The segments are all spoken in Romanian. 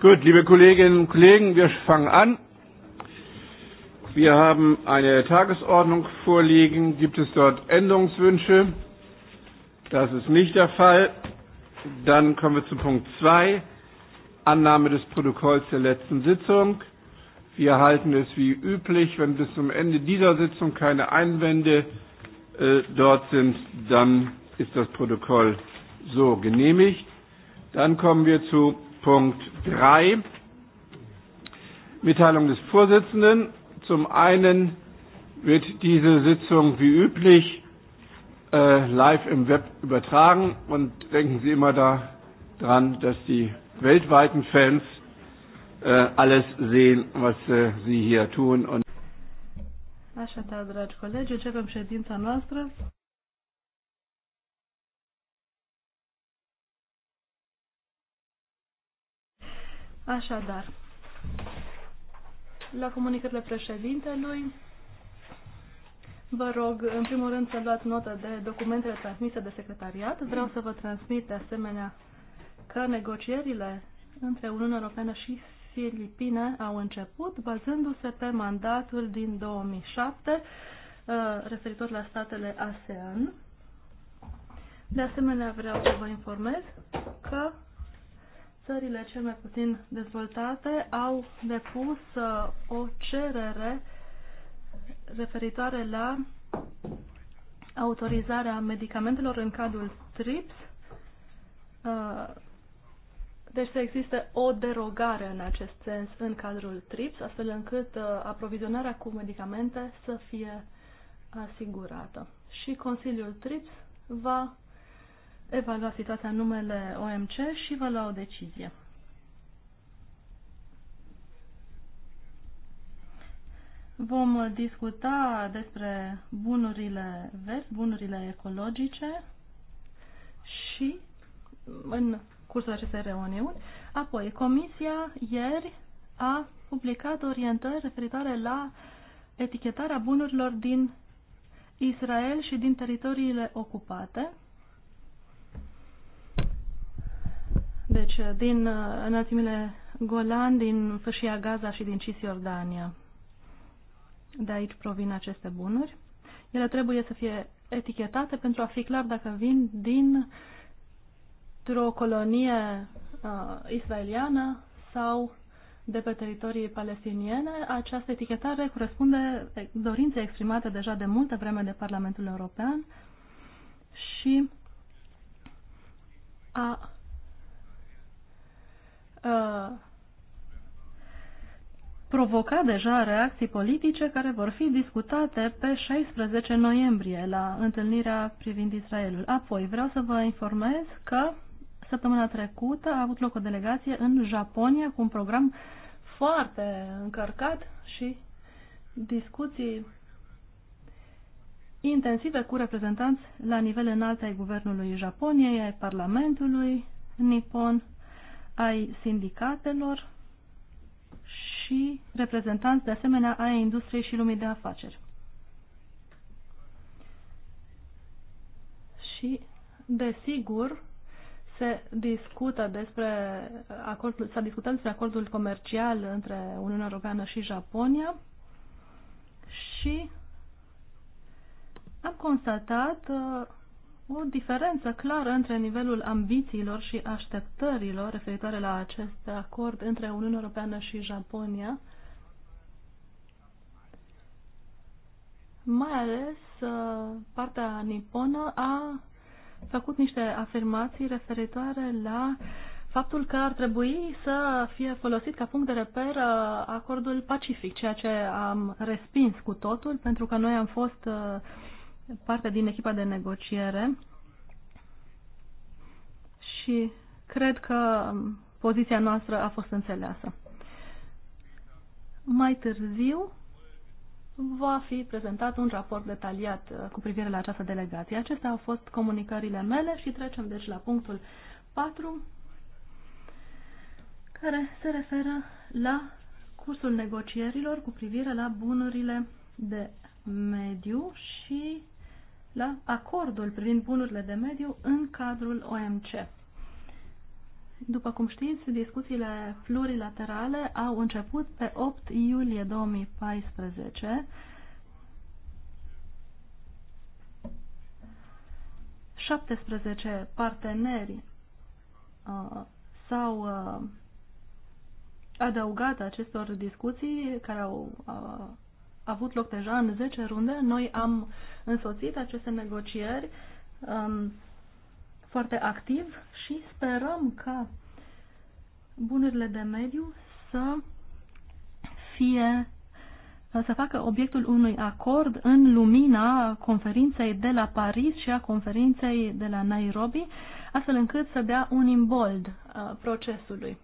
Gut, liebe Kolleginnen und Kollegen, wir fangen an. Wir haben eine Tagesordnung vorliegen. Gibt es dort Änderungswünsche? Das ist nicht der Fall. Dann kommen wir zu Punkt 2, Annahme des Protokolls der letzten Sitzung. Wir halten es wie üblich, wenn bis zum Ende dieser Sitzung keine Einwände äh, dort sind, dann ist das Protokoll so genehmigt. Dann kommen wir zu Punkt 3. Mitteilung des Vorsitzenden. Zum einen wird diese Sitzung wie üblich äh, live im Web übertragen und denken Sie immer daran, dass die weltweiten Fans äh, alles sehen, was äh, Sie hier tun. Und Așadar, dragi colegi, începem ședința noastră. Așadar, la comunicările președintelui, vă rog, în primul rând, să luați notă de documentele transmise de secretariat. Vreau să vă transmit, de asemenea, că negocierile între Uniunea Europeană și Filipine au început bazându-se pe mandatul din 2007 uh, referitor la statele ASEAN. De asemenea, vreau să vă informez că țările cel mai puțin dezvoltate au depus uh, o cerere referitoare la autorizarea medicamentelor în cadrul TRIPS. Uh, deci să existe o derogare în acest sens în cadrul TRIPS, astfel încât uh, aprovizionarea cu medicamente să fie asigurată. Și Consiliul TRIPS va evalua situația în numele OMC și va lua o decizie. Vom discuta despre bunurile verzi, bunurile ecologice și în cursul acestei reuniuni. Apoi, Comisia ieri a publicat orientări referitoare la etichetarea bunurilor din Israel și din teritoriile ocupate Deci, din uh, înălțimile Golan, din Fâșia Gaza și din Cisjordania. De aici provin aceste bunuri. Ele trebuie să fie etichetate pentru a fi clar dacă vin din o colonie uh, israeliană sau de pe teritorii palestiniene. Această etichetare corespunde dorinței exprimate deja de multă vreme de Parlamentul European și a provoca deja reacții politice care vor fi discutate pe 16 noiembrie la întâlnirea privind Israelul. Apoi vreau să vă informez că săptămâna trecută a avut loc o delegație în Japonia cu un program foarte încărcat și discuții intensive cu reprezentanți la nivel înalt ai Guvernului Japoniei, ai Parlamentului Nippon ai sindicatelor și reprezentanți de asemenea ai industriei și lumii de afaceri. Și, desigur, se discută despre acordul, s-a discutat despre acordul comercial între Uniunea Europeană și Japonia și am constatat uh, o diferență clară între nivelul ambițiilor și așteptărilor referitoare la acest acord între Uniunea Europeană și Japonia, mai ales uh, partea niponă a făcut niște afirmații referitoare la faptul că ar trebui să fie folosit ca punct de reper uh, acordul pacific, ceea ce am respins cu totul, pentru că noi am fost uh, parte din echipa de negociere și cred că poziția noastră a fost înțeleasă. Mai târziu va fi prezentat un raport detaliat uh, cu privire la această delegație. Acestea au fost comunicările mele și trecem deci la punctul 4 care se referă la cursul negocierilor cu privire la bunurile de mediu și la acordul privind bunurile de mediu în cadrul OMC. După cum știți, discuțiile plurilaterale au început pe 8 iulie 2014 17 parteneri uh, s-au uh, adăugat acestor discuții care au uh, avut loc deja în 10 runde. Noi am însoțit aceste negocieri um, foarte activ și sperăm ca bunurile de mediu să fie să facă obiectul unui acord în lumina conferinței de la Paris și a conferinței de la Nairobi, astfel încât să dea un imbold uh, procesului.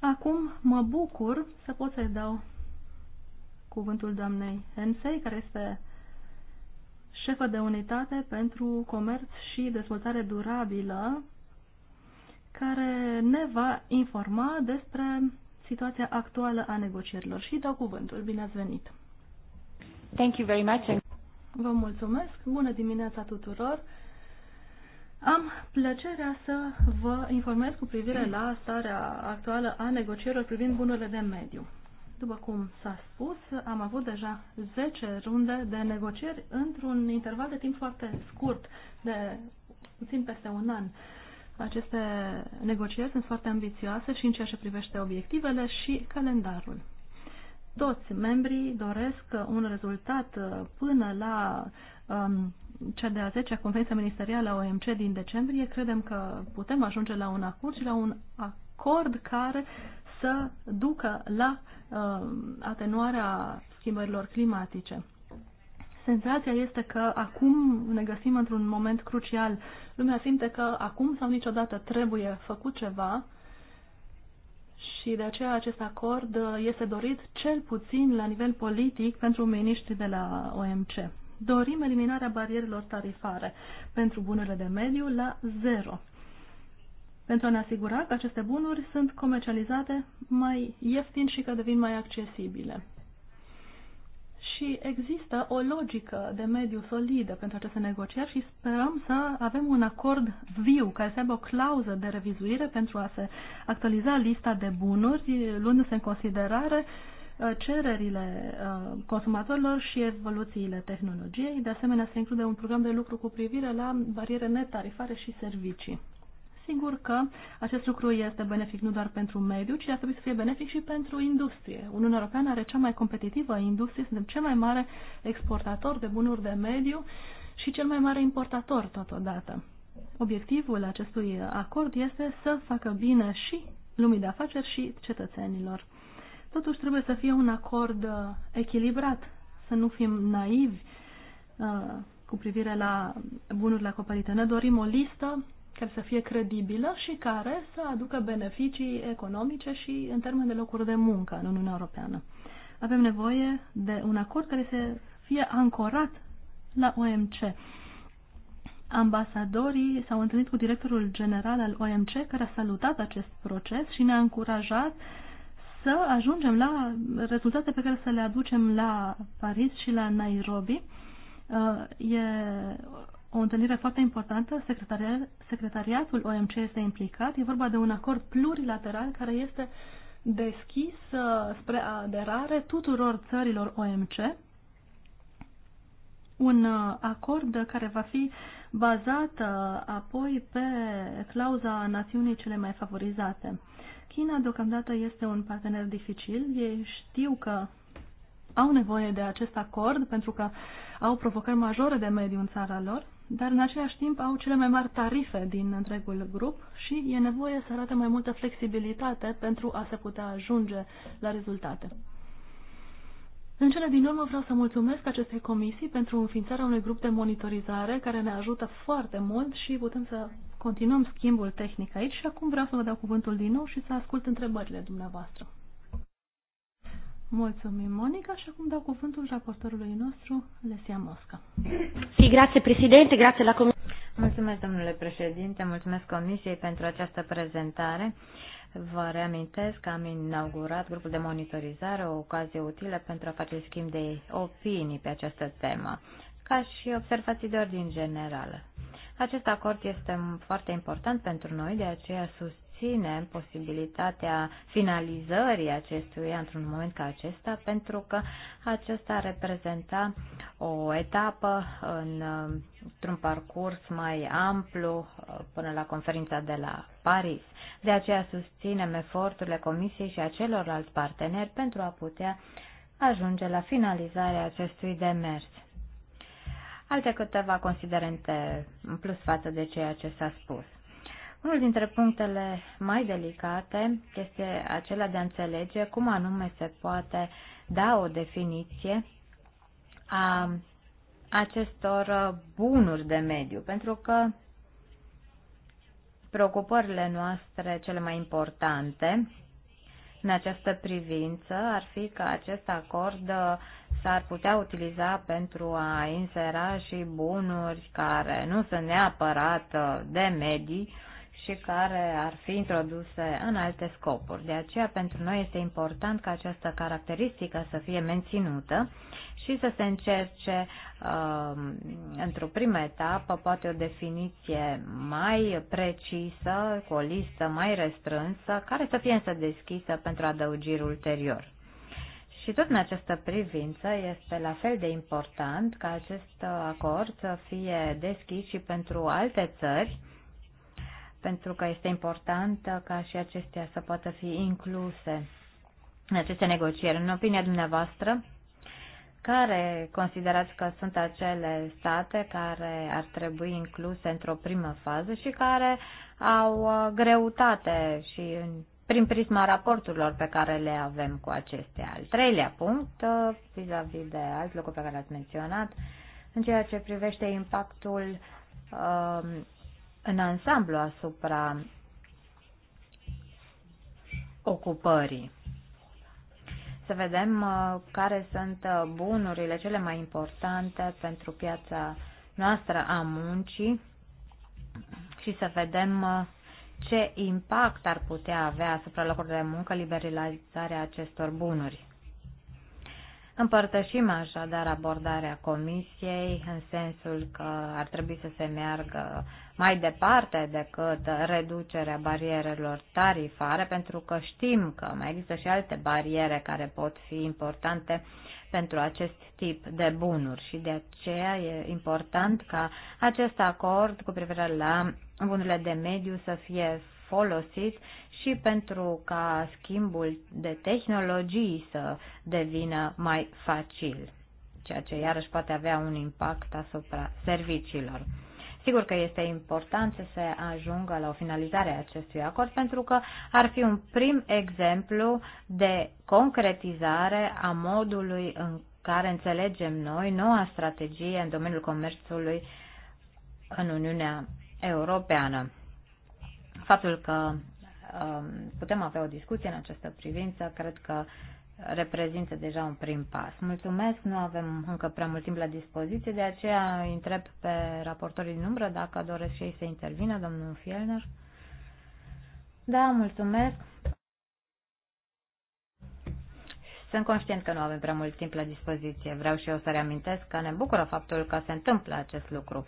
Acum mă bucur să pot să-i dau cuvântul doamnei Hensei, care este șefă de unitate pentru comerț și dezvoltare durabilă, care ne va informa despre situația actuală a negocierilor. Și dau cuvântul. Bine ați venit! Thank you very much. Vă mulțumesc! Bună dimineața tuturor! Am plăcerea să vă informez cu privire la starea actuală a negocierilor privind bunurile de mediu. După cum s-a spus, am avut deja 10 runde de negocieri într-un interval de timp foarte scurt, de puțin peste un an. Aceste negocieri sunt foarte ambițioase și în ceea ce privește obiectivele și calendarul. Toți membrii doresc un rezultat până la um, cea de-a 10-a conferință ministerială a OMC din decembrie. Credem că putem ajunge la un acord și la un acord care să ducă la Um, atenuarea schimbărilor climatice. Senzația este că acum ne găsim într-un moment crucial. Lumea simte că acum sau niciodată trebuie făcut ceva și de aceea acest acord uh, este dorit cel puțin la nivel politic pentru miniștrii de la OMC. Dorim eliminarea barierelor tarifare pentru bunurile de mediu la zero pentru a ne asigura că aceste bunuri sunt comercializate mai ieftin și că devin mai accesibile. Și există o logică de mediu solidă pentru aceste negocieri și sperăm să avem un acord viu care să aibă o clauză de revizuire pentru a se actualiza lista de bunuri, luându-se în considerare uh, cererile uh, consumatorilor și evoluțiile tehnologiei. De asemenea, se include un program de lucru cu privire la bariere netarifare și servicii. Sigur că acest lucru este benefic nu doar pentru mediu, ci ar trebui să fie benefic și pentru industrie. Uniunea Europeană are cea mai competitivă industrie, suntem cel mai mare exportator de bunuri de mediu și cel mai mare importator totodată. Obiectivul acestui acord este să facă bine și lumii de afaceri și cetățenilor. Totuși trebuie să fie un acord uh, echilibrat, să nu fim naivi uh, cu privire la bunurile acoperite. Ne dorim o listă care să fie credibilă și care să aducă beneficii economice și în termen de locuri de muncă în Uniunea Europeană. Avem nevoie de un acord care să fie ancorat la OMC. Ambasadorii s-au întâlnit cu directorul general al OMC, care a salutat acest proces și ne-a încurajat să ajungem la rezultate pe care să le aducem la Paris și la Nairobi. Uh, e o întâlnire foarte importantă, secretariat, secretariatul OMC este implicat, e vorba de un acord plurilateral care este deschis uh, spre aderare tuturor țărilor OMC, un uh, acord care va fi bazat uh, apoi pe clauza națiunii cele mai favorizate. China deocamdată este un partener dificil, ei știu că au nevoie de acest acord pentru că au provocări majore de mediu în țara lor dar în același timp au cele mai mari tarife din întregul grup și e nevoie să arate mai multă flexibilitate pentru a se putea ajunge la rezultate. În cele din urmă vreau să mulțumesc acestei comisii pentru înființarea unui grup de monitorizare care ne ajută foarte mult și putem să continuăm schimbul tehnic aici și acum vreau să vă dau cuvântul din nou și să ascult întrebările dumneavoastră. Mulțumim, Monica, și acum dau cuvântul raportorului nostru, Lesia Mosca. Si, grație, președinte, grație la comisie. Mulțumesc, domnule președinte, mulțumesc comisiei pentru această prezentare. Vă reamintesc că am inaugurat grupul de monitorizare, o ocazie utilă pentru a face schimb de opinii pe această temă, ca și observații de ordin general. Acest acord este foarte important pentru noi, de aceea susțin susținem posibilitatea finalizării acestuia într-un moment ca acesta, pentru că acesta reprezenta o etapă în, într-un parcurs mai amplu până la conferința de la Paris. De aceea susținem eforturile Comisiei și a celorlalți parteneri pentru a putea ajunge la finalizarea acestui demers. Alte câteva considerente în plus față de ceea ce s-a spus. Unul dintre punctele mai delicate este acela de a înțelege cum anume se poate da o definiție a acestor bunuri de mediu, pentru că preocupările noastre cele mai importante în această privință ar fi că acest acord s-ar putea utiliza pentru a insera și bunuri care nu sunt neapărat de medii, și care ar fi introduse în alte scopuri. De aceea, pentru noi este important ca această caracteristică să fie menținută și să se încerce um, într-o primă etapă poate o definiție mai precisă, cu o listă mai restrânsă, care să fie însă deschisă pentru adăugiri ulterior. Și tot în această privință este la fel de important ca acest acord să fie deschis și pentru alte țări pentru că este important ca și acestea să poată fi incluse în aceste negocieri. În opinia dumneavoastră, care considerați că sunt acele state care ar trebui incluse într-o primă fază și care au uh, greutate și prin prisma raporturilor pe care le avem cu acestea. Al treilea punct, uh, vis-a-vis -vis de alt lucru pe care l-ați menționat, în ceea ce privește impactul uh, în ansamblu asupra ocupării. Să vedem uh, care sunt uh, bunurile cele mai importante pentru piața noastră a muncii și să vedem uh, ce impact ar putea avea asupra locurilor de muncă liberalizarea acestor bunuri. Împărtășim așadar abordarea Comisiei în sensul că ar trebui să se meargă mai departe decât reducerea barierelor tarifare, pentru că știm că mai există și alte bariere care pot fi importante pentru acest tip de bunuri și de aceea e important ca acest acord cu privire la bunurile de mediu să fie folosit și pentru ca schimbul de tehnologii să devină mai facil, ceea ce iarăși poate avea un impact asupra serviciilor. Sigur că este important să se ajungă la o finalizare a acestui acord pentru că ar fi un prim exemplu de concretizare a modului în care înțelegem noi noua strategie în domeniul comerțului în Uniunea Europeană. Faptul că um, putem avea o discuție în această privință, cred că reprezintă deja un prim pas. Mulțumesc, nu avem încă prea mult timp la dispoziție, de aceea întreb pe raportorii din umbră dacă doresc și ei să intervină, domnul Fielner. Da, mulțumesc. Sunt conștient că nu avem prea mult timp la dispoziție. Vreau și eu să reamintesc că ne bucură faptul că se întâmplă acest lucru.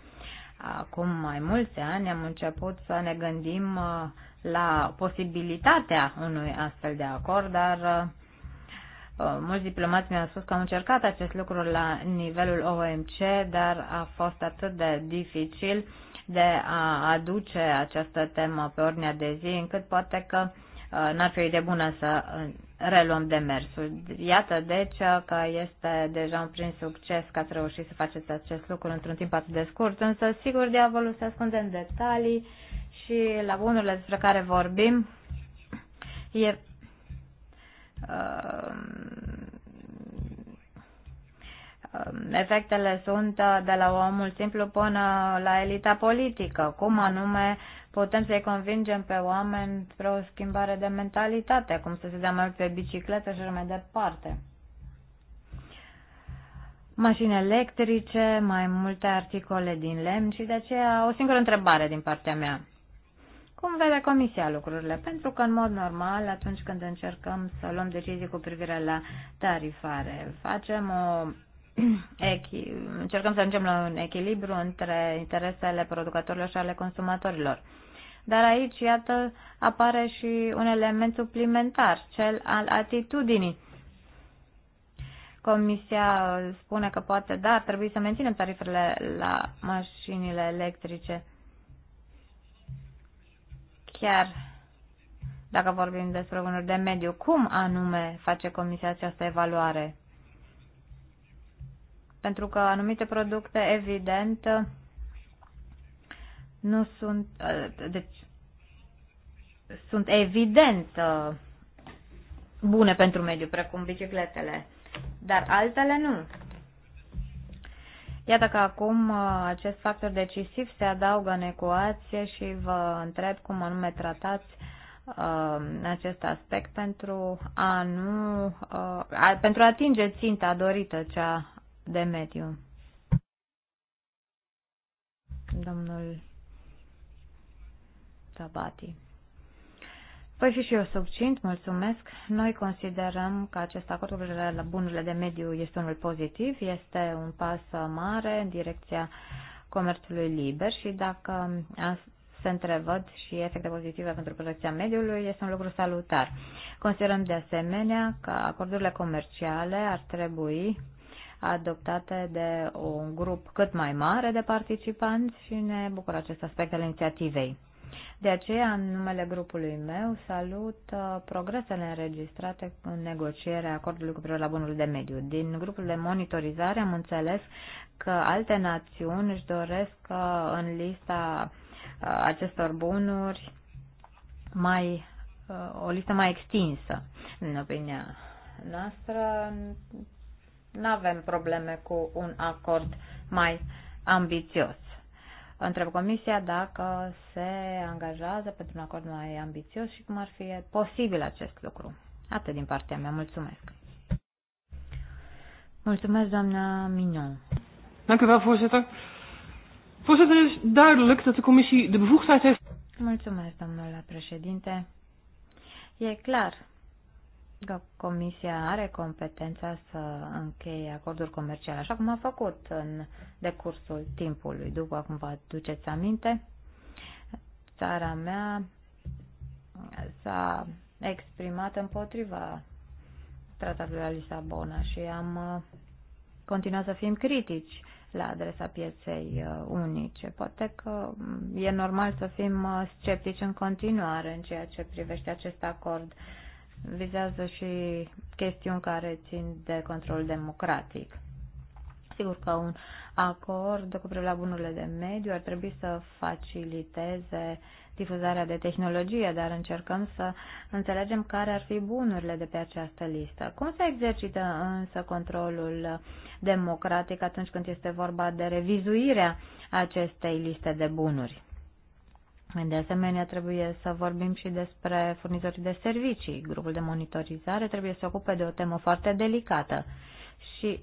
Acum mai mulți ani am început să ne gândim uh, la posibilitatea unui astfel de acord, dar uh, Uh, mulți diplomați mi-au spus că au încercat acest lucru la nivelul OMC, dar a fost atât de dificil de a aduce această temă pe ordinea de zi, încât poate că uh, n-ar fi de bună să uh, reluăm demersul. Iată, deci, că este deja un prin succes că ați reușit să faceți acest lucru într-un timp atât de scurt, însă, sigur, diavolul se ascunde în detalii și la bunurile despre care vorbim e Ehm, efectele sunt uh, de la omul simplu până la elita politică. Cum anume putem să-i convingem pe oameni spre o schimbare de mentalitate, cum să se dea mai pe bicicletă și mai departe. Mașini electrice, mai multe articole din lemn și de aceea o singură întrebare din partea mea. Cum vede Comisia lucrurile? Pentru că, în mod normal, atunci când încercăm să luăm decizii cu privire la tarifare, facem o echi, încercăm să ajungem la un echilibru între interesele producătorilor și ale consumatorilor. Dar aici, iată, apare și un element suplimentar, cel al atitudinii. Comisia spune că poate, da, trebuie să menținem tarifele la mașinile electrice chiar dacă vorbim despre unul de mediu, cum anume face Comisia această evaluare? Pentru că anumite produse, evident, nu sunt, deci, sunt evident bune pentru mediu, precum bicicletele, dar altele nu. Iată că acum uh, acest factor decisiv se adaugă în ecuație și vă întreb cum anume tratați uh, acest aspect pentru a nu uh, a, pentru a atinge ținta dorită cea de mediu. Domnul Tabati. Păi fi și eu succint, mulțumesc. Noi considerăm că acest acord cu privire la bunurile de mediu este unul pozitiv, este un pas mare în direcția comerțului liber și dacă se întrevăd și efecte pozitive pentru protecția mediului, este un lucru salutar. Considerăm de asemenea că acordurile comerciale ar trebui adoptate de un grup cât mai mare de participanți și ne bucură acest aspect al inițiativei. De aceea, în numele grupului meu, salut uh, progresele înregistrate în negocierea acordului cu privire la bunurile de mediu. Din grupul de monitorizare am înțeles că alte națiuni își doresc uh, în lista uh, acestor bunuri mai, o listă mai extinsă, în opinia noastră. Nu avem probleme cu un acord mai ambițios. Întreb Comisia dacă se angajează pentru un acord mai ambițios și cum ar fi posibil acest lucru. Atât din partea mea. Mulțumesc. Mulțumesc, doamna Mignon. Dank u wel, voorzitter. Voorzitter, het is duidelijk dat de commissie de bevoegdheid heeft. Mulțumesc, domnule președinte. E clar Comisia are competența să încheie acorduri comerciale, așa cum a făcut în decursul timpului. După cum vă aduceți aminte, țara mea s-a exprimat împotriva tratatului la Lisabona și am uh, continuat să fim critici la adresa pieței uh, unice. Poate că mm, e normal să fim uh, sceptici în continuare în ceea ce privește acest acord vizează și chestiuni care țin de control democratic. Sigur că un acord cu privire la bunurile de mediu ar trebui să faciliteze difuzarea de tehnologie, dar încercăm să înțelegem care ar fi bunurile de pe această listă. Cum se exercită însă controlul democratic atunci când este vorba de revizuirea acestei liste de bunuri? De asemenea, trebuie să vorbim și despre furnizorii de servicii. Grupul de monitorizare trebuie să se ocupe de o temă foarte delicată și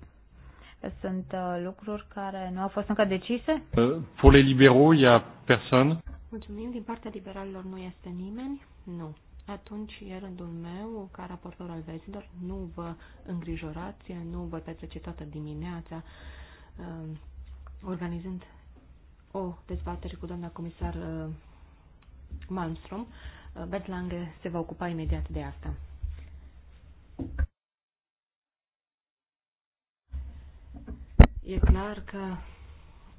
sunt uh, lucruri care nu au fost încă decise? Uh, pour les libéraux, y a personne. Mulțumim. Din partea liberalilor nu este nimeni? Nu. Atunci e rândul meu, ca raportor al vezilor, nu vă îngrijorați, nu vă petrece toată dimineața uh, organizând o dezbatere cu doamna comisar Malmström. Bert Lange se va ocupa imediat de asta. E clar că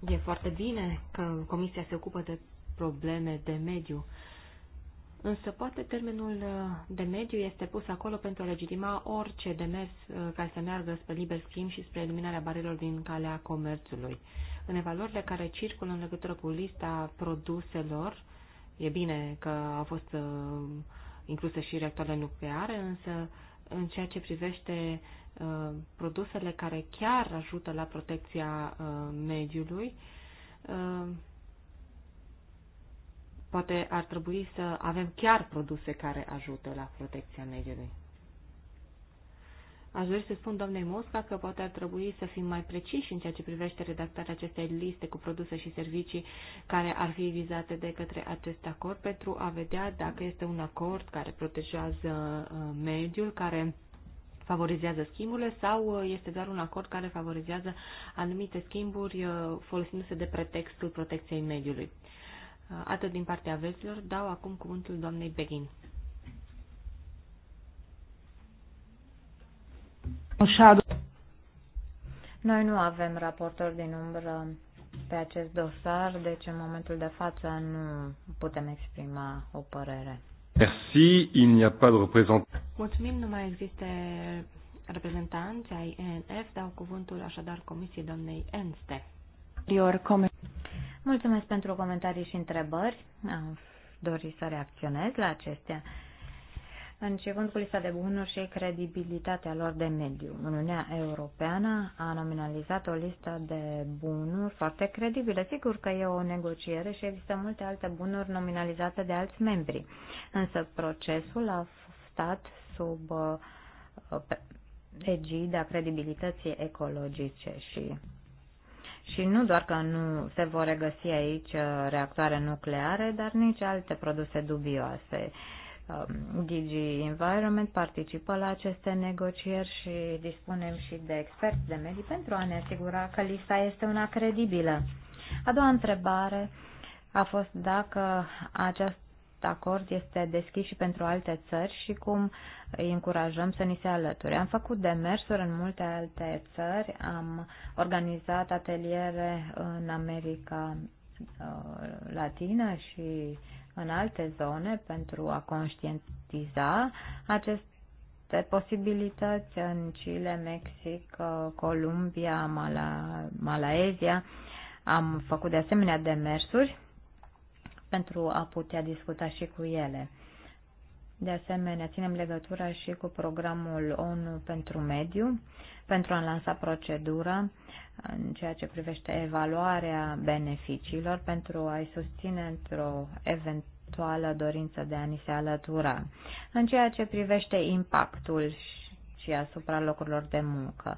e foarte bine că Comisia se ocupă de probleme de mediu, însă poate termenul uh, de mediu este pus acolo pentru a legitima orice demers uh, care să meargă spre liber schimb și spre eliminarea barelor din calea comerțului. În evaluările care circulă în legătură cu lista produselor, E bine că au fost uh, incluse și reactoarele nucleare, însă în ceea ce privește uh, produsele care chiar ajută la protecția uh, mediului, poate ar trebui să avem chiar produse care ajută la protecția mediului. Aș dori să spun doamnei Mosca că poate ar trebui să fim mai preciși în ceea ce privește redactarea acestei liste cu produse și servicii care ar fi vizate de către acest acord pentru a vedea dacă este un acord care protejează uh, mediul, care favorizează schimburile sau uh, este doar un acord care favorizează anumite schimburi uh, folosindu-se de pretextul protecției mediului. Atât din partea vezilor, dau acum cuvântul doamnei Beghin. Noi nu avem raportori din umbră pe acest dosar, deci în momentul de față nu putem exprima o părere. Merci, il n'y a pas de représentant. Mulțumim, nu mai există reprezentanți ai ENF, dau cuvântul așadar Comisiei doamnei Enste. Mulțumesc pentru comentarii și întrebări. Am dorit să reacționez la acestea începând cu lista de bunuri și credibilitatea lor de mediu. Uniunea Europeană a nominalizat o listă de bunuri foarte credibile. Sigur că e o negociere și există multe alte bunuri nominalizate de alți membri, însă procesul a stat sub uh, egida credibilității ecologice și și nu doar că nu se vor regăsi aici uh, reactoare nucleare, dar nici alte produse dubioase. Uh, DG um, Environment participă la aceste negocieri și dispunem și de experți de medii pentru a ne asigura că lista este una credibilă. A doua întrebare a fost dacă acest acord este deschis și pentru alte țări și cum îi încurajăm să ni se alăture. Am făcut demersuri în multe alte țări, am organizat ateliere în America uh, Latină și în alte zone pentru a conștientiza aceste posibilități în Chile, Mexic, Columbia, Mala, Malaezia. Am făcut de asemenea demersuri pentru a putea discuta și cu ele. De asemenea, ținem legătura și cu programul ONU pentru mediu, pentru a lansa procedură în ceea ce privește evaluarea beneficiilor pentru a-i susține într-o eventuală dorință de a ni se alătura. În ceea ce privește impactul și asupra locurilor de muncă.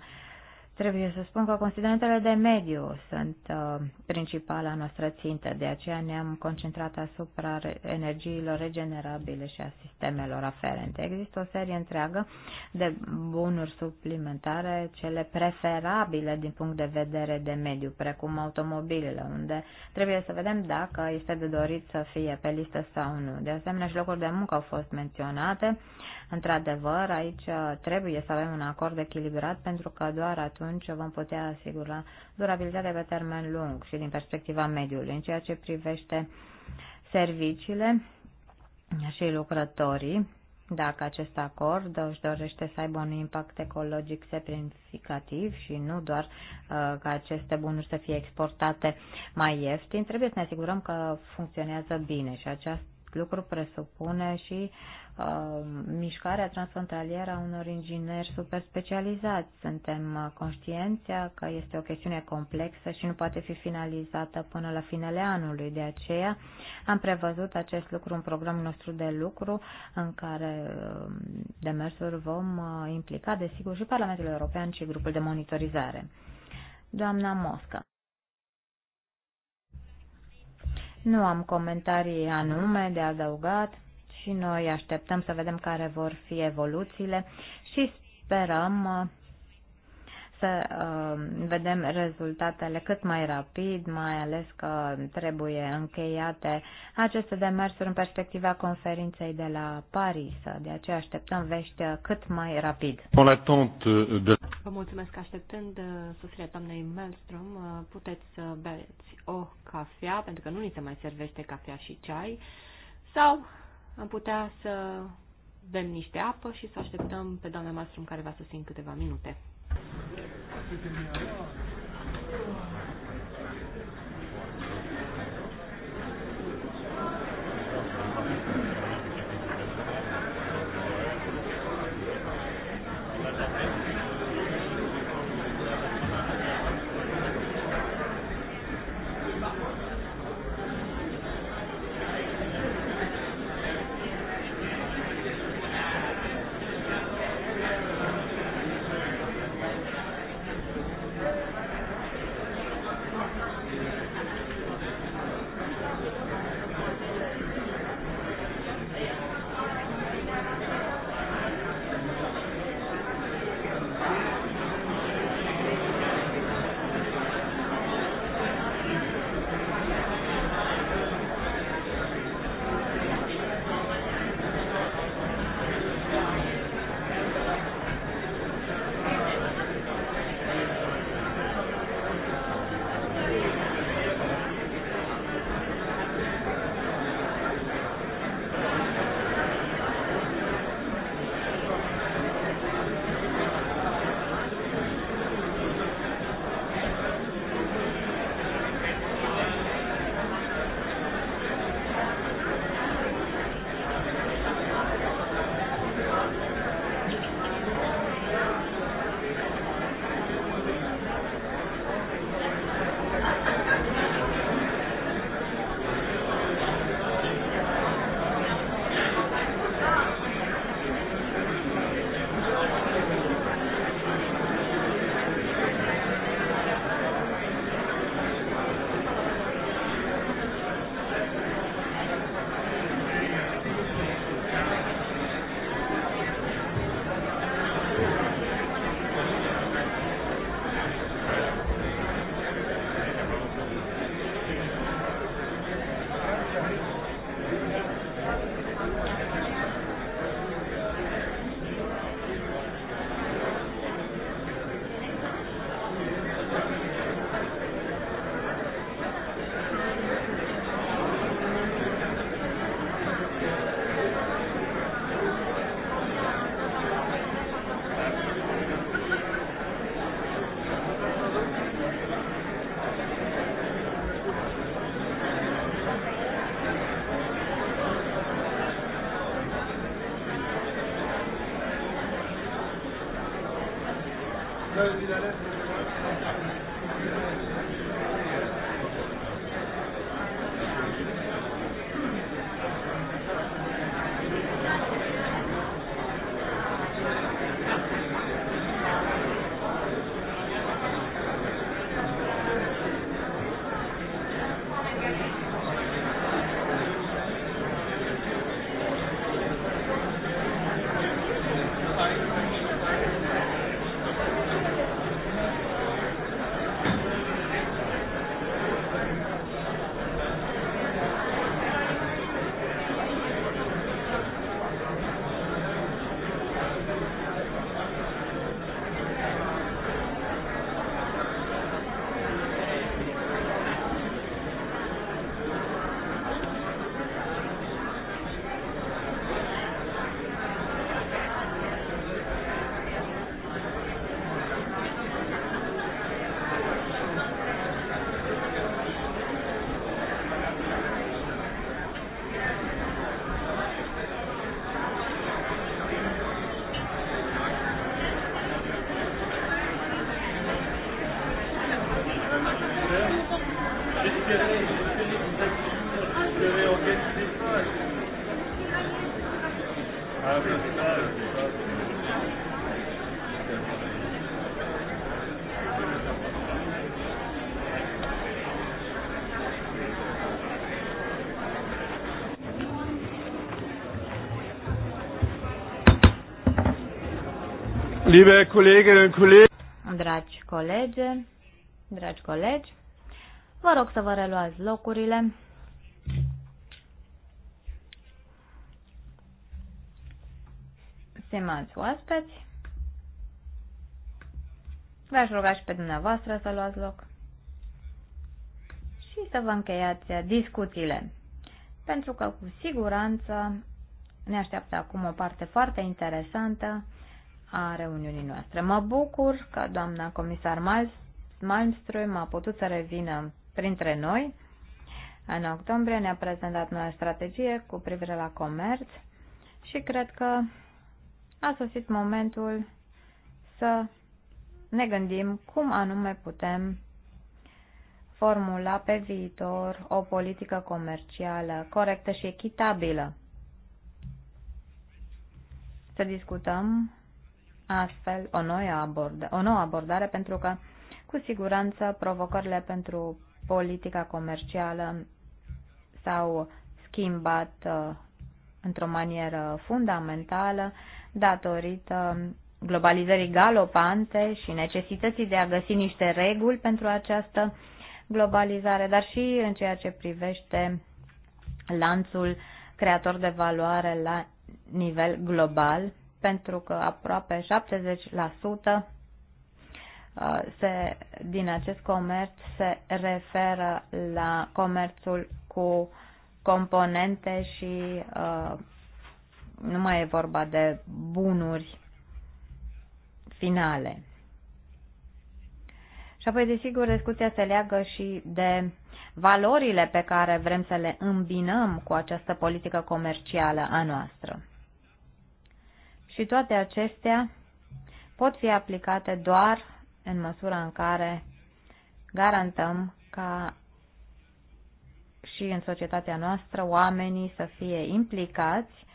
Trebuie să spun că considerentele de mediu sunt uh, principala noastră țintă, de aceea ne-am concentrat asupra energiilor regenerabile și a sistemelor aferente. Există o serie întreagă de bunuri suplimentare, cele preferabile din punct de vedere de mediu, precum automobilele, unde trebuie să vedem dacă este de dorit să fie pe listă sau nu. De asemenea, și locuri de muncă au fost menționate. Uh, Într-adevăr, aici trebuie să avem un acord echilibrat pentru că doar atunci vom putea asigura durabilitatea pe termen lung și din perspectiva mediului. În ceea ce privește serviciile și lucrătorii, dacă acest acord își dorește să aibă un impact ecologic semnificativ și nu doar uh, ca aceste bunuri să fie exportate mai ieftin, trebuie să ne asigurăm că funcționează bine și acest lucru presupune și Uh, mișcarea transfrontalieră a unor ingineri super specializați. Suntem uh, conștienți că este o chestiune complexă și nu poate fi finalizată până la finele anului. De aceea am prevăzut acest lucru în programul nostru de lucru în care uh, demersuri vom implica, desigur, și Parlamentul European și grupul de monitorizare. Doamna Mosca. Nu am comentarii anume de adăugat și noi așteptăm să vedem care vor fi evoluțiile și sperăm uh, să uh, vedem rezultatele cât mai rapid, mai ales că trebuie încheiate aceste demersuri în perspectiva conferinței de la Paris. De aceea așteptăm vești cât mai rapid. Vă mulțumesc. Așteptând uh, sosirea doamnei Melstrom, puteți să beți o cafea, pentru că nu ni se mai servește cafea și ceai, sau am putea să bem niște apă și să așteptăm pe doamna Mastrum care va sosi în câteva minute. Thank you. Liebe Kolleginnen und Kollegen. Dragi colege, dragi colegi, vă rog să vă reluați locurile. Stimați oaspeți, v-aș ruga și pe dumneavoastră să luați loc și să vă încheiați discuțiile, pentru că cu siguranță ne așteaptă acum o parte foarte interesantă a reuniunii noastre. Mă bucur că doamna comisar Malmström a putut să revină printre noi. În octombrie ne-a prezentat noua strategie cu privire la comerț și cred că a sosit momentul să ne gândim cum anume putem formula pe viitor o politică comercială corectă și echitabilă. Să discutăm astfel o nouă, abordare, o nouă abordare pentru că, cu siguranță, provocările pentru politica comercială s-au schimbat uh, într-o manieră fundamentală datorită globalizării galopante și necesității de a găsi niște reguli pentru această globalizare, dar și în ceea ce privește lanțul creator de valoare la nivel global, pentru că aproape 70% uh, se, din acest comerț se referă la comerțul cu componente și uh, nu mai e vorba de bunuri finale. Și apoi, desigur, discuția se leagă și de valorile pe care vrem să le îmbinăm cu această politică comercială a noastră. Și toate acestea pot fi aplicate doar în măsura în care garantăm ca și în societatea noastră oamenii să fie implicați,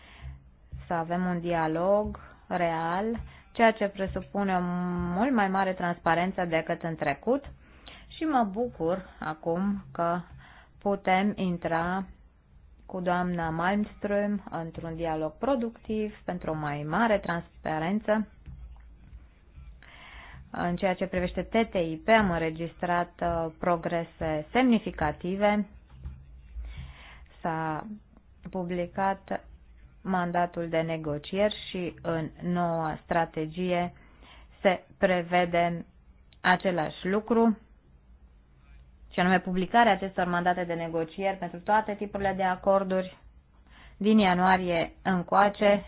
să avem un dialog real, ceea ce presupune o mult mai mare transparență decât în trecut și mă bucur acum că putem intra cu doamna Malmström într-un dialog productiv pentru o mai mare transparență. În ceea ce privește TTIP am înregistrat uh, progrese semnificative. S-a publicat mandatul de negocieri și în noua strategie se prevede același lucru și anume publicarea acestor mandate de negocieri pentru toate tipurile de acorduri din ianuarie încoace,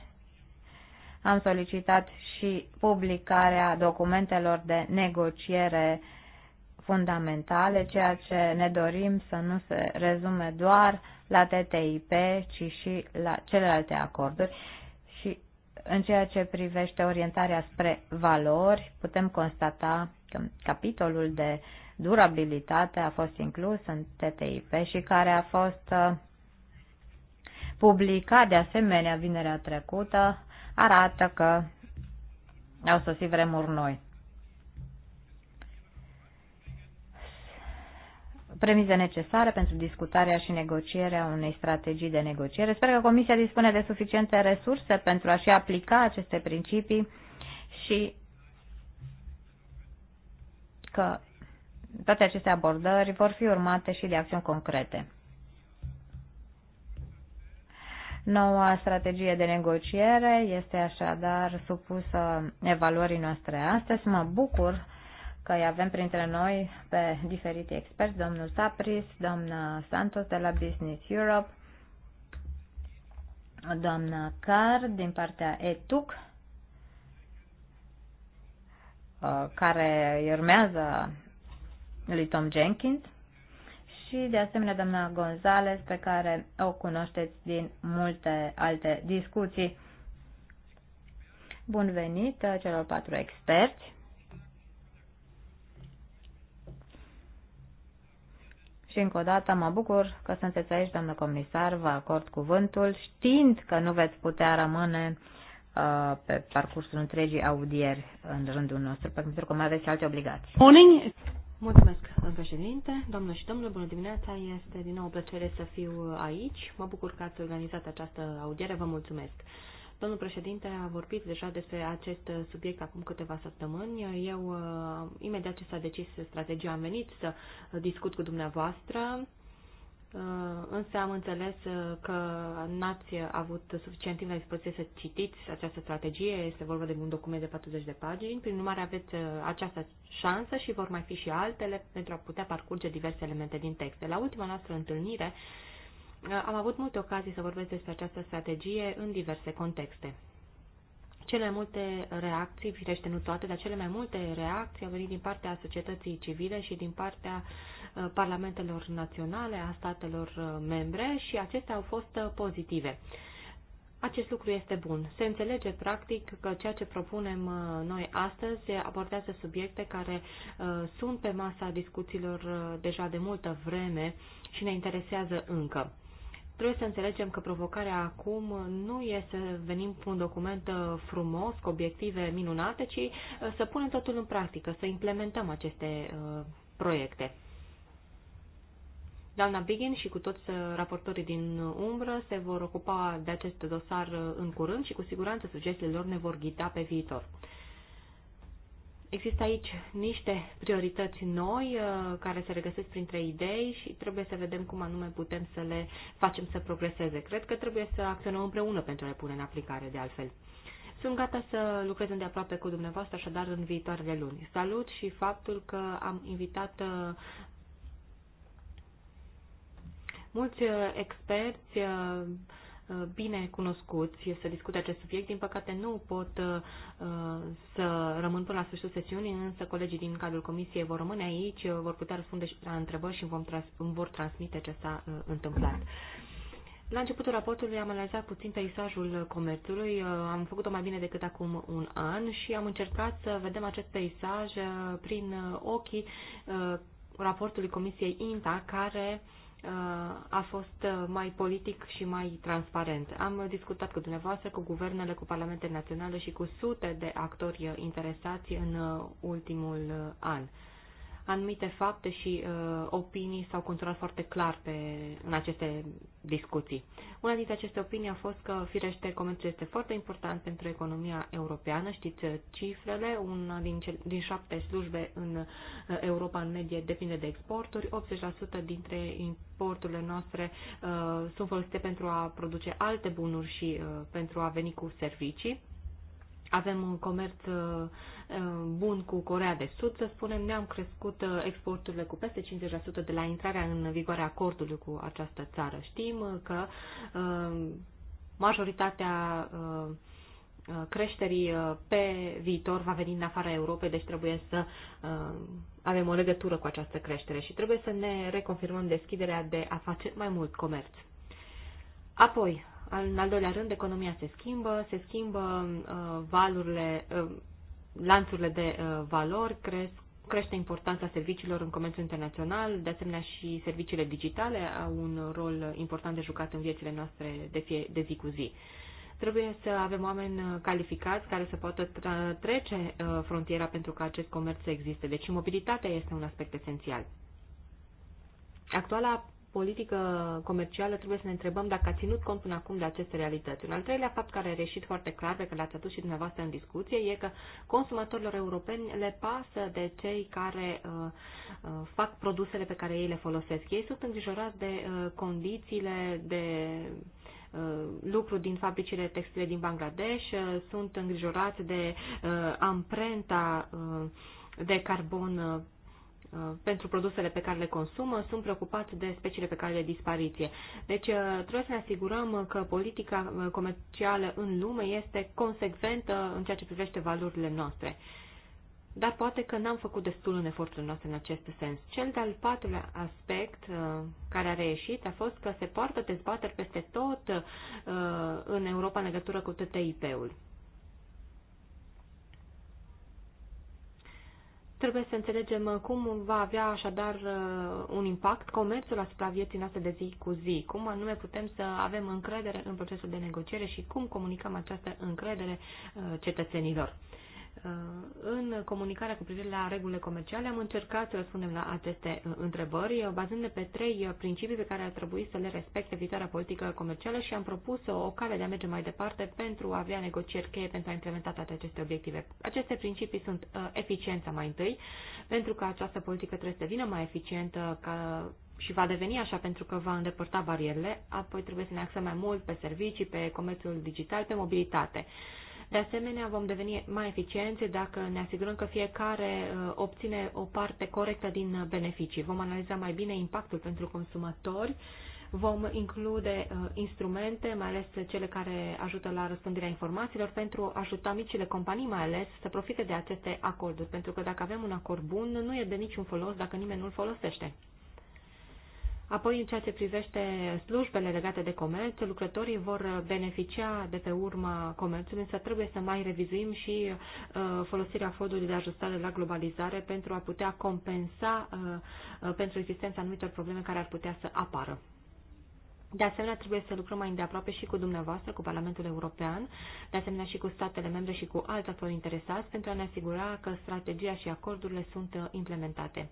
am solicitat și publicarea documentelor de negociere fundamentale, ceea ce ne dorim să nu se rezume doar la TTIP, ci și la celelalte acorduri. Și în ceea ce privește orientarea spre valori, putem constata că capitolul de durabilitate a fost inclus în TTIP și care a fost uh, publicat de asemenea vinerea trecută, arată că au sosit vremuri noi. Premize necesare pentru discutarea și negocierea unei strategii de negociere. Sper că Comisia dispune de suficiente resurse pentru a-și aplica aceste principii și că toate aceste abordări vor fi urmate și de acțiuni concrete. Noua strategie de negociere este așadar supusă evaluării noastre astăzi. Mă bucur că îi avem printre noi pe diferiți experți, domnul Sapris, doamna Santos de la Business Europe, doamna Car din partea ETUC, uh, care urmează lui Tom Jenkins și de asemenea doamna Gonzales pe care o cunoașteți din multe alte discuții. Bun venit uh, celor patru experți. Și încă o dată mă bucur că sunteți aici, doamnă comisar, vă acord cuvântul, știind că nu veți putea rămâne uh, pe parcursul întregii audieri în rândul nostru, pentru că mai aveți alte obligații. Morning. Mulțumesc, domnul președinte. domnul și domnule, bună dimineața. Este din nou o plăcere să fiu aici. Mă bucur că ați organizat această audiere. Vă mulțumesc. Domnul președinte a vorbit deja despre acest subiect acum câteva săptămâni. Eu, uh, imediat ce s-a decis strategia, am venit să discut cu dumneavoastră Uh, însă am înțeles uh, că n-ați avut suficient timp la dispoziție să citiți această strategie, este vorba de un document de 40 de pagini, prin urmare aveți uh, această șansă și vor mai fi și altele pentru a putea parcurge diverse elemente din texte. La ultima noastră întâlnire am avut multe ocazii să vorbesc despre această strategie în diverse contexte. Cele mai multe reacții, firește nu toate, dar cele mai multe reacții au venit din partea societății civile și din partea uh, Uh, parlamentelor naționale, a statelor uh, membre și acestea au fost uh, pozitive. Acest lucru este bun. Se înțelege practic că ceea ce propunem noi astăzi abordează subiecte care sunt pe masa discuțiilor deja de multă vreme și ne interesează încă. Trebuie să înțelegem că provocarea acum nu e să venim cu un document frumos, cu obiective minunate, ci să punem totul în practică, să implementăm aceste proiecte. Doamna Bigin și cu toți uh, raportorii din umbră se vor ocupa de acest dosar uh, în curând și cu siguranță sugestiile lor ne vor ghida pe viitor. Există aici niște priorități noi uh, care se regăsesc printre idei și trebuie să vedem cum anume putem să le facem să progreseze. Cred că trebuie să acționăm împreună pentru a le pune în aplicare de altfel. Sunt gata să lucrez îndeaproape cu dumneavoastră, așadar în viitoarele luni. Salut și faptul că am invitat mulți uh, experți uh, uh, bine cunoscuți să discute acest subiect. Din păcate nu pot să rămân până la sfârșitul sesiunii, însă colegii din cadrul comisiei vor rămâne aici, vor putea răspunde și la întrebări și vom trans- vor transmite ce s-a întâmplat. La începutul raportului am analizat puțin peisajul comerțului, am făcut-o mai bine decât acum un an și am încercat să vedem acest peisaj prin ochii raportului Comisiei INTA, care uh, a fost uh, mai politic și mai transparent. Am discutat cu dumneavoastră, cu guvernele, cu parlamentele naționale și cu sute de actori uh, interesați în uh, ultimul an anumite fapte și uh, opinii s-au conturat foarte clar pe, în aceste discuții. Una dintre aceste opinii a fost că, firește, comerțul este foarte important pentru economia europeană. Știți uh, cifrele, una din, cel, din șapte slujbe în uh, Europa în medie depinde de exporturi, 80% dintre importurile noastre uh, sunt folosite pentru a produce alte bunuri și uh, pentru a veni cu servicii avem un comerț uh, uh, bun cu Corea de Sud, să spunem, ne-am crescut uh, exporturile cu peste 50% de la intrarea în vigoare a acordului cu această țară. Știm că majoritatea creșterii pe viitor va veni în afara Europei, deci trebuie să avem o legătură cu această creștere și trebuie să ne reconfirmăm deschiderea de a face mai mult comerț. Apoi, în al doilea rând, economia se schimbă, se schimbă uh, valurile, uh, lanțurile de uh, valori, cresc crește importanța serviciilor în comerțul internațional, de asemenea și serviciile digitale au un rol important de jucat în viețile noastre de, fie, de zi cu zi. Trebuie să avem oameni calificați care să poată trece frontiera pentru ca acest comerț să existe. Deci mobilitatea este un aspect esențial. Actuala politică comercială trebuie să ne întrebăm dacă a ținut cont până acum de aceste realități. Un al treilea fapt care a reșit foarte clar, pe care l-ați adus și dumneavoastră în discuție, e că consumatorilor europeni le pasă de cei care uh, uh, fac produsele pe care ei le folosesc. Ei sunt îngrijorați de uh, condițiile de uh, lucru din fabricile textile din Bangladesh, uh, sunt îngrijorați de uh, amprenta de carbon Uh, pentru produsele pe care le consumă, sunt preocupați de speciile pe care le dispariție. Deci uh, trebuie să ne asigurăm că politica uh, comercială în lume este consecventă în ceea ce privește valorile noastre. Dar poate că n-am făcut destul în efortul nostru în acest sens. Cel de-al patrulea aspect care a reieșit a fost că se poartă dezbateri peste tot în Europa în legătură cu TTIP-ul. Trebuie să înțelegem uh, cum va avea așadar uh, un impact comerțul asupra vieții noastre de zi cu zi, cum anume putem să avem încredere în procesul de negociere și cum comunicăm această încredere uh, cetățenilor. Uh, în comunicarea cu privire la regulile comerciale am încercat să răspundem la aceste uh, întrebări, uh, bazându-ne pe trei principii pe care ar trebui să le respecte viitoarea politică comercială și am propus o cale de a merge mai departe pentru a avea negocieri cheie pentru a implementa toate aceste obiective. Aceste principii sunt eficiența mai întâi, pentru că această politică trebuie să devină mai eficientă ca și va deveni așa pentru că va îndepărta barierele, apoi trebuie să ne axăm mai mult pe servicii, pe comerțul digital, pe mobilitate. De asemenea, vom deveni mai eficienți dacă ne asigurăm că fiecare uh, obține o parte corectă din beneficii. Vom analiza mai bine impactul pentru consumatori, vom include uh, instrumente, mai ales cele care ajută la răspândirea informațiilor, pentru a ajuta micile companii, mai ales, să profite de aceste acorduri. Pentru că dacă avem un acord bun, nu e de niciun folos dacă nimeni nu-l folosește. Apoi, în ceea ce privește slujbele legate de comerț, lucrătorii vor beneficia de pe urma comerțului, însă trebuie să mai revizuim și uh, folosirea fondului de ajustare la globalizare pentru a putea compensa uh, uh, pentru existența anumitor probleme care ar putea să apară. De asemenea, trebuie să lucrăm mai îndeaproape și cu dumneavoastră, cu Parlamentul European, de asemenea și cu statele membre și cu alți actori interesați, pentru a ne asigura că strategia și acordurile sunt uh, implementate.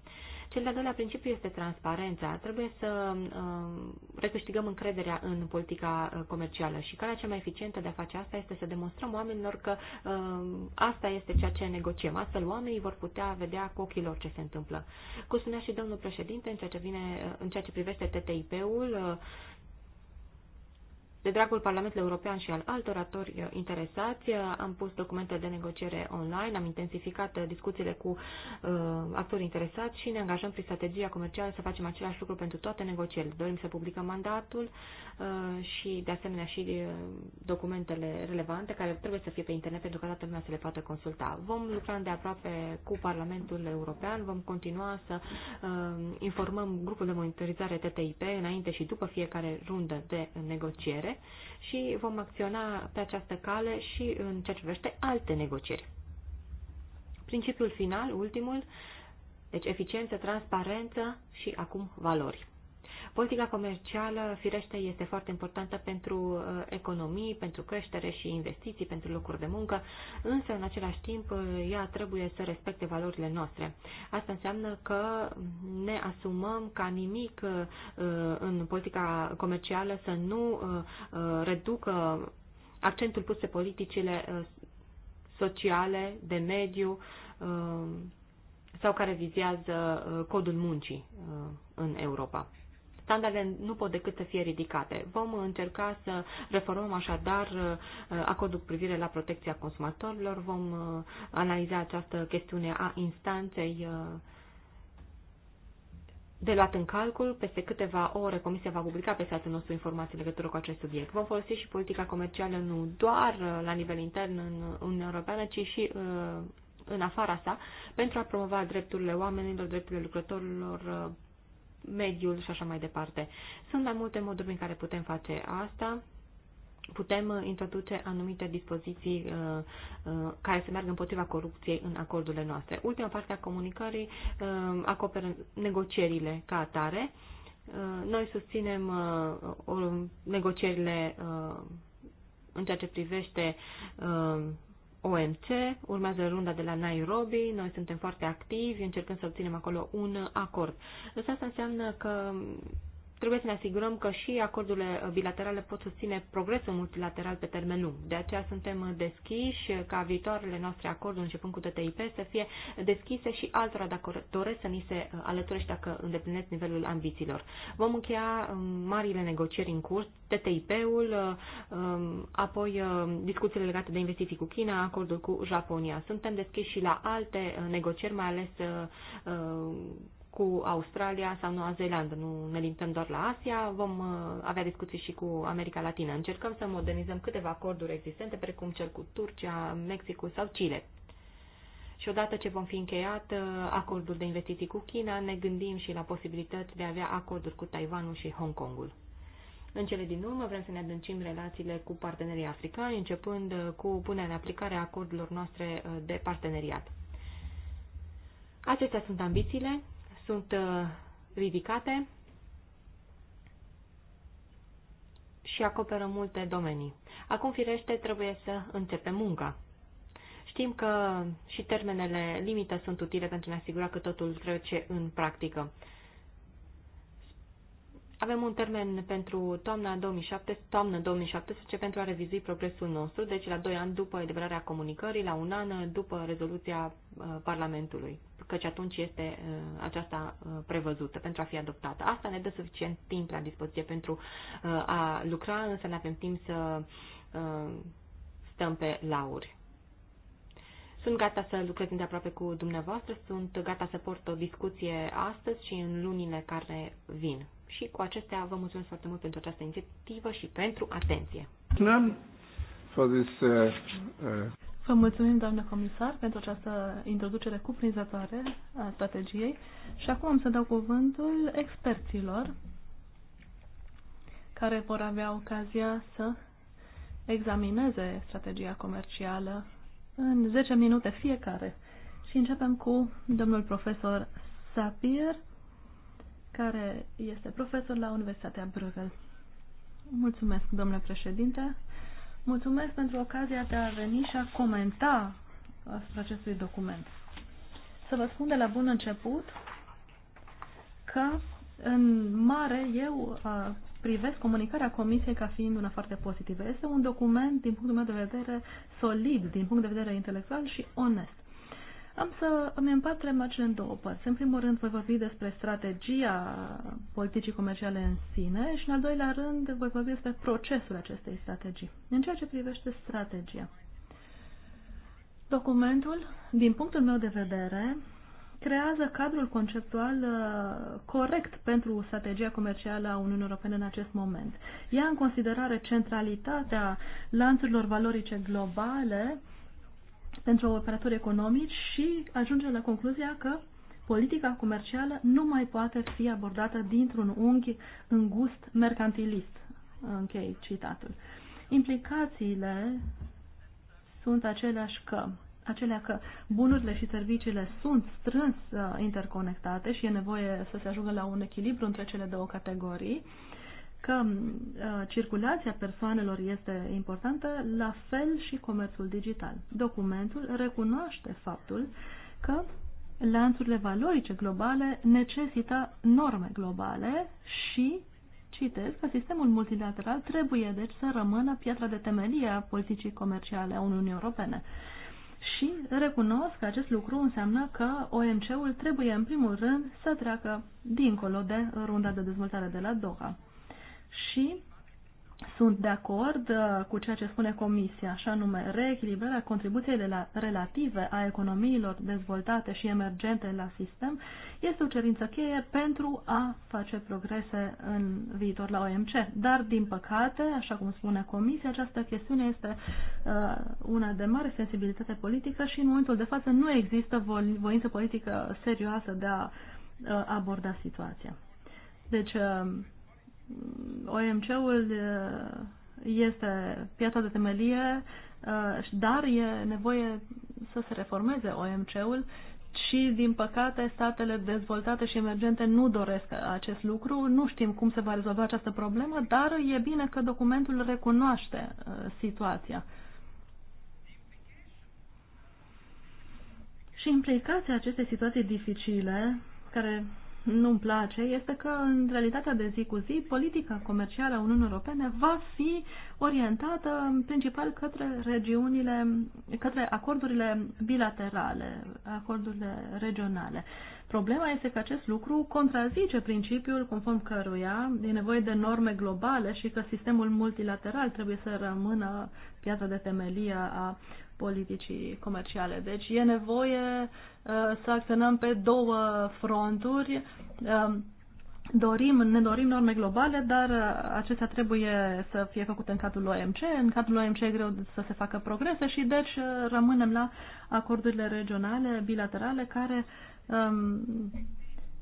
Cel de-al doilea principiu este transparența. Trebuie să uh, recâștigăm încrederea în politica uh, comercială și calea cea mai eficientă de a face asta este să demonstrăm oamenilor că uh, asta este ceea ce negociem. Astfel, oamenii vor putea vedea cu ochii lor ce se întâmplă. Cum spunea și domnul președinte, în ceea ce, vine, uh, în ceea ce privește TTIP-ul, uh, de dragul Parlamentului European și al altor actori uh, interesați, uh, am pus documente de negociere online, am intensificat uh, discuțiile cu uh, actori interesați și ne angajăm prin strategia comercială să facem același lucru pentru toate negocierile. Dorim să publicăm mandatul uh, și, de asemenea, și documentele relevante care trebuie să fie pe internet pentru ca toată lumea să le poată consulta. Vom lucra de aproape cu Parlamentul European, vom continua să uh, informăm grupul de monitorizare TTIP înainte și după fiecare rundă de negociere negociere și vom acționa pe această cale și în ceea ce privește alte negocieri. Principiul final, ultimul, deci eficiență, transparență și acum valori. Politica comercială, firește, este foarte importantă pentru uh, economii, pentru creștere și investiții, pentru locuri de muncă, însă, în același timp, uh, ea trebuie să respecte valorile noastre. Asta înseamnă că ne asumăm ca nimic uh, în politica comercială să nu reducă accentul pus pe politicile sociale, de mediu sau care vizează codul muncii în Europa standardele nu pot decât să fie ridicate. Vom încerca să reformăm așadar uh, acordul cu privire la protecția consumatorilor, vom uh, analiza această chestiune a instanței uh, de luat în calcul, peste câteva ore Comisia va publica pe site-ul nostru informații în legătură cu acest subiect. Vom folosi și politica comercială nu doar la nivel intern în Uniunea Europeană, ci și în afara sa, pentru a promova drepturile oamenilor, drepturile lucrătorilor, mediul și așa mai departe. Sunt mai multe moduri în care putem face asta. Putem uh, introduce anumite dispoziții uh, uh, care se merg împotriva corupției în acordurile noastre. Ultima parte a comunicării uh, acoperă negocierile ca atare. Uh, noi susținem uh, negocierile uh, în ceea ce privește uh, OMC, urmează runda de la Nairobi, noi suntem foarte activi, încercăm să obținem acolo un acord. Însă asta înseamnă că trebuie să ne asigurăm că și acordurile bilaterale pot susține progresul multilateral pe termen lung. De aceea suntem deschiși ca viitoarele noastre acorduri, începând cu TTIP, să fie deschise și altora dacă doresc să ni se alăture și dacă îndeplinesc nivelul ambițiilor. Vom încheia um, marile negocieri în curs, TTIP-ul, um, apoi um, discuțiile legate de investiții cu China, acordul cu Japonia. Suntem deschiși și la alte uh, negocieri, mai ales uh, cu Australia sau Noua Zeelandă. Nu ne limităm doar la Asia, vom uh, avea discuții și cu America Latină. Încercăm să modernizăm câteva acorduri existente, precum cel cu Turcia, Mexicul sau Chile. Și odată ce vom fi încheiat uh, acordul de investiții cu China, ne gândim și la posibilități de a avea acorduri cu Taiwanul și Hong Kongul. În cele din urmă vrem să ne adâncim relațiile cu partenerii africani, începând uh, cu punerea în aplicare a acordurilor noastre de parteneriat. Acestea sunt ambițiile sunt uh, ridicate și acoperă multe domenii. Acum, firește, trebuie să începem munca. Știm că și termenele limită sunt utile pentru a ne asigura că totul trece în practică. Avem un termen pentru toamna 2007, toamna 2017 pentru a revizui progresul nostru, deci la 2 ani după eliberarea comunicării, la un an după rezoluția uh, Parlamentului, căci atunci este uh, aceasta uh, prevăzută pentru a fi adoptată. Asta ne dă suficient timp la dispoziție pentru a lucra, însă ne avem timp să stăm pe lauri. Sunt gata să lucrez îndeaproape cu dumneavoastră, sunt gata să port o discuție astăzi și în lunile care vin. Și cu acestea vă mulțumesc foarte mult pentru această inițiativă și pentru atenție. Uh, uh, vă mulțumim, doamnă comisar, pentru această introducere cuprinzătoare a strategiei. Și acum am să dau cuvântul experților care vor avea ocazia să examineze strategia comercială în 10 minute fiecare. Și începem cu domnul profesor Sapir care este profesor la Universitatea Bruegel. Mulțumesc, domnule președinte. Mulțumesc pentru ocazia de a veni și a comenta asupra acestui document. Să vă spun de la bun început că, în mare, eu privesc comunicarea Comisiei ca fiind una foarte pozitivă. Este un document, din punctul meu de vedere, solid, din punct de vedere intelectual și onest. Am să îmi împart remarcile în două părți. În primul rând voi vorbi despre strategia politicii comerciale în sine și în al doilea rând voi vorbi despre procesul acestei strategii. În ceea ce privește strategia, documentul, din punctul meu de vedere, creează cadrul conceptual uh, corect pentru strategia comercială a Uniunii Europene în acest moment. Ia în considerare centralitatea lanțurilor valorice globale pentru operatori economici și ajunge la concluzia că politica comercială nu mai poate fi abordată dintr-un unghi îngust mercantilist. Închei citatul. Implicațiile sunt aceleași că acelea că bunurile și serviciile sunt strâns uh, interconectate și e nevoie să se ajungă la un echilibru între cele două categorii. Uh, că uh, circulația persoanelor este importantă, la fel și comerțul digital. Documentul recunoaște faptul că lanțurile valorice globale necesită norme globale și, citez, că sistemul multilateral trebuie deci să rămână piatra de temelie a politicii comerciale a Uniunii Europene. Și recunosc că acest lucru înseamnă că OMC-ul trebuie în primul rând să treacă dincolo de runda de dezvoltare de la Doha și sunt de acord uh, cu ceea ce spune Comisia, așa nume reechilibrarea contribuției de la relative a economiilor dezvoltate și emergente la sistem este o cerință cheie pentru a face progrese în viitor la OMC. Dar, din păcate, așa cum spune Comisia, această chestiune este uh, una de mare sensibilitate politică și în momentul de față nu există voință politică serioasă de a uh, aborda situația. Deci, uh, OMC-ul uh, este piața de temelie, uh, dar e nevoie să se reformeze OMC-ul și, din păcate, statele dezvoltate și emergente nu doresc acest lucru. Nu știm cum se va rezolva această problemă, dar e bine că documentul recunoaște uh, situația. Și implicația acestei situații dificile, care nu-mi place este că, în realitatea de zi cu zi, politica comercială a Uniunii Europene va fi orientată în principal către regiunile, către acordurile bilaterale, acordurile regionale. Problema este că acest lucru contrazice principiul conform căruia e nevoie de norme globale și că sistemul multilateral trebuie să rămână piața de temelie a politicii comerciale. Deci e nevoie uh, să acționăm pe două fronturi. Uh, dorim, ne dorim norme globale, dar uh, acestea trebuie să fie făcute în cadrul OMC. În cadrul OMC e greu să se facă progrese și deci uh, rămânem la acordurile regionale, bilaterale, care um,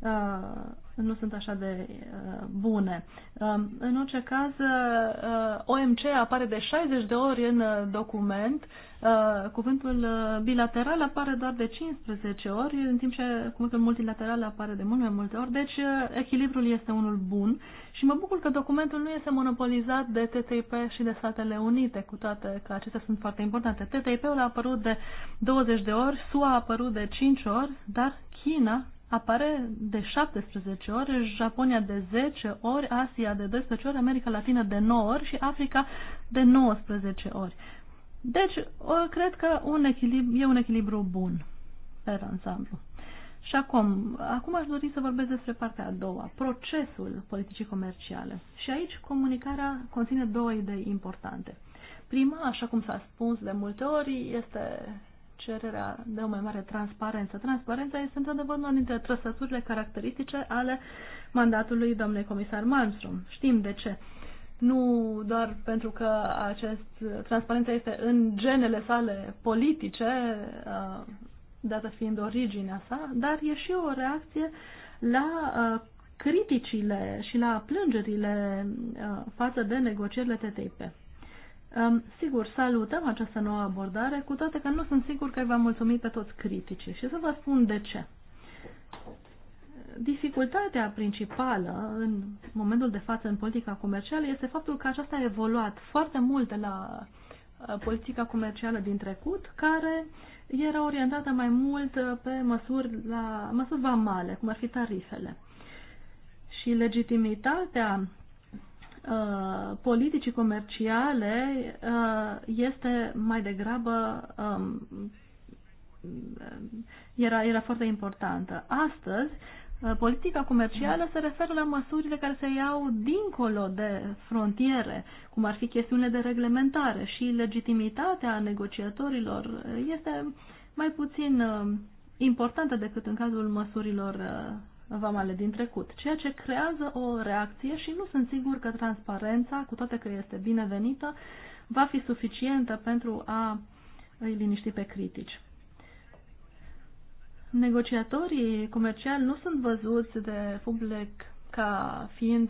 uh, nu sunt așa de uh, bune. Um, în orice caz, uh, OMC apare de 60 de ori în uh, document, uh, cuvântul uh, bilateral apare doar de 15 ori, în timp ce cuvântul multilateral apare de mult mai multe ori, deci uh, echilibrul este unul bun și mă bucur că documentul nu este monopolizat de TTIP și de Statele Unite, cu toate că acestea sunt foarte importante. TTIP-ul a apărut de 20 de ori, SUA a apărut de 5 ori, dar China apare de 17 ori, Japonia de 10 ori, Asia de 12 ori, America Latină de 9 ori și Africa de 19 ori. Deci, cred că un e un echilibru bun pe ansamblu. Și acum, acum aș dori să vorbesc despre partea a doua, procesul politicii comerciale. Și aici comunicarea conține două idei importante. Prima, așa cum s-a spus de multe ori, este cererea de o mai mare transparență. Transparența este într-adevăr una dintre trăsăturile caracteristice ale mandatului domnului comisar Malmström. Știm de ce. Nu doar pentru că acest transparența este în genele sale politice, uh, dată fiind originea sa, dar e și o reacție la uh, criticile și la plângerile uh, față de negocierile TTIP. Sigur, salutăm această nouă abordare, cu toate că nu sunt sigur că îi va mulțumi pe toți criticii. Și să vă spun de ce. Dificultatea principală în momentul de față în politica comercială este faptul că aceasta a evoluat foarte mult de la uh, politica comercială din trecut, care era orientată mai mult uh, pe măsuri, la, măsuri vamale, cum ar fi tarifele. Și legitimitatea uh, politicii comerciale uh, este mai degrabă um, uh, era, era foarte importantă. Astăzi, uh, politica comercială se referă la măsurile care se iau dincolo de frontiere, cum ar fi chestiunile de reglementare și legitimitatea negociatorilor este mai puțin uh, importantă decât în cazul măsurilor vamale din trecut, ceea ce creează o reacție și nu sunt sigur că transparența, cu toate că este binevenită, va fi suficientă pentru a îi liniști pe critici. Negociatorii comerciali nu sunt văzuți de public ca fiind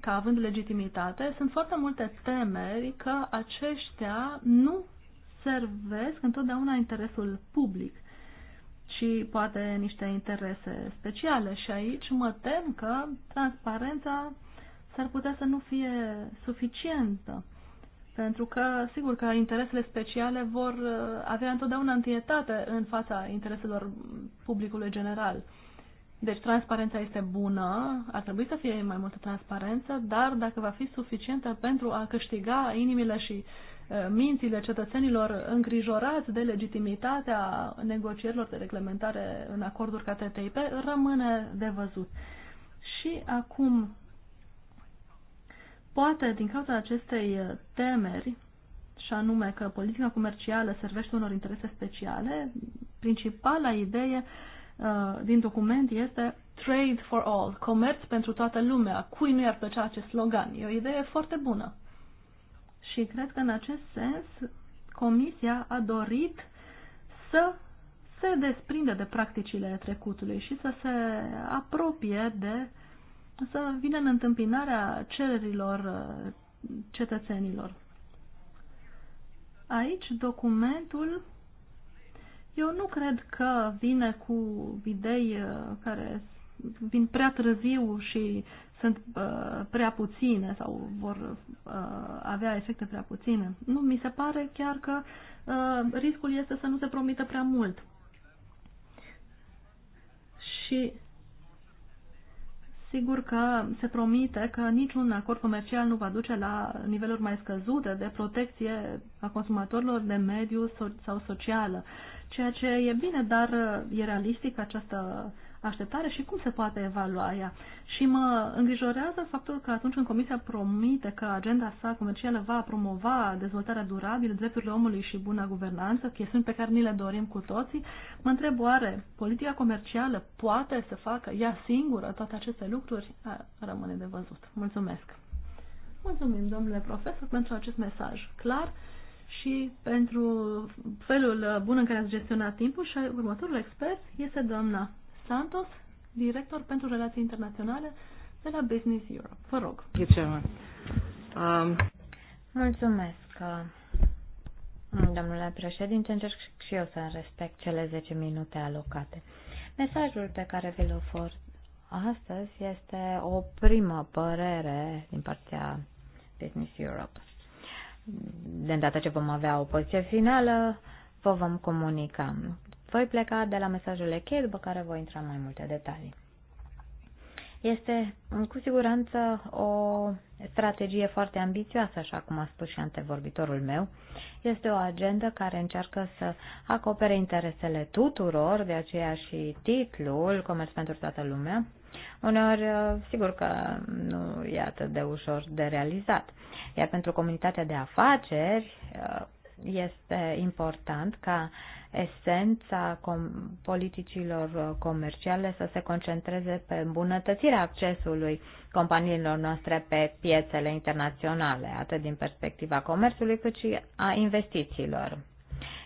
ca având legitimitate, sunt foarte multe temeri că aceștia nu servesc întotdeauna interesul public și poate niște interese speciale. Și aici mă tem că transparența s-ar putea să nu fie suficientă. Pentru că, sigur că interesele speciale vor uh, avea întotdeauna întâietate în fața intereselor publicului general. Deci transparența este bună, ar trebui să fie mai multă transparență, dar dacă va fi suficientă pentru a câștiga inimile și Uh, mințile cetățenilor îngrijorați de legitimitatea negocierilor de reglementare în acorduri ca TTIP rămâne de văzut. Și acum, poate din cauza acestei uh, temeri, și anume că politica comercială servește unor interese speciale, principala idee uh, din document este Trade for All, comerț pentru toată lumea. Cui nu i-ar plăcea acest slogan? E o idee foarte bună. Și cred că în acest sens Comisia a dorit să se desprinde de practicile trecutului și să se apropie de, să vină în întâmpinarea cererilor uh, cetățenilor. Aici documentul eu nu cred că vine cu idei uh, care vin prea târziu și sunt uh, prea puține sau vor uh, avea efecte prea puține. Nu, mi se pare chiar că uh, riscul este să nu se promită prea mult. Și sigur că se promite că niciun acord comercial nu va duce la niveluri mai scăzute de protecție a consumatorilor de mediu sau socială, ceea ce e bine, dar uh, e realistic această așteptare și cum se poate evalua ea. Și mă îngrijorează faptul că atunci când Comisia promite că agenda sa comercială va promova dezvoltarea durabilă, drepturile omului și buna guvernanță, chestiuni pe care ni le dorim cu toții, mă întreb oare politica comercială poate să facă ea singură toate aceste lucruri? Rămâne de văzut. Mulțumesc! Mulțumim, domnule profesor, pentru acest mesaj clar și pentru felul bun în care ați gestionat timpul și următorul expert este doamna Santos, director pentru relații internaționale de la Business Europe. Vă rog. Um. Mulțumesc, uh, domnule președinte. Încerc și eu să respect cele 10 minute alocate. Mesajul pe care vi-l ofer astăzi este o primă părere din partea Business Europe. De îndată ce vom avea o poziție finală, vă vom comunica. Voi pleca de la mesajele cheie, după care voi intra în mai multe detalii. Este cu siguranță o strategie foarte ambițioasă, așa cum a spus și antevorbitorul meu. Este o agendă care încearcă să acopere interesele tuturor, de aceea și titlul Comerț pentru toată lumea. Uneori, uh, sigur că nu e atât de ușor de realizat. Iar pentru comunitatea de afaceri uh, este important ca esența com- politicilor comerciale să se concentreze pe îmbunătățirea accesului companiilor noastre pe piețele internaționale, atât din perspectiva comerțului cât și a investițiilor.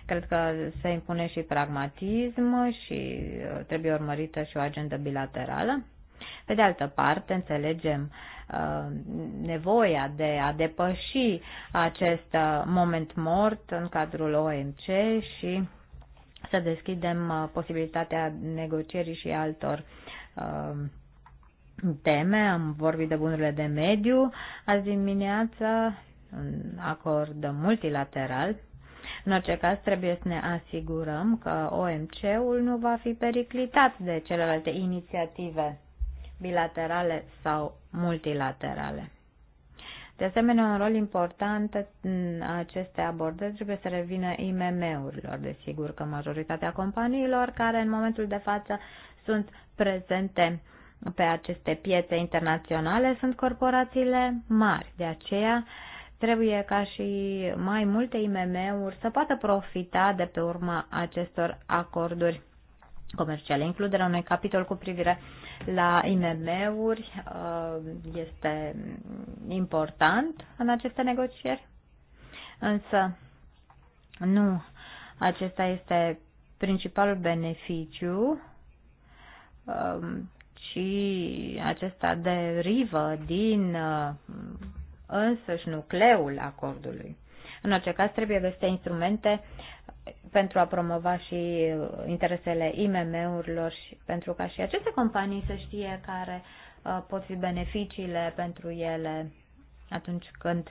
Cred că se impune și pragmatism și uh, trebuie urmărită și o agendă bilaterală. Pe de altă parte, înțelegem uh, nevoia de a depăși acest uh, moment mort în cadrul OMC și să deschidem uh, posibilitatea negocierii și altor uh, teme. Am vorbit de bunurile de mediu. Azi dimineață un acord multilateral. În orice caz, trebuie să ne asigurăm că OMC-ul nu va fi periclitat de celelalte inițiative bilaterale sau multilaterale. De asemenea, un rol important în aceste abordări trebuie să revină IMM-urilor. Desigur că majoritatea companiilor care în momentul de față sunt prezente pe aceste piețe internaționale sunt corporațiile mari. De aceea, trebuie ca și mai multe IMM-uri să poată profita de pe urma acestor acorduri comerciale. Includerea unui capitol cu privire la IMM-uri uh, este important în aceste negocieri, însă nu acesta este principalul beneficiu, um, ci acesta derivă din uh, însăși nucleul acordului. În orice caz, trebuie găsite instrumente pentru a promova și uh, interesele IMM-urilor și pentru ca și aceste companii să știe care uh, pot fi beneficiile pentru ele atunci când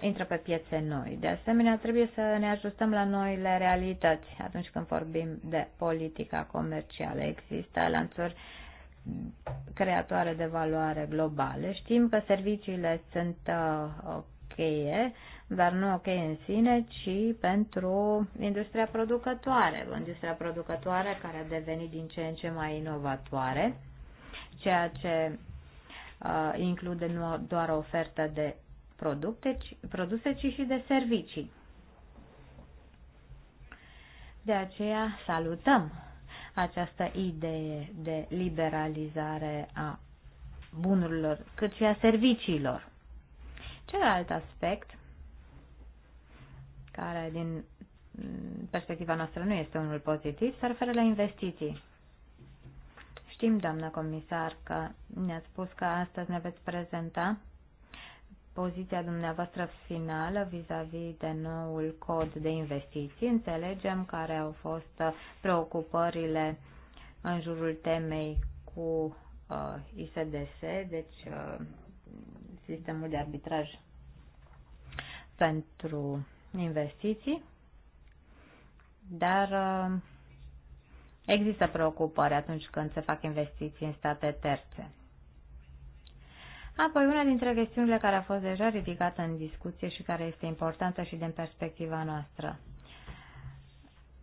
intră pe piețe noi. De asemenea, trebuie să ne ajustăm la noile realități atunci când vorbim de politica comercială. Există lanțuri creatoare de valoare globale. Știm că serviciile sunt uh, cheie dar nu ok în sine, ci pentru industria producătoare. Industria producătoare care a devenit din ce în ce mai inovatoare, ceea ce uh, include nu doar oferta ofertă de producte, ci, produse, ci și de servicii. De aceea salutăm această idee de liberalizare a bunurilor, cât și a serviciilor. Celălalt aspect care din mm, perspectiva noastră nu este unul pozitiv, se referă la investiții. Știm, doamnă comisar, că ne-ați spus că astăzi ne veți prezenta poziția dumneavoastră finală vis-a-vis -vis de noul cod de investiții. Înțelegem care au fost preocupările în jurul temei cu uh, ISDS, deci uh, sistemul de arbitraj pentru investiții, dar uh, există preocupări atunci când se fac investiții în state terțe. Apoi, una dintre chestiunile care a fost deja ridicată în discuție și care este importantă și din perspectiva noastră.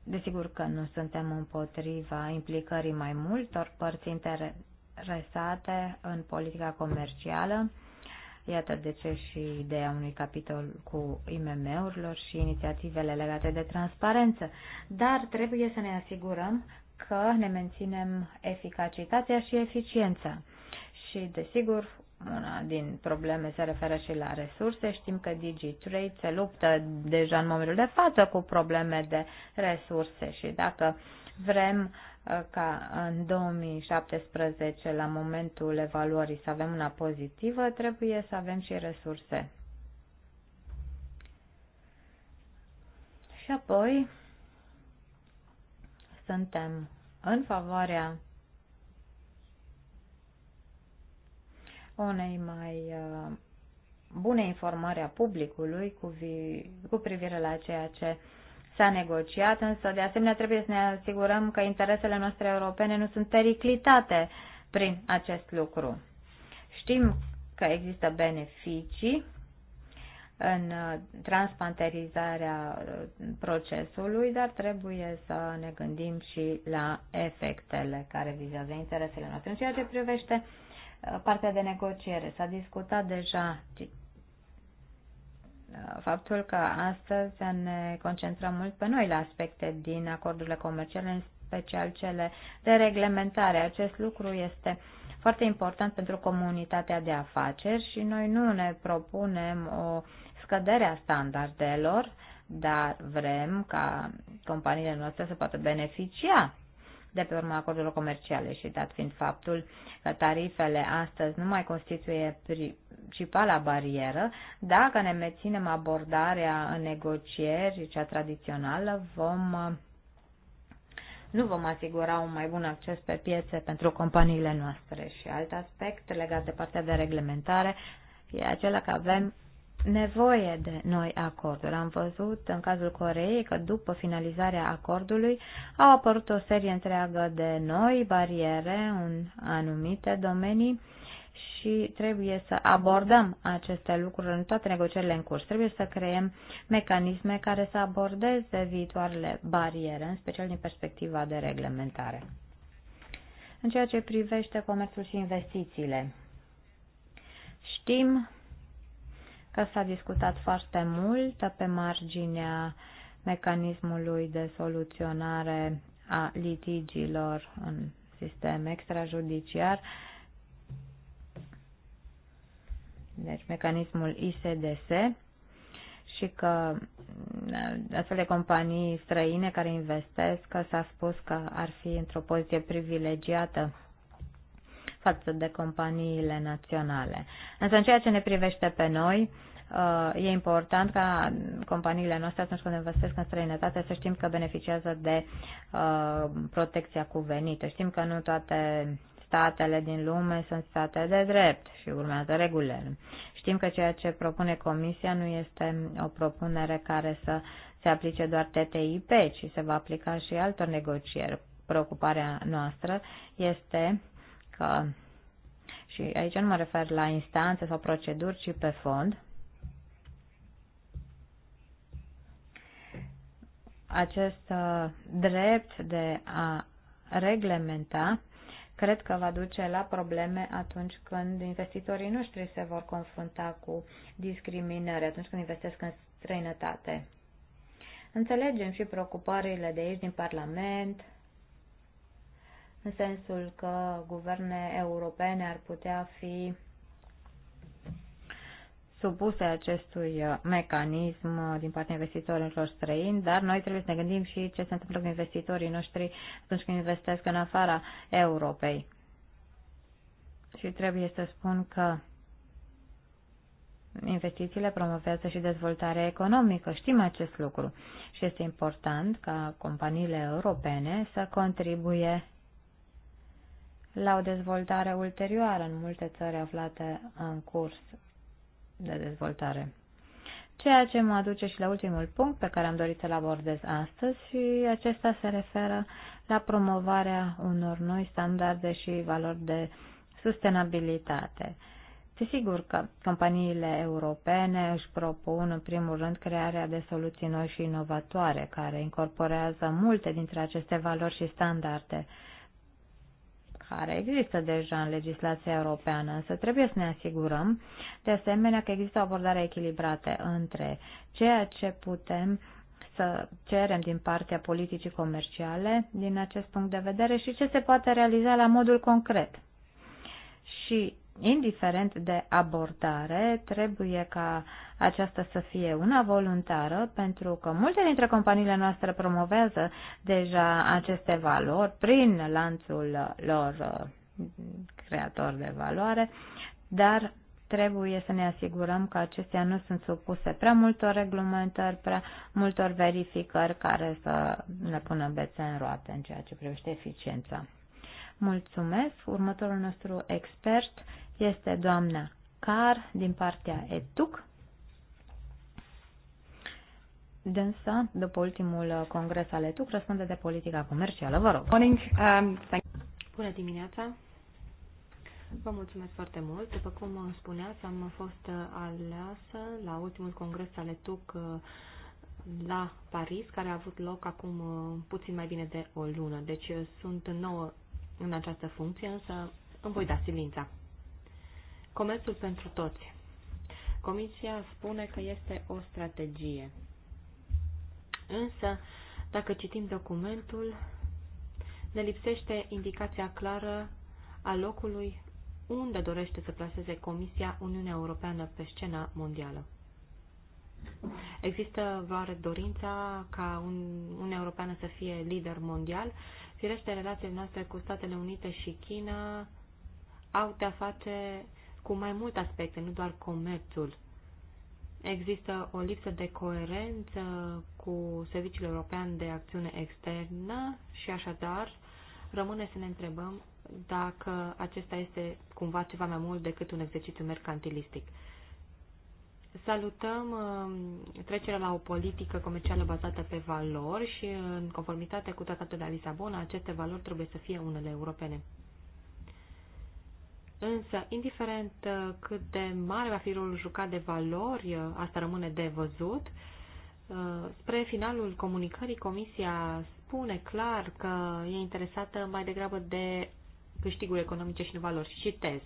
Desigur că nu suntem împotriva implicării mai multor părți interesate în politica comercială, Iată de ce și ideea unui capitol cu IMM-urilor și inițiativele legate de transparență. Dar trebuie să ne asigurăm că ne menținem eficacitatea și eficiența. Și, desigur, una din probleme se referă și la resurse. Știm că DigiTrade se luptă deja în momentul de față cu probleme de resurse și dacă uh, Vrem uh, ca în 2017, la momentul evaluării, să avem una pozitivă, trebuie să avem și resurse. Și apoi suntem în favoarea unei mai uh, bune informări a publicului cu, vi- cu privire la ceea ce s-a negociat, însă de asemenea trebuie să ne asigurăm că interesele noastre europene nu sunt periclitate prin acest lucru. Știm că există beneficii în uh, transpanterizarea uh, procesului, dar trebuie să ne gândim și la efectele care vizează interesele noastre. În ceea ce privește uh, partea de negociere, s-a discutat deja faptul că astăzi ne concentrăm mult pe noile aspecte din acordurile comerciale, în special cele de reglementare. Acest lucru este foarte important pentru comunitatea de afaceri și noi nu ne propunem o scădere a standardelor, dar vrem ca companiile noastre să poată beneficia de pe urma acordurilor comerciale și dat fiind faptul că tarifele astăzi nu mai constituie principala barieră, dacă ne menținem abordarea în negocieri, cea tradițională, vom nu vom asigura un mai bun acces pe piețe pentru companiile noastre. Și alt aspect legat de partea de reglementare e acela că avem nevoie de noi acorduri. Am văzut în cazul Coreei că după finalizarea acordului au apărut o serie întreagă de noi bariere în anumite domenii și trebuie să abordăm aceste lucruri în toate negocierile în curs. Trebuie să creăm mecanisme care să abordeze viitoarele bariere, în special din perspectiva de reglementare. În ceea ce privește comerțul și investițiile, știm că s-a discutat foarte mult pe marginea mecanismului de soluționare a litigiilor în sistem extrajudiciar, deci mecanismul ISDS, și că astfel de companii străine care investesc, că s-a spus că ar fi într-o poziție privilegiată față de companiile naționale. Însă în ceea ce ne privește pe noi, uh, e important ca companiile noastre atunci când investesc în străinătate să știm că beneficiază de uh, protecția cuvenită. Știm că nu toate statele din lume sunt state de drept și urmează regulile. Știm că ceea ce propune Comisia nu este o propunere care să se aplice doar TTIP, ci se va aplica și altor negocieri. Preocuparea noastră este că, și aici nu mă refer la instanțe sau proceduri, ci pe fond, acest uh, drept de a reglementa cred că va duce la probleme atunci când investitorii noștri se vor confrunta cu discriminări, atunci când investesc în străinătate. Înțelegem și preocupările de aici din Parlament, în sensul că guverne europene ar putea fi supuse acestui uh, mecanism uh, din partea investitorilor străini, dar noi trebuie să ne gândim și ce se întâmplă cu investitorii noștri atunci când investesc în afara Europei. Și trebuie să spun că investițiile promovează și dezvoltarea economică. Știm acest lucru și este important ca companiile europene să contribuie la o dezvoltare ulterioară în multe țări aflate în curs de dezvoltare. Ceea ce mă aduce și la ultimul punct pe care am dorit să-l abordez astăzi și acesta se referă la promovarea unor noi standarde și valori de sustenabilitate. Desigur că companiile europene își propun în primul rând crearea de soluții noi și inovatoare care incorporează multe dintre aceste valori și standarde care există deja în legislația europeană, însă trebuie să ne asigurăm de asemenea că există o abordare echilibrată între ceea ce putem să cerem din partea politicii comerciale din acest punct de vedere și ce se poate realiza la modul concret. Și indiferent de abordare, trebuie ca aceasta să fie una voluntară, pentru că multe dintre companiile noastre promovează deja aceste valori prin lanțul lor uh, creator de valoare, dar trebuie să ne asigurăm că acestea nu sunt supuse prea multor reglementări, prea multor verificări care să le pună bețe în roate în ceea ce privește eficiența. Mulțumesc! Următorul nostru expert este doamna Car din partea ETUC. Dânsa, după ultimul congres al ETUC, răspunde de politica comercială. Vă rog. Morning. Um, thank Bună dimineața. Vă mulțumesc foarte mult. După cum spuneați, am fost aleasă la ultimul congres al ETUC uh, la Paris, care a avut loc acum uh, puțin mai bine de o lună. Deci uh, sunt nouă în această funcție, însă îmi voi da silința. Comerțul pentru toți. Comisia spune că este o strategie. Însă, dacă citim documentul, ne lipsește indicația clară a locului unde dorește să plaseze Comisia Uniunea Europeană pe scena mondială. Există oare dorința ca Uniunea Europeană să fie lider mondial? Firește, relațiile noastre cu Statele Unite și China au de-a face cu mai multe aspecte, nu doar comerțul. Există o lipsă de coerență cu Serviciul European de Acțiune Externă și așadar rămâne să ne întrebăm dacă acesta este cumva ceva mai mult decât un exercițiu mercantilistic. Salutăm um, trecerea la o politică comercială bazată pe valori și în conformitate cu tratatul de la Lisabona, aceste valori trebuie să fie unele europene. Însă, indiferent uh, cât de mare va fi rolul jucat de valori, uh, asta rămâne de văzut, uh, spre finalul comunicării Comisia spune clar că e interesată mai degrabă de câștiguri economice și de valori. Citez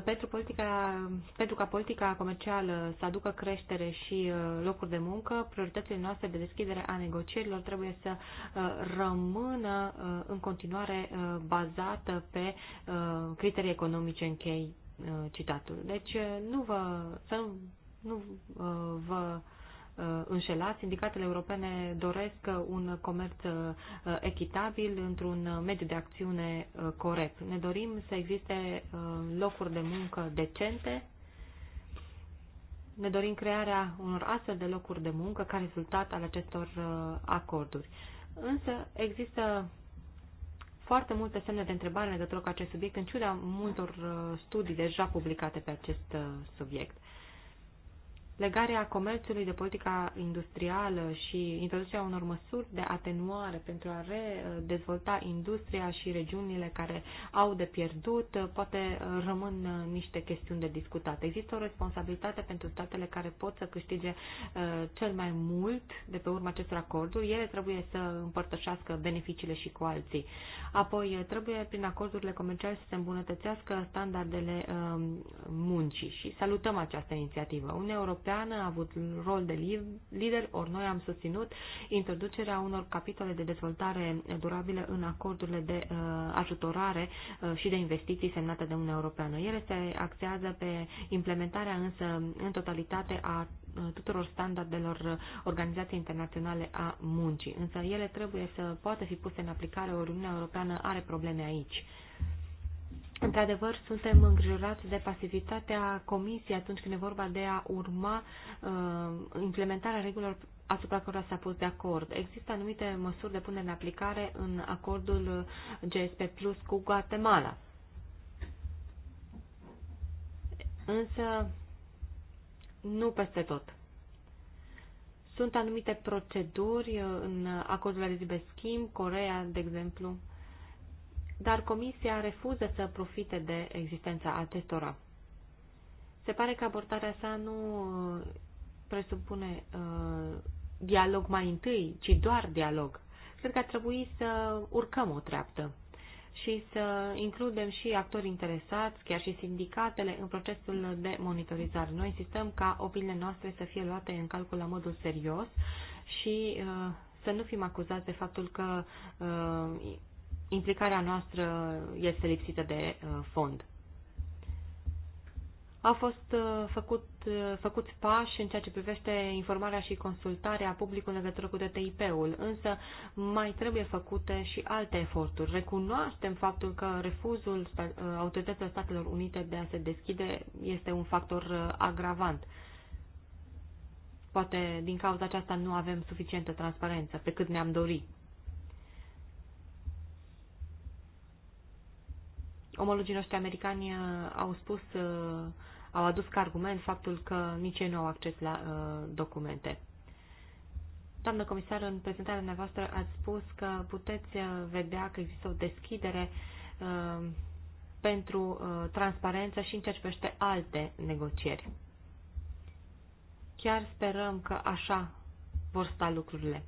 pentru, politica, pentru ca politica comercială să aducă creștere și uh, locuri de muncă, prioritățile noastre de deschidere a negocierilor trebuie să uh, rămână uh, în continuare bazată pe criterii economice închei citatul. Deci nu vă, să nu, nu vă Uh, înșelat. Sindicatele europene doresc un comerț uh, echitabil într-un mediu de acțiune uh, corect. Ne dorim să existe locuri de muncă decente. Ne dorim crearea unor astfel de locuri de muncă ca rezultat al acestor acorduri. Însă există foarte multe semne de întrebare în legătură cu acest subiect, în ciuda multor studii deja publicate pe acest subiect legarea comerțului de politica industrială și introducerea unor măsuri de atenuare pentru a redezvolta industria și regiunile care au de pierdut, poate rămân niște chestiuni de discutat. Există o responsabilitate pentru statele care pot să câștige uh, cel mai mult de pe urma acestor acorduri. Ele trebuie să împărtășească beneficiile și cu alții. Apoi, uh, trebuie prin acordurile comerciale să se îmbunătățească standardele uh, muncii și salutăm această inițiativă. Uniunea Europeană Europeană a avut rol de lider, ori noi am susținut introducerea unor capitole de dezvoltare durabilă în acordurile de uh, ajutorare uh, și de investiții semnate de Uniunea Europeană. Ele se axează pe implementarea însă în totalitate a uh, tuturor standardelor uh, Organizației Internaționale a Muncii. Însă ele trebuie să poată fi puse în aplicare, ori Uniunea Europeană are probleme aici. Într-adevăr, suntem îngrijorați de pasivitatea Comisiei atunci când e vorba de a urma uh, implementarea regulilor asupra cărora s-a pus de acord. Există anumite măsuri de punere în aplicare în acordul GSP Plus cu Guatemala. Însă, nu peste tot. Sunt anumite proceduri uh, în acordurile de schimb, Corea, de exemplu, dar Comisia refuză să profite de existența acestora. Se pare că abordarea sa nu uh, presupune uh, dialog mai întâi, ci doar dialog. Cred că ar trebui să urcăm o treaptă și să includem și actori interesați, chiar și sindicatele, în procesul de monitorizare. Noi insistăm ca opiniile noastre să fie luate în calcul la modul serios și uh, să nu fim acuzați de faptul că uh, implicarea noastră este lipsită de uh, fond. Au fost uh, făcut, uh, făcut pași în ceea ce privește informarea și consultarea publicului în legătură cu DTIP-ul, însă mai trebuie făcute și alte eforturi. Recunoaștem faptul că refuzul autorităților Statelor Unite de a se deschide este un factor agravant. Poate din cauza aceasta nu avem suficientă transparență, pe cât ne-am dorit. omologii noștri americani uh, au spus, uh, au adus ca argument faptul că nici ei nu au acces la uh, documente. Doamnă comisar, în prezentarea dumneavoastră ați spus că puteți vedea că există o deschidere pentru transparență și în ceea ce privește alte negocieri. Chiar sperăm că așa vor sta lucrurile.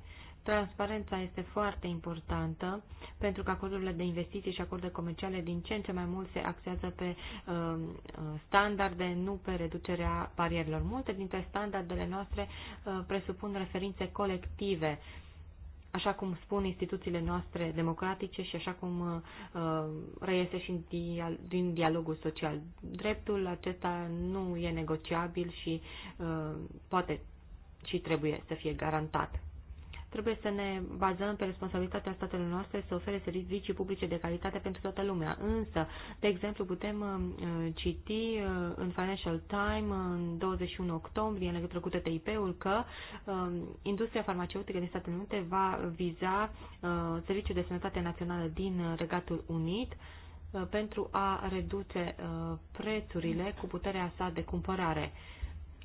Transparența este foarte importantă pentru că acordurile de investiții și acordurile comerciale din ce în ce mai mult se axează pe uh, standarde, nu pe reducerea barierelor. Multe dintre standardele noastre uh, presupun referințe colective, așa cum spun instituțiile noastre democratice și așa cum uh, reiese și din dialogul social. Dreptul acesta nu e negociabil și uh, poate și trebuie să fie garantat. Trebuie să ne bazăm pe responsabilitatea statelor noastre să ofere servicii publice de calitate pentru toată lumea. Însă, de exemplu, putem uh, citi uh, în Financial Times uh, în 21 octombrie, în legătură cu TTIP-ul, că industria farmaceutică din Statele Unite va viza Serviciul de Sănătate Națională din Regatul Unit pentru a reduce prețurile cu puterea sa de cumpărare.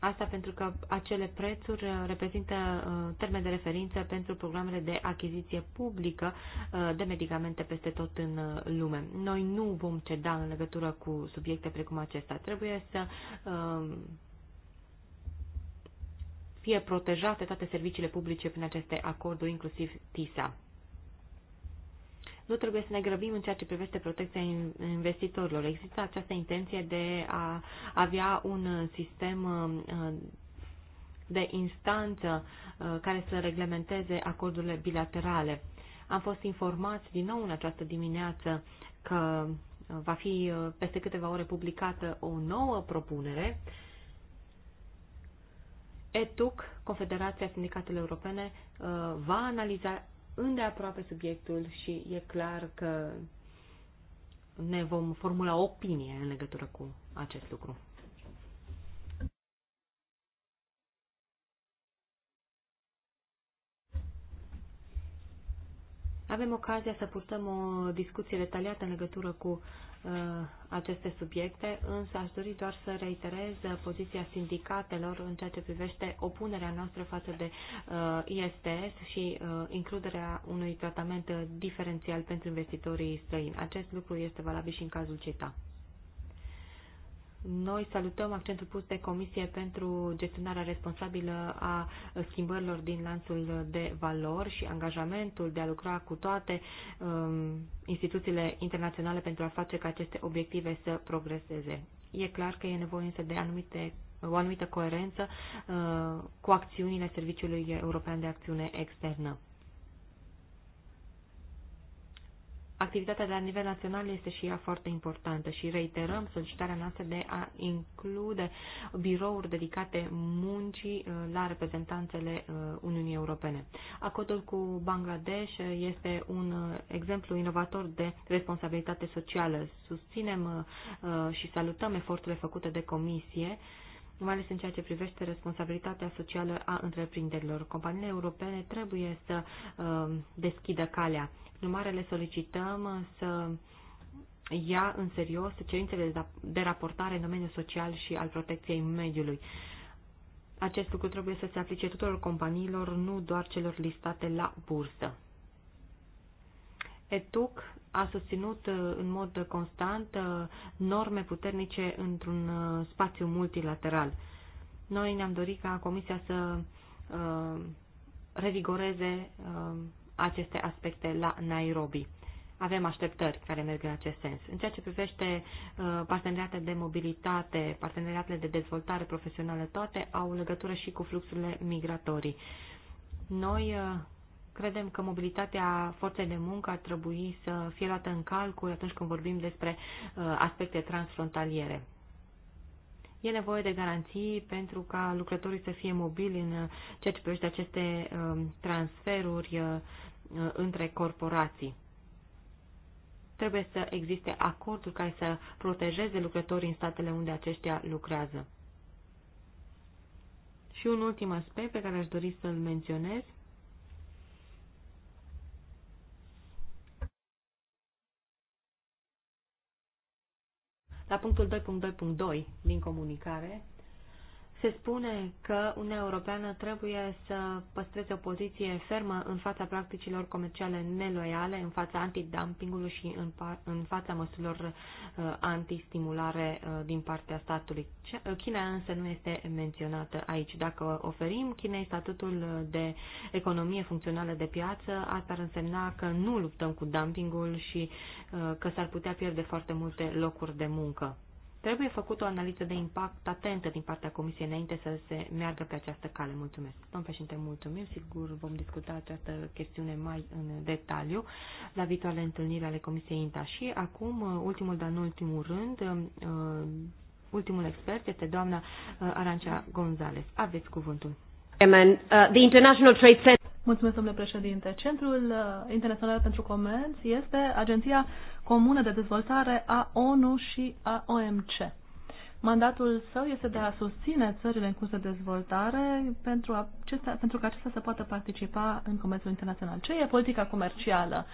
Asta pentru că acele prețuri uh, reprezintă uh, termen de referință pentru programele de achiziție publică uh, de medicamente peste tot în lume. Noi nu vom ceda în legătură cu subiecte precum acesta. Trebuie să um, fie protejate toate serviciile publice prin aceste acorduri, inclusiv TISA nu trebuie să ne grăbim în ceea ce privește protecția investitorilor. Există această intenție de a avea un sistem uh, de instanță uh, care să reglementeze acordurile bilaterale. Am fost informați din nou în această dimineață că uh, va fi peste câteva ore publicată o nouă propunere. ETUC, Confederația Sindicatelor Europene, va analiza îndeaproape subiectul și e clar că ne vom formula opinie în legătură cu acest lucru. Avem ocazia să purtăm o discuție detaliată în legătură cu Uh, aceste subiecte, însă aș dori doar să reiterez poziția sindicatelor în ceea ce privește opunerea noastră față de uh, ISTS și uh, includerea unui tratament diferențial pentru investitorii străini. Acest lucru este valabil și în cazul CETA. Noi salutăm accentul pus de Comisie pentru gestionarea responsabilă a schimbărilor din lanțul de valori și angajamentul de a lucra cu toate um, instituțiile internaționale pentru a face ca aceste obiective să progreseze. E clar că e nevoie însă de anumite o anumită coerență uh, cu acțiunile Serviciului European de Acțiune Externă. activitatea de la nivel național este și ea foarte importantă și reiterăm solicitarea noastră de a include birouri dedicate muncii uh, la reprezentanțele uh, Uniunii Europene. Acordul cu Bangladesh este un uh, exemplu inovator de responsabilitate socială. Susținem și salutăm eforturile făcute de comisie mai ales în ceea ce privește responsabilitatea socială a întreprinderilor. Companiile europene trebuie să uh, deschidă calea. Prin le solicităm să ia în serios cerințele de raportare în domeniul social și al protecției mediului. Acest lucru trebuie să se aplice tuturor companiilor, nu doar celor listate la bursă. ETUC a susținut uh, în mod constant uh, norme puternice într-un uh, spațiu multilateral. Noi ne-am dorit ca Comisia să revigoreze aceste aspecte la Nairobi. Avem așteptări care merg în acest sens. În ceea ce privește uh, parteneriatele de mobilitate, parteneriatele de dezvoltare profesională, toate au legătură și cu fluxurile migratorii. Noi uh, credem că mobilitatea forței de muncă ar trebui să fie luată în calcul atunci când vorbim despre uh, aspecte transfrontaliere. E nevoie de garanții pentru ca lucrătorii să fie mobili în ceea ce privește aceste transferuri Uh, între corporații. Trebuie să existe acorduri care să protejeze lucrătorii în statele unde aceștia lucrează. Și un ultim aspect pe care aș dori să-l menționez La punctul 2.2.2 din comunicare se spune că Uniunea Europeană trebuie să păstreze o poziție fermă în fața practicilor comerciale neloiale, în fața antidumpingului și în, în fața măsurilor uh, antistimulare uh, din partea statului. Uh, China însă nu este menționată aici. Dacă oferim Chinei statutul de economie funcțională de piață, asta ar însemna că nu luptăm cu dumpingul și uh, că s-ar putea pierde foarte multe locuri de muncă. Trebuie făcut o analiză de impact atentă din partea Comisiei înainte să se meargă pe această cale. Mulțumesc. Domnul președinte, mulțumim. Sigur vom discuta această chestiune mai în detaliu la viitoarele întâlniri ale Comisiei INTA. Și acum, uh, ultimul, dar nu ultimul rând, uh, uh, ultimul expert este doamna Arancea Gonzalez. Aveți cuvântul. The International Trade Center. Mulțumesc, domnule președinte. Centrul uh, Internațional pentru Comerț este Agenția Comună de Dezvoltare a ONU și a OMC. Mandatul său este de a susține țările în curs de dezvoltare pentru, acestea, pentru că acestea să poată participa în comerțul internațional. Ce e politica comercială?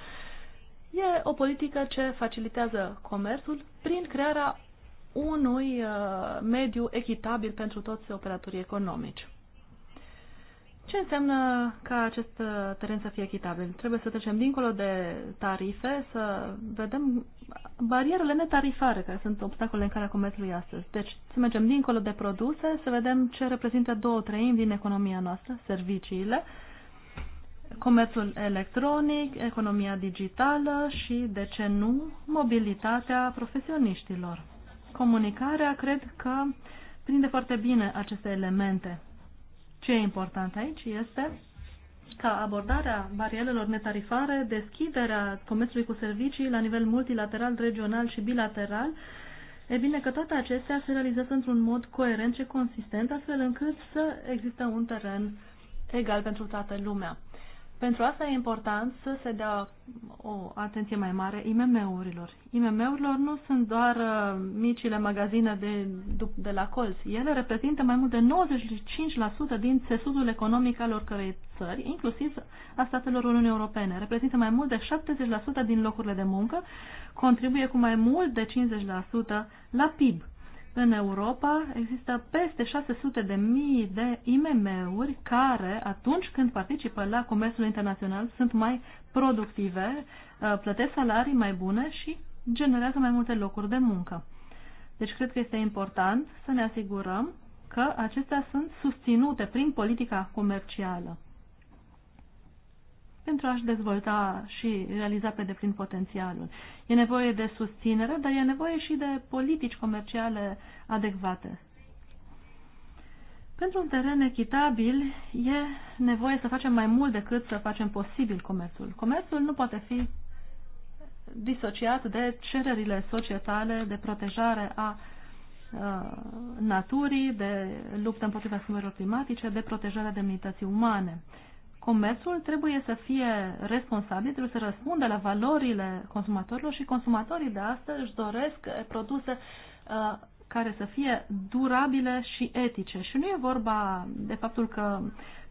E o politică ce facilitează comerțul prin crearea unui uh, mediu echitabil pentru toți operatorii economici. Ce înseamnă ca acest uh, teren să fie echitabil? Trebuie să trecem dincolo de tarife, să vedem barierele netarifare, care sunt obstacole în calea comerțului astăzi. Deci să mergem dincolo de produse, să vedem ce reprezintă două treimi din economia noastră, serviciile, comerțul electronic, economia digitală și, de ce nu, mobilitatea profesioniștilor. Comunicarea, cred că prinde foarte bine aceste elemente ce e important aici este ca abordarea barierelor netarifare, deschiderea comerțului cu servicii la nivel multilateral, regional și bilateral, e bine că toate acestea se realizează într-un mod coerent și consistent, astfel încât să existe un teren egal pentru toată lumea. Pentru asta e important să se dea o atenție mai mare IMM-urilor. IMM-urilor nu sunt doar uh, micile magazine de, de la colți. Ele reprezintă mai mult de 95% din țesutul economic al oricărei țări, inclusiv a statelor Uniunii Europene. Reprezintă mai mult de 70% din locurile de muncă, contribuie cu mai mult de 50% la PIB. În Europa există peste 600 de mii de IMM-uri care, atunci când participă la comerțul internațional, sunt mai productive, uh, plătesc salarii mai bune și generează mai multe locuri de muncă. Deci cred că este important să ne asigurăm că acestea sunt susținute prin politica comercială pentru a-și dezvolta și realiza pe deplin potențialul. E nevoie de susținere, dar e nevoie și de politici comerciale adecvate. Pentru un teren echitabil e nevoie să facem mai mult decât să facem posibil comerțul. Comerțul nu poate fi disociat de cererile societale de protejare a naturii, de luptă împotriva schimbărilor climatice, de protejarea demnității umane comerțul trebuie să fie responsabil, trebuie să răspundă la valorile consumatorilor și consumatorii de astăzi își doresc eh, produse eh, care să fie durabile și etice. Și nu e vorba de faptul că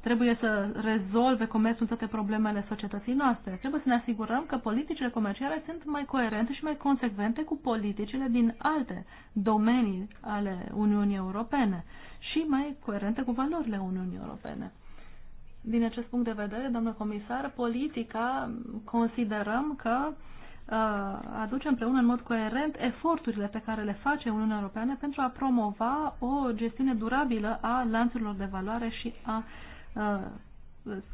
trebuie să rezolve comerțul toate problemele societății noastre. Trebuie să ne asigurăm că politicile comerciale sunt mai coerente și mai consecvente cu politicile din alte domenii ale Uniunii Europene și mai coerente cu valorile Uniunii Europene. Din acest punct de vedere, doamnă comisar, politica considerăm că uh, aduce împreună în mod coerent eforturile pe care le face Uniunea Europeană pentru a promova o gestiune durabilă a lanțurilor de valoare și a uh,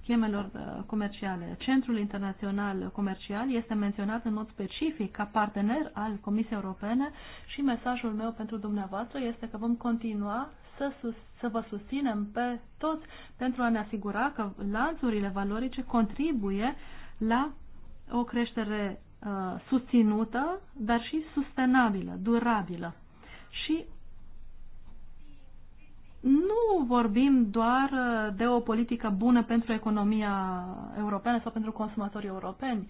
schemelor uh, comerciale. Centrul Internațional Comercial este menționat în mod specific ca partener al Comisiei Europene și mesajul meu pentru dumneavoastră este că vom continua să, sus, să vă susținem pe toți pentru a ne asigura că lanțurile valorice contribuie la o creștere uh, susținută, dar și sustenabilă, durabilă. Și nu vorbim doar uh, de o politică bună pentru economia europeană sau pentru consumatorii europeni.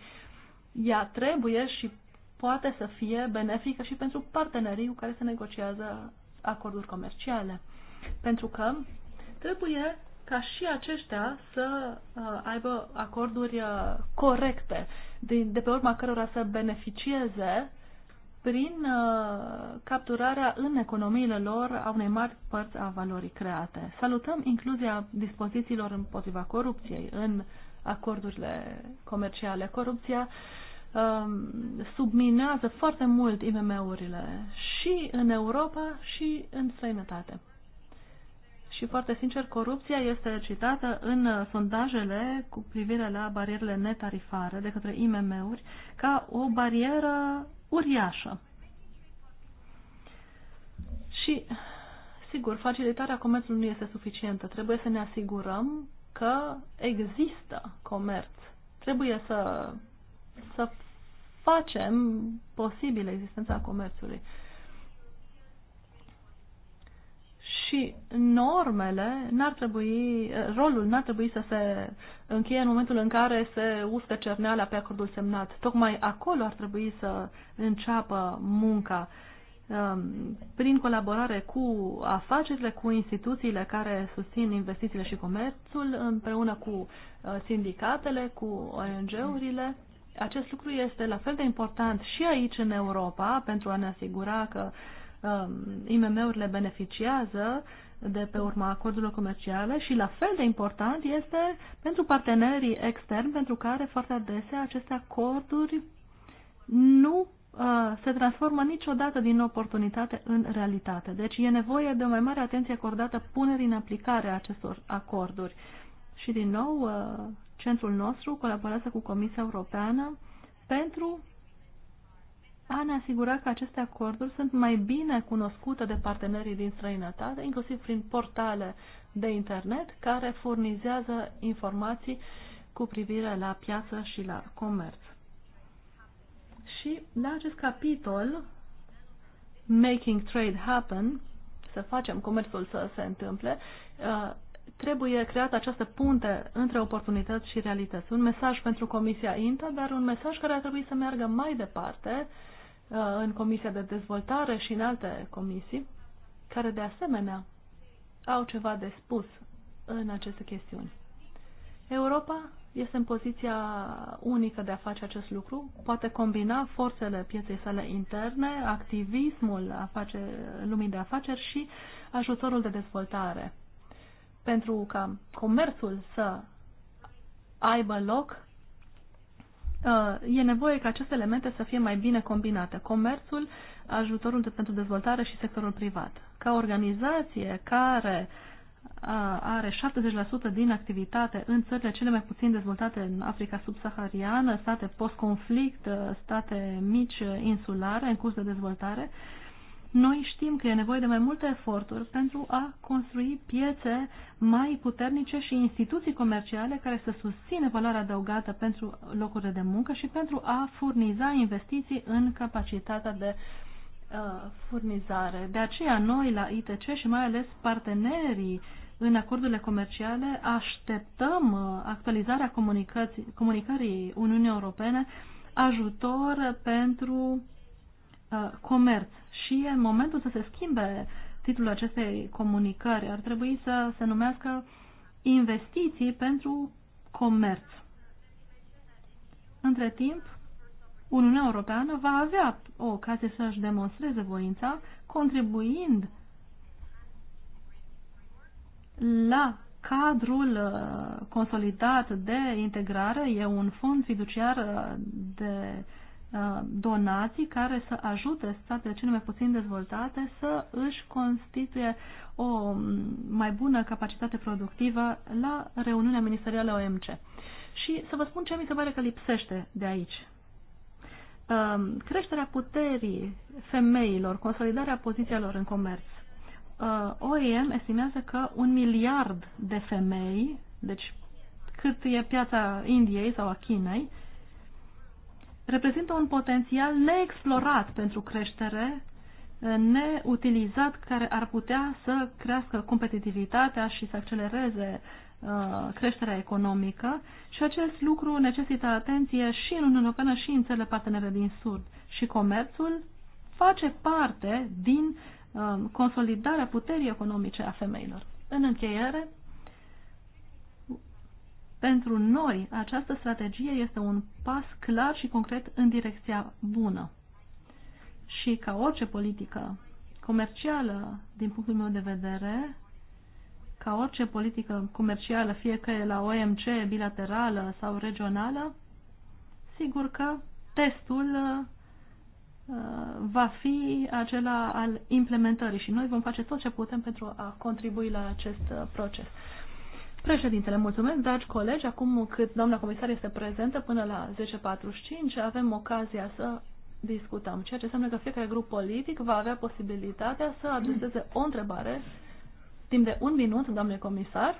Ea trebuie și poate să fie benefică și pentru partenerii cu care se negociază acorduri comerciale. Pentru că trebuie ca și aceștia să uh, aibă acorduri uh, corecte, de, de pe urma cărora să beneficieze prin uh, capturarea în economiile lor a unei mari părți a valorii create. Salutăm incluzia dispozițiilor împotriva corupției în acordurile comerciale. Corupția uh, subminează foarte mult IMM-urile și în Europa și în străinătate. Și foarte sincer, corupția este citată în uh, sondajele cu privire la barierele netarifare de către IMM-uri ca o barieră uriașă. Și, sigur, facilitarea comerțului nu este suficientă. Trebuie să ne asigurăm că există comerț. Trebuie să, să facem posibil existența comerțului. și normele n-ar trebui, eh, rolul n-ar trebui să se încheie în momentul în care se uscă cerneala pe acordul semnat. Tocmai acolo ar trebui să înceapă munca ehm, prin colaborare cu afacerile, cu instituțiile care susțin investițiile și comerțul, împreună cu eh, sindicatele, cu ONG-urile. Acest lucru este la fel de important și aici în Europa pentru a ne asigura că uh, Um, IMM-urile beneficiază de pe urma acordurilor comerciale și la fel de important este pentru partenerii externi pentru care foarte adesea aceste acorduri nu uh, se transformă niciodată din oportunitate în realitate. Deci e nevoie de o mai mare atenție acordată punerii în aplicare a acestor acorduri. Și din nou, uh, centrul nostru colaborează cu Comisia Europeană pentru a ne asigura că aceste acorduri sunt mai bine cunoscute de partenerii din străinătate, inclusiv prin portale de internet care furnizează informații cu privire la piață și la comerț. Și la acest capitol, Making Trade Happen, să facem comerțul să se întâmple, uh, trebuie creată această punte între oportunități și realități. Un mesaj pentru Comisia INTA, dar un mesaj care ar trebui să meargă mai departe uh, Uh, în Comisia de Dezvoltare și în alte comisii, care de asemenea au ceva de spus în aceste chestiuni. Europa este în poziția unică de a face acest lucru, poate combina forțele pieței sale interne, activismul face, lumii de afaceri și ajutorul de dezvoltare. Pentru ca comerțul să aibă loc Uh, e nevoie ca aceste elemente să fie mai bine combinate. Comerțul, ajutorul de, pentru dezvoltare și sectorul privat. Ca organizație care uh, are 70% din activitate în țările cele mai puțin dezvoltate în Africa subsahariană, state post-conflict, uh, state mici insulare în curs de dezvoltare, uh, noi știm că e nevoie de mai multe eforturi pentru a construi piețe mai puternice și instituții comerciale care să susțină valoarea adăugată pentru locurile de muncă și pentru a furniza investiții în capacitatea de uh, furnizare. De aceea noi la ITC și mai ales partenerii în acordurile comerciale așteptăm uh, actualizarea comunicării Uniunii Europene ajutor pentru uh, comerț și în momentul să se schimbe titlul acestei comunicări. Ar trebui să se numească investiții pentru comerț. Între timp, Uniunea Europeană va avea o ocazie să-și demonstreze voința, contribuind la cadrul uh, consolidat de integrare. E un fond fiduciar uh, de Uh, donații care să ajute statele cele mai puțin dezvoltate să își constituie o mai bună capacitate productivă la reuniunea ministerială OMC. Și să vă spun ce mi se pare că lipsește de aici. Uh, creșterea puterii femeilor, consolidarea pozițiilor în comerț. Uh, OIM estimează că un miliard de femei, deci cât e piața Indiei sau a Chinei, reprezintă un potențial neexplorat pentru creștere, neutilizat, care ar putea să crească competitivitatea și să accelereze uh, creșterea economică și acest lucru necesită atenție și în Uniunea Europeană și în țările partenere din Sud. Și comerțul face parte din uh, consolidarea puterii economice a femeilor. În încheiere, pentru noi, această strategie este un pas clar și concret în direcția bună. Și ca orice politică comercială, din punctul meu de vedere, ca orice politică comercială, fie că e la OMC, bilaterală sau regională, sigur că testul uh, va fi acela al implementării și noi vom face tot ce putem pentru a contribui la acest uh, proces. Președintele, mulțumesc, dragi colegi. Acum cât doamna comisar este prezentă până la 10.45, avem ocazia să discutăm, ceea ce înseamnă că fiecare grup politic va avea posibilitatea să adreseze o întrebare timp de un minut, doamne comisar,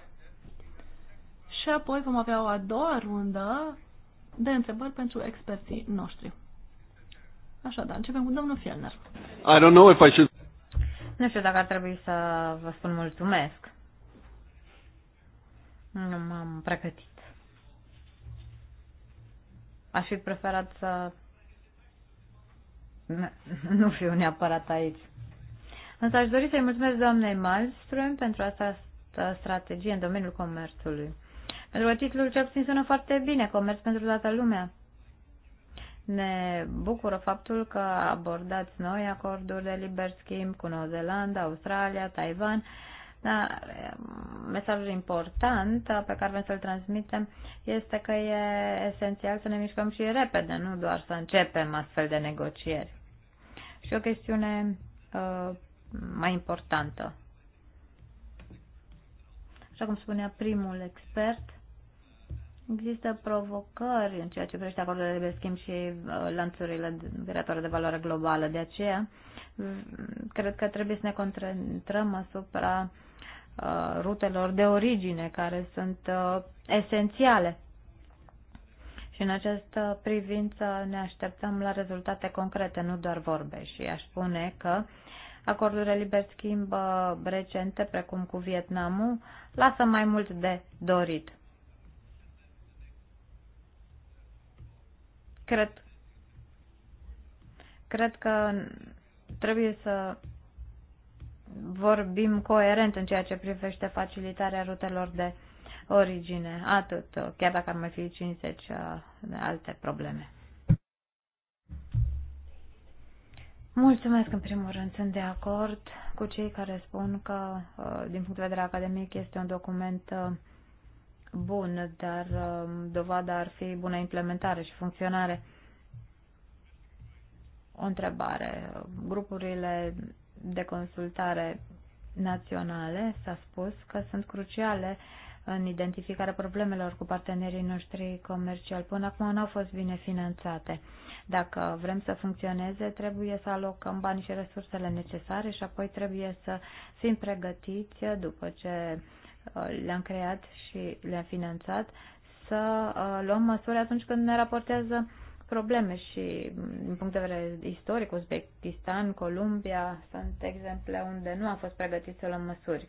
și apoi vom avea o a doua rundă de întrebări pentru experții noștri. Așadar, începem cu domnul Fielner. I don't know if I should... Nu știu dacă ar trebui să vă spun mulțumesc. Nu m-am pregătit. Aș fi preferat să nu fiu neapărat aici. Însă aș dori să-i mulțumesc doamnei Malmström pentru asta strategie în domeniul comerțului. Pentru că titlul ce obțin sună foarte bine, comerț pentru toată lumea. Ne bucură faptul că abordați noi acorduri de liber schimb cu Noua Zeelandă, Australia, Taiwan, da, um, mesajul important pe care vrem să-l transmitem este că e esențial să ne mișcăm și repede, nu doar să începem astfel de negocieri. Și o chestiune uh, mai importantă. Așa cum spunea primul expert, Există provocări în ceea ce privește acordurile de schimb și uh, lanțurile creatoare de valoare globală. De aceea, cred că trebuie să ne concentrăm asupra uh, rutelor de origine, care sunt uh, esențiale. Și în această privință ne așteptăm la rezultate concrete, nu doar vorbe. Și aș spune că acordurile liber schimb recente, precum cu Vietnamul, lasă mai mult de dorit Cred, cred că trebuie să vorbim coerent în ceea ce privește facilitarea rutelor de origine. Atât, chiar dacă ar mai fi 50 uh, de alte probleme. Mulțumesc în primul rând, sunt de acord cu cei care spun că, uh, din punct de vedere academic, este un document uh, bun, dar um, dovada ar fi bună implementare și funcționare. O întrebare. Grupurile de consultare naționale s-a spus că sunt cruciale în identificarea problemelor cu partenerii noștri comerciali. Până acum nu au fost bine finanțate. Dacă vrem să funcționeze, trebuie să alocăm banii și resursele necesare și apoi trebuie să fim pregătiți după ce Uh, le-am creat și le-am finanțat, să uh, luăm măsuri atunci când ne raportează probleme și mm, din punct de vedere istoric, Uzbekistan, Columbia sunt exemple unde nu am fost pregătiți să luăm măsuri.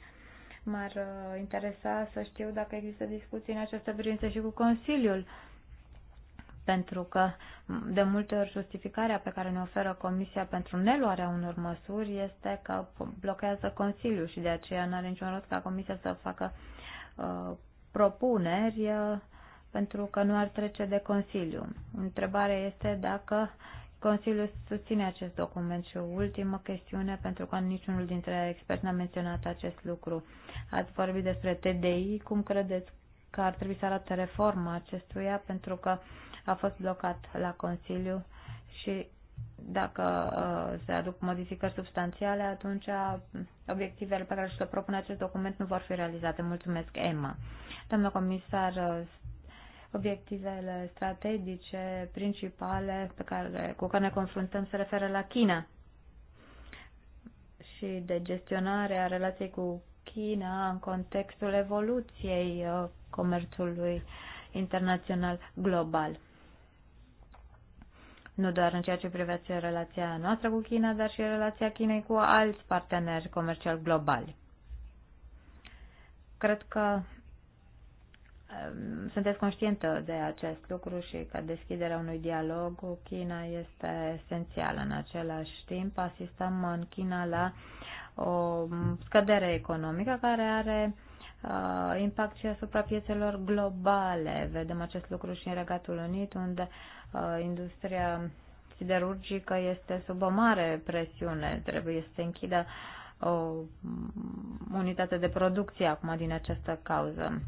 M-ar uh, interesa să știu dacă există discuții în această privință și cu Consiliul. Uh, pentru că de multe ori justificarea pe care ne oferă Comisia pentru neluarea unor măsuri este că blochează Consiliul și de aceea nu are niciun rost ca Comisia să facă uh, propuneri uh, pentru că nu ar trece de Consiliu. Întrebarea este dacă Consiliul susține acest document și o ultimă chestiune, pentru că niciunul dintre experți n-a menționat acest lucru. Ați vorbit despre TDI, cum credeți că ar trebui să arate reforma acestuia, pentru că a fost blocat la Consiliu și dacă uh, se aduc modificări substanțiale, atunci uh, obiectivele pe care și le propune acest document nu vor fi realizate. Mulțumesc, Emma. Doamna comisar, uh, obiectivele strategice principale pe care, cu care ne confruntăm se referă la China și de gestionare a relației cu China în contextul evoluției comerțului internațional global nu doar în ceea ce privește relația noastră cu China, dar și relația Chinei cu alți parteneri comerciali globali. Cred că um, sunteți conștientă de acest lucru și că deschiderea unui dialog cu China este esențială. În același timp, asistăm în China la o scădere economică care are uh, impact și asupra piețelor globale. Vedem acest lucru și în Regatul Unit, unde uh, industria siderurgică este sub o mare presiune. Trebuie să se închidă o unitate de producție acum din această cauză.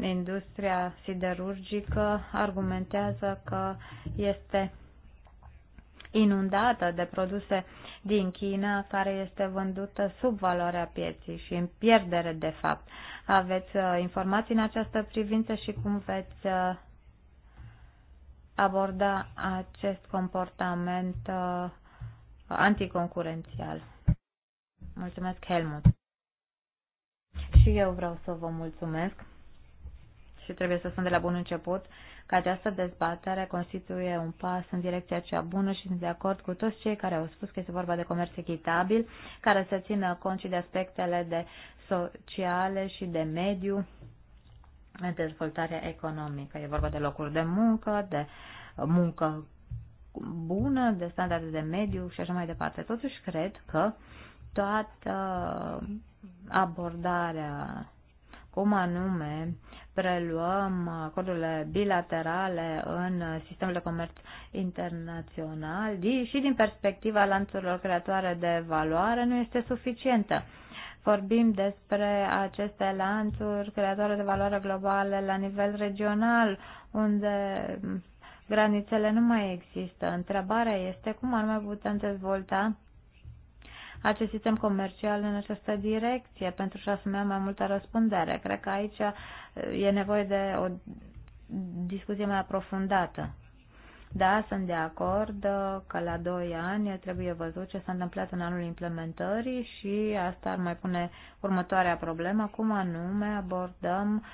Industria siderurgică argumentează că este inundată de produse din China care este vândută sub valoarea pieții și în pierdere de fapt. Aveți uh, informații în această privință și cum veți uh, aborda acest comportament uh, anticoncurențial? Mulțumesc, Helmut. Și eu vreau să vă mulțumesc și trebuie să sunt de la bun început că această dezbatere constituie un pas în direcția cea bună și sunt de acord cu toți cei care au spus că este vorba de comerț echitabil, care să țină cont și de aspectele de sociale și de mediu în dezvoltarea economică. E vorba de locuri de muncă, de muncă bună, de standarde de mediu și așa mai departe. Totuși cred că toată abordarea cum anume preluăm acordurile bilaterale în sistemul de comerț internațional și din perspectiva lanțurilor creatoare de valoare nu este suficientă. Vorbim despre aceste lanțuri creatoare de valoare globale la nivel regional, unde granițele nu mai există. Întrebarea este cum ar mai putem dezvolta acest sistem comercial în această direcție pentru a-și asuma mai multă răspundere. Cred că aici uh, e nevoie de o discuție mai aprofundată. Da, sunt de acord uh, că la doi ani trebuie văzut ce s-a întâmplat în anul implementării și asta ar mai pune următoarea problemă, cum anume abordăm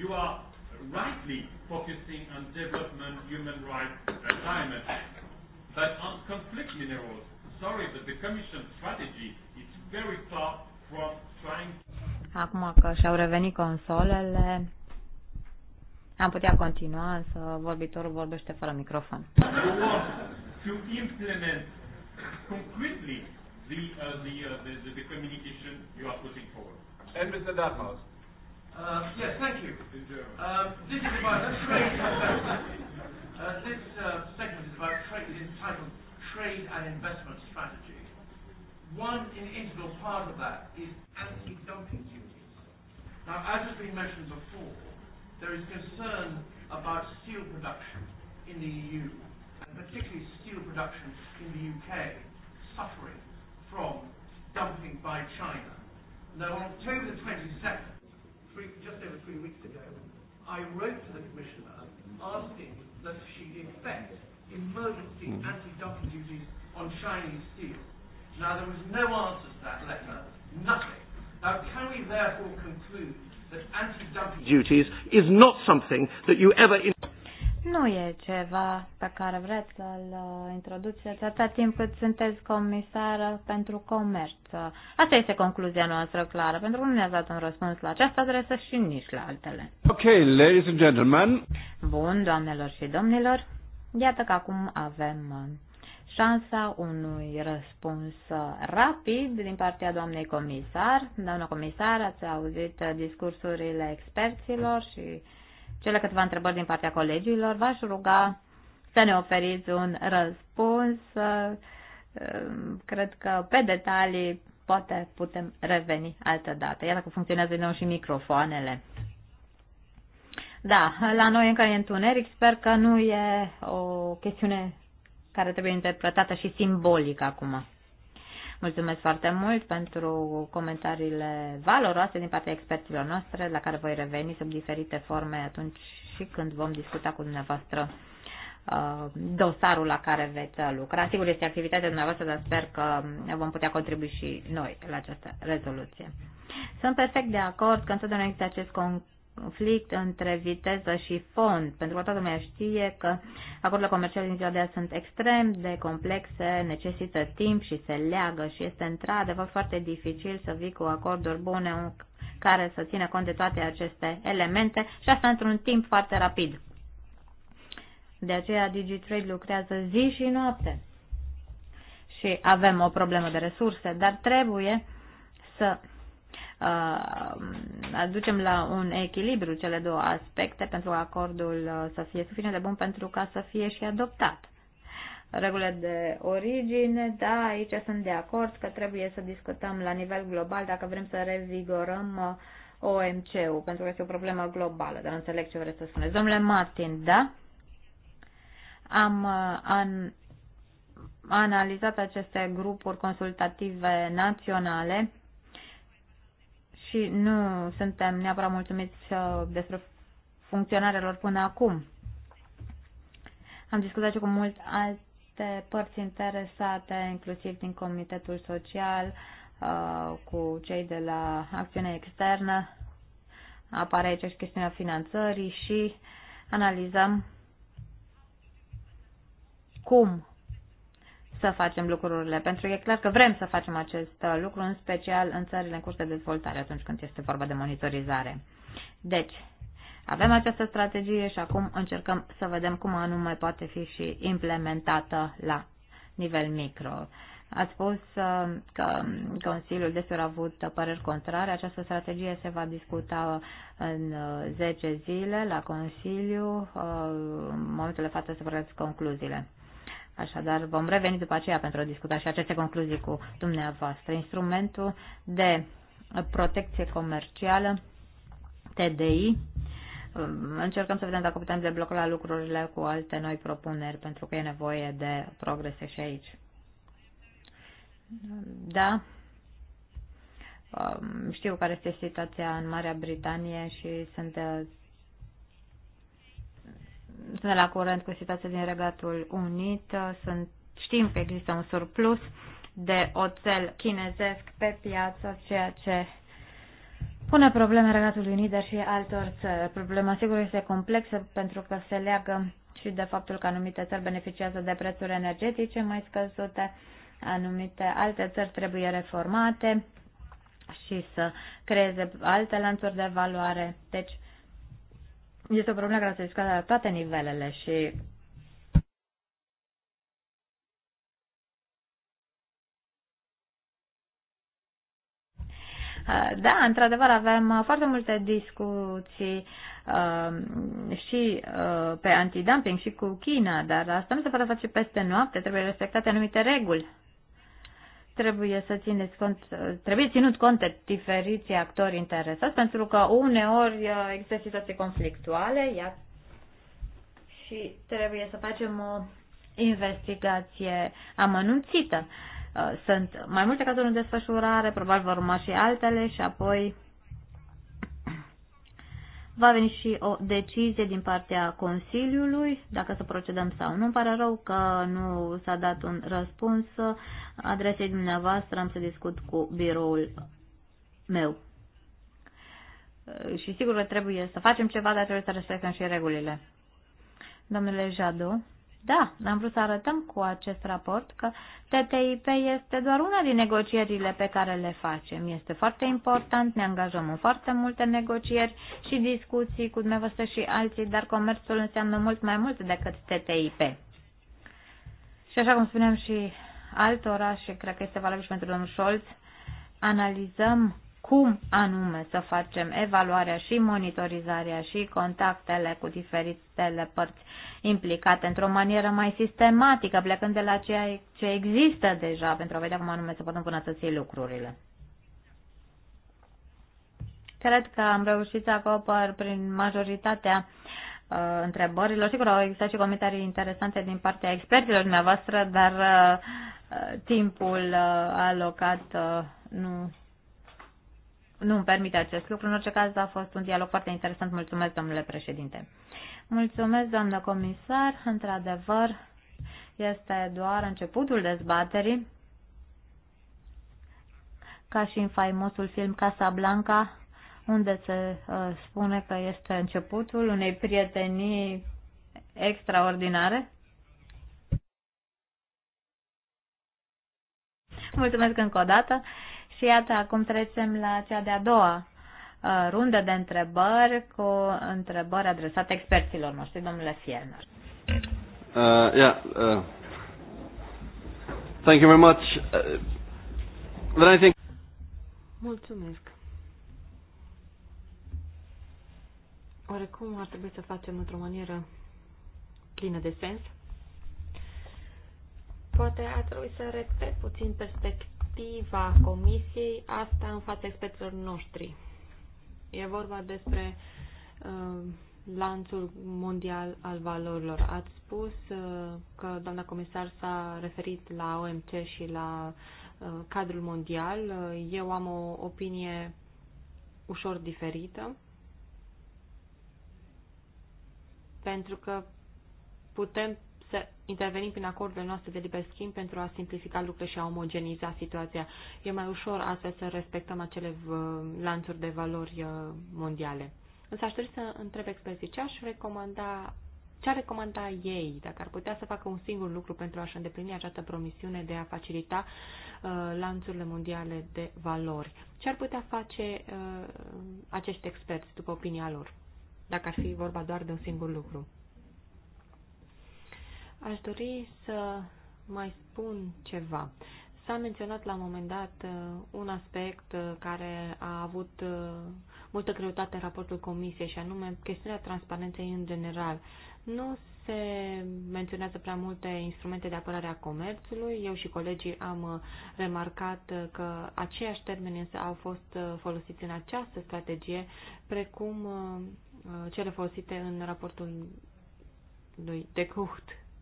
you are rightly focusing on development, human rights, and climate, but on conflict minerals. Sorry, but the Commission strategy is very far from trying. Acum că și-au revenit consolele, am putea continua, însă vorbitorul vorbește fără microfon. To implement concretely the, uh, the, uh, the, the communication you are putting forward. And Mr. Dartmouth, Uh, yes, thank you. Uh, this is about trade. Uh, uh, this uh, segment is about trade, is entitled Trade and Investment Strategy. One in integral part of that is anti-dumping duties. Now, as has been mentioned before, there is concern about steel production in the EU, and particularly steel production in the UK, suffering from dumping by China. Now, on October the 22nd, three, just over three weeks ago, I wrote to the Commissioner asking that she effect emergency mm. anti-dumping duties on Chinese steel. Now, there was no answer to that letter, nothing. Now, can we therefore conclude that anti-dumping duties is not something that you ever... In- nu e ceva pe care vreți să-l uh, introduceți atâta timp cât sunteți comisară pentru comerț. Asta este concluzia noastră clară, pentru că nu ne-ați dat un răspuns la această adresă și nici la altele. Ok, ladies and gentlemen. Bun, doamnelor și domnilor, iată că acum avem uh, șansa unui răspuns uh, rapid din partea doamnei comisar. Doamna comisar, ați auzit discursurile experților și cele câteva întrebări din partea colegiilor, v-aș ruga să ne oferiți un răspuns. Ehm, cred că pe detalii poate putem reveni altă dată. Iată că funcționează din nou și microfoanele. Da, la noi încă e întuneric. Sper că nu e o chestiune care trebuie interpretată și simbolic acum. Mulțumesc foarte mult pentru comentariile valoroase din partea experților noastre, la care voi reveni sub diferite forme atunci și când vom discuta cu dumneavoastră uh, dosarul la care veți uh, lucra. Sigur, este activitatea dumneavoastră, dar sper că vom putea contribui și noi la această rezoluție. Sunt perfect de acord că întotdeauna există acest conflict între viteză și fond, pentru că toată lumea știe că acordurile comerciale din ziua de azi sunt extrem de complexe, necesită timp și se leagă și este într-adevăr foarte dificil să vii cu acorduri bune care să țină cont de toate aceste elemente și asta într-un timp foarte rapid. De aceea DigiTrade lucrează zi și noapte. Și avem o problemă de resurse, dar trebuie să Uh, aducem la un echilibru cele două aspecte pentru acordul uh, să fie suficient de bun pentru ca să fie și adoptat. Regulile de origine, da, aici sunt de acord că trebuie să discutăm la nivel global dacă vrem să revigorăm uh, OMC-ul, pentru că este o problemă globală, dar înțeleg ce vreți să spuneți. Domnule Martin, da? Am, an, analizat aceste grupuri consultative naționale și nu suntem neapărat mulțumiți uh, despre funcționarea lor până acum. Am discutat și cu mult alte părți interesate, inclusiv din Comitetul Social, uh, cu cei de la Acțiunea Externă. Apare aici și chestiunea finanțării și analizăm cum să facem lucrurile, pentru că e clar că vrem să facem acest uh, lucru, în special în țările în curs de dezvoltare, atunci când este vorba de monitorizare. Deci, avem această strategie și acum încercăm să vedem cum anume poate fi și implementată la nivel micro. Ați spus uh, că Consiliul deseori a avut păreri contrare. Această strategie se va discuta în 10 uh, zile la Consiliu. În momentul de față se pregătesc concluziile. Așadar, vom reveni după aceea pentru a discuta și aceste concluzii cu dumneavoastră. Instrumentul de protecție comercială, TDI, um, încercăm să vedem dacă putem debloca lucrurile cu alte noi propuneri, pentru că e nevoie de progrese și aici. Da, um, știu care este situația în Marea Britanie și sunt uh, sunt la curent cu situația din Regatul Unit, sunt, știm că există un surplus de oțel chinezesc pe piață, ceea ce pune probleme Regatului Unit, dar și altor țări. Problema sigur este complexă pentru că se leagă și de faptul că anumite țări beneficiază de prețuri energetice mai scăzute, anumite alte țări trebuie reformate și să creeze alte lanțuri de valoare. Deci, este o problemă care se discută la toate nivelele și uh, Da, într-adevăr avem uh, foarte multe discuții uh, și uh, pe antidumping și cu China, dar asta nu se poate face peste noapte, trebuie respectate anumite reguli trebuie să țineți cont, trebuie ținut cont de diferiții actori interesați, pentru că uneori uh, există situații conflictuale, ia, și trebuie să facem o investigație amănunțită. Uh, sunt mai multe cazuri în desfășurare, probabil vor urma și altele și apoi Va veni și o decizie din partea Consiliului, dacă să procedăm sau nu. Îmi pare rău că nu s-a dat un răspuns adresei dumneavoastră. Am să discut cu biroul meu. Și sigur că trebuie să facem ceva, dar trebuie să respectăm și regulile. Domnule Jado. Da, am vrut să arătăm cu acest raport că TTIP este doar una din negocierile pe care le facem. Este foarte important, ne angajăm în foarte multe negocieri și discuții cu dumneavoastră și alții, dar comerțul înseamnă mult mai mult decât TTIP. Și așa cum spuneam și altora, și cred că este valabil și pentru domnul Scholz, analizăm cum anume să facem evaluarea și monitorizarea și contactele cu diferitele părți implicate într-o manieră mai sistematică, plecând de la ceea ce există deja pentru a vedea cum anume se pot îmbunătăți lucrurile. Cred că am reușit să acopăr prin majoritatea uh, întrebărilor. Sigur, au existat și comentarii interesante din partea experților dumneavoastră, dar uh, uh timpul uh, alocat uh, nu nu îmi permite acest lucru. În orice caz a fost un dialog foarte interesant. Mulțumesc, domnule președinte. Mulțumesc, doamnă comisar. Într-adevăr, este doar începutul dezbaterii. Ca și în faimosul film Casa Blanca, unde se uh, spune că este începutul unei prietenii extraordinare. Mulțumesc încă o dată. Și deci, iată, acum trecem la cea de-a doua uh, rundă de întrebări cu întrebări adresate experților noștri, domnule Fierner. Uh, yeah, uh, thank you very much. Uh, but I think... Mulțumesc. Oarecum ar trebui să facem într-o manieră plină de sens. Poate ar trebui să repet puțin perspectiva perspectiva comisiei, asta în fața experților noștri. E vorba despre uh, lanțul mondial al valorilor. Ați spus uh, că doamna comisar s-a referit la OMC și la uh, cadrul mondial. Uh, eu am o opinie ușor diferită pentru că putem să intervenim prin acordurile noastre de liber schimb pentru a simplifica lucrurile și a omogeniza situația. E mai ușor astfel să respectăm acele uh, lanțuri de valori uh, mondiale. Însă aș trebui să întreb experții ce aș recomanda ce ar recomanda ei dacă ar putea să facă un singur lucru pentru a-și îndeplini această promisiune de a facilita uh, lanțurile mondiale de valori? Ce ar putea face uh, acești experți, după opinia lor, dacă ar fi vorba doar de un singur lucru? Aș dori să mai spun ceva. S-a menționat la un moment dat uh, un aspect uh, care a avut uh, multă greutate în raportul comisiei și anume chestiunea transparenței în general. Nu se menționează prea multe instrumente de apărare a comerțului. Eu și colegii am remarcat că aceiași termeni însă au fost folosiți în această strategie, precum cele folosite în raportul lui De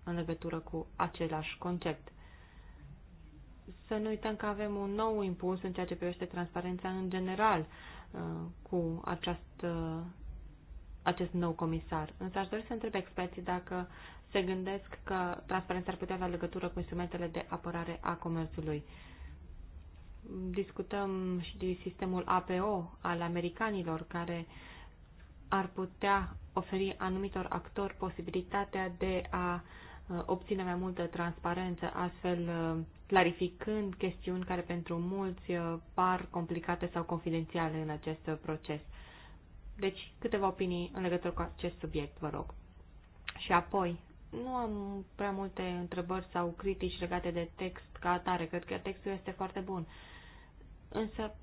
în legătură cu același concept. Să nu uităm că avem un nou impuls în ceea ce privește transparența în general uh, cu acest acest nou comisar. Însă aș dori să întreb experții dacă se gândesc că transparența ar putea avea legătură cu instrumentele de apărare a comerțului. Discutăm și de sistemul APO al americanilor, care ar putea oferi anumitor actori posibilitatea de a uh, Uh, obține mai multă transparență, astfel uh, clarificând chestiuni care pentru mulți uh, par complicate sau confidențiale în acest proces. Deci, câteva opinii în legătură cu acest subiect, vă rog. Și apoi, nu am prea multe întrebări sau critici legate de text ca atare. Cred că textul este foarte bun. Însă,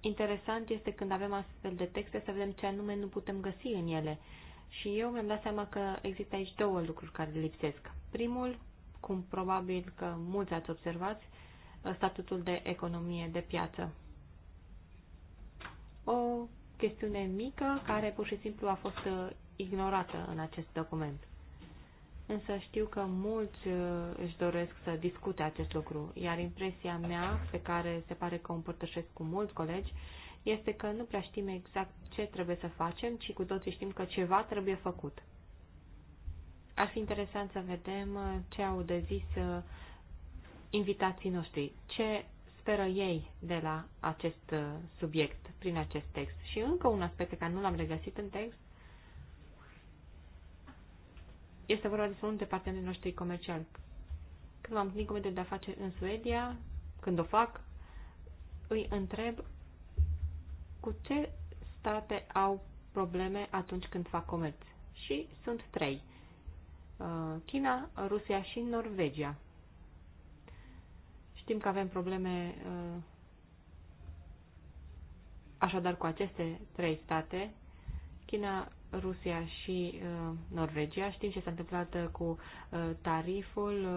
interesant este când avem astfel de texte să vedem ce anume nu putem găsi în ele. Uh, și eu mi-am dat seama că există aici două lucruri care lipsesc. Primul, cum probabil că mulți ați observat, statutul de economie de piață. O chestiune mică care pur și simplu a fost uh, ignorată în acest document. Însă știu că mulți uh, își doresc să discute acest lucru, iar impresia mea, pe care se pare că o împărtășesc cu mulți colegi, este că nu prea știm exact ce trebuie să facem, ci cu toții știm că ceva trebuie făcut. Ar fi interesant să vedem uh, ce au de zis uh, invitații noștri, ce speră ei de la acest uh, subiect prin acest text. Și încă un aspect pe care nu l-am regăsit în text este vorba despre unul de partenerii noștri comerciali. Când m-am întâlnit cu de afaceri în Suedia, când o fac, îi întreb cu ce state au probleme atunci când fac comerț. Și sunt trei. Uh, China, Rusia și Norvegia. Știm că avem probleme uh, așadar cu aceste trei state, China, Rusia și uh, Norvegia. Știm ce s-a întâmplat cu tariful,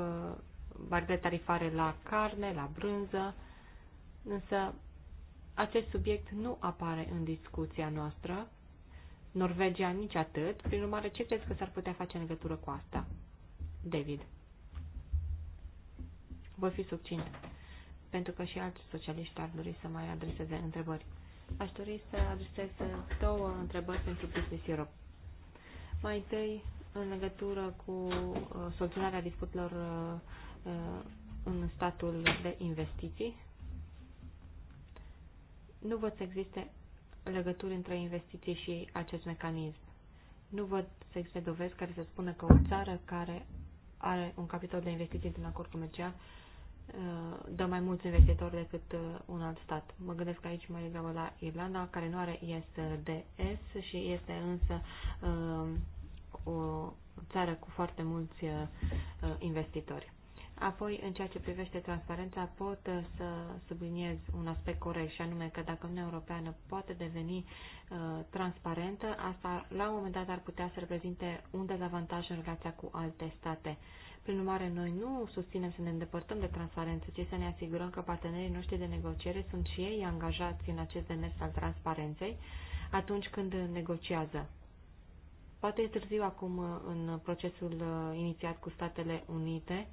barbe tarifare la carne, la brânză, însă acest subiect nu apare în discuția noastră, Norvegia nici atât, prin urmare ce crezi că s-ar putea face în legătură cu asta? David. Voi fi subțint, pentru că și alți socialiști ar dori să mai adreseze întrebări. Aș dori să adresez două întrebări pentru Business Europe. Mai întâi, în legătură cu uh, soluționarea disputelor uh, uh, în statul de investiții, nu văd să existe legături între investiții și acest mecanism. Nu văd să existe dovezi care să spună că o țară care are un capital de investiții într-un acord comercial uh, dă mai mulți investitori decât uh, un alt stat. Mă gândesc aici mai degrabă la Irlanda, care nu are ISDS și este însă uh, o țară cu foarte mulți investitori. Apoi, în ceea ce privește transparența, pot uh, să subliniez un aspect corect, și anume că dacă Uniunea Europeană poate deveni uh, transparentă, asta la un moment dat ar putea să reprezinte un dezavantaj în relația cu alte state. Prin urmare, noi nu susținem să ne îndepărtăm de transparență, ci să ne asigurăm că partenerii noștri de negociere sunt și ei angajați în acest demers al transparenței atunci când negociază. Poate e târziu acum uh, în procesul uh, inițiat cu Statele Unite,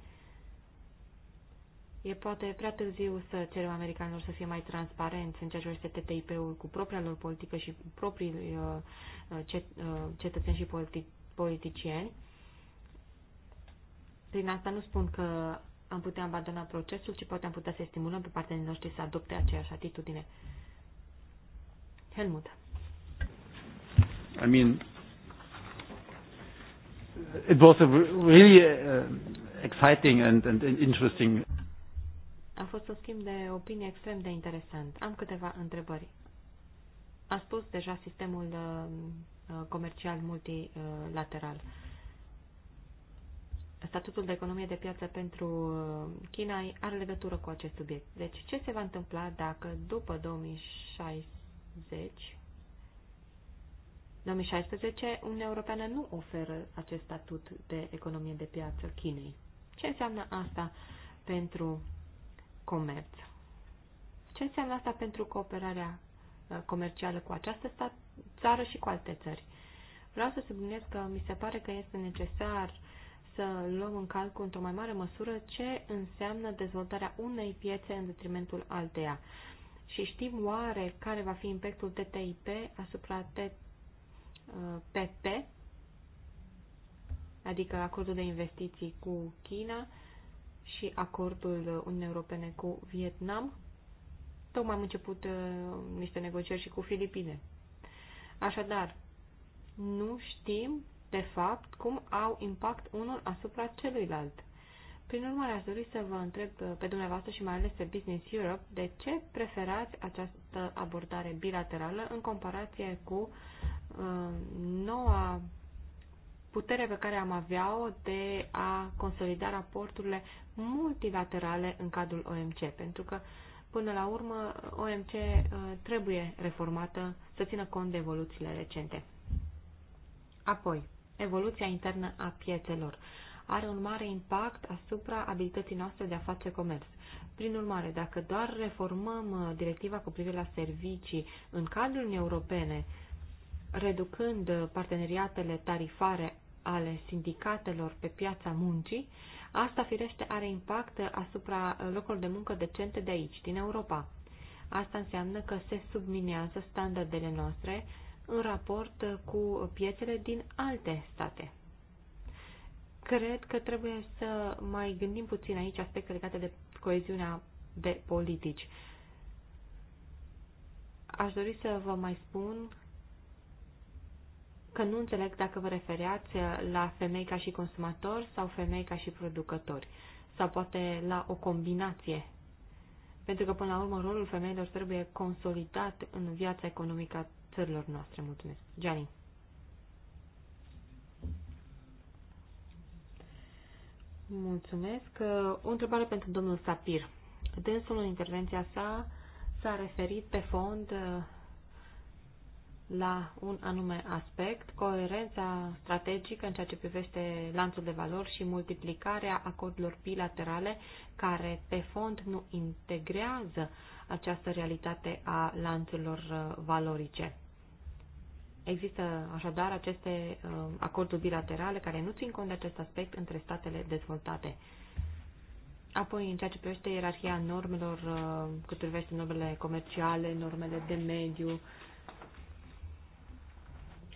E poate prea târziu să cerem americanilor să fie mai transparenți în ceea ce este TTIP-ul cu propria lor politică și proprii uh, uh, cet uh, cetățeni și politi politicieni. Prin asta nu spun că am putea abandona procesul, ci poate am putea să stimulăm pe partenerii noștri să adopte aceeași atitudine. Helmut. I mean, it was a really uh, exciting and, and interesting a fost un schimb de opinie extrem de interesant. Am câteva întrebări. A spus deja sistemul uh, uh, comercial multilateral. Statutul de economie de piață pentru uh, China are legătură cu acest subiect. Deci, ce se va întâmpla dacă după 2060 2016, Uniunea Europeană nu oferă acest statut de economie de piață Chinei. Ce înseamnă asta pentru comerț. Ce înseamnă asta pentru cooperarea uh, comercială cu această stat, țară și cu alte țări? Vreau să subliniez că mi se pare că este necesar să luăm în calcul într-o mai mare măsură ce înseamnă dezvoltarea unei piețe în detrimentul alteia. Și știm oare care va fi impactul TTIP asupra TPP, uh, adică acordul de investiții cu China, și acordul Uniunii Europene cu Vietnam. Tocmai am început uh, niște negocieri și cu Filipine. Așadar, nu știm, de fapt, cum au impact unul asupra celuilalt. Prin urmare, aș dori să vă întreb uh, pe dumneavoastră și mai ales pe Business Europe de ce preferați această abordare bilaterală în comparație cu uh, noua puterea pe care am avea-o de a consolida raporturile multilaterale în cadrul OMC, pentru că până la urmă OMC uh, trebuie reformată să țină cont de evoluțiile recente. Apoi, evoluția internă a piețelor are un mare impact asupra abilității noastre de a face comerț. Prin urmare, dacă doar reformăm uh, directiva cu privire la servicii în cadrul Uniunii Europene, reducând uh, parteneriatele tarifare ale sindicatelor pe piața muncii, asta firește are impact asupra locurilor de muncă decente de aici, din Europa. Asta înseamnă că se subminează standardele noastre în raport cu piețele din alte state. Cred că trebuie să mai gândim puțin aici aspecte legate de coeziunea de politici. Aș dori să vă mai spun că nu înțeleg dacă vă refereați la femei ca și consumatori sau femei ca și producători, sau poate la o combinație. Pentru că, până la urmă, rolul femeilor trebuie consolidat în viața economică a țărilor noastre. Mulțumesc. Gianni. Mulțumesc. O întrebare pentru domnul Sapir. Dânsul în intervenția sa s-a referit pe fond la un anume aspect, coerența strategică în ceea ce privește lanțul de valori și multiplicarea acordurilor bilaterale care pe fond nu integrează această realitate a lanțurilor uh, valorice. Există așadar aceste uh, acorduri bilaterale care nu țin cont de acest aspect între statele dezvoltate. Apoi, în ceea ce privește ierarhia normelor, uh, cât privește normele comerciale, normele de mediu,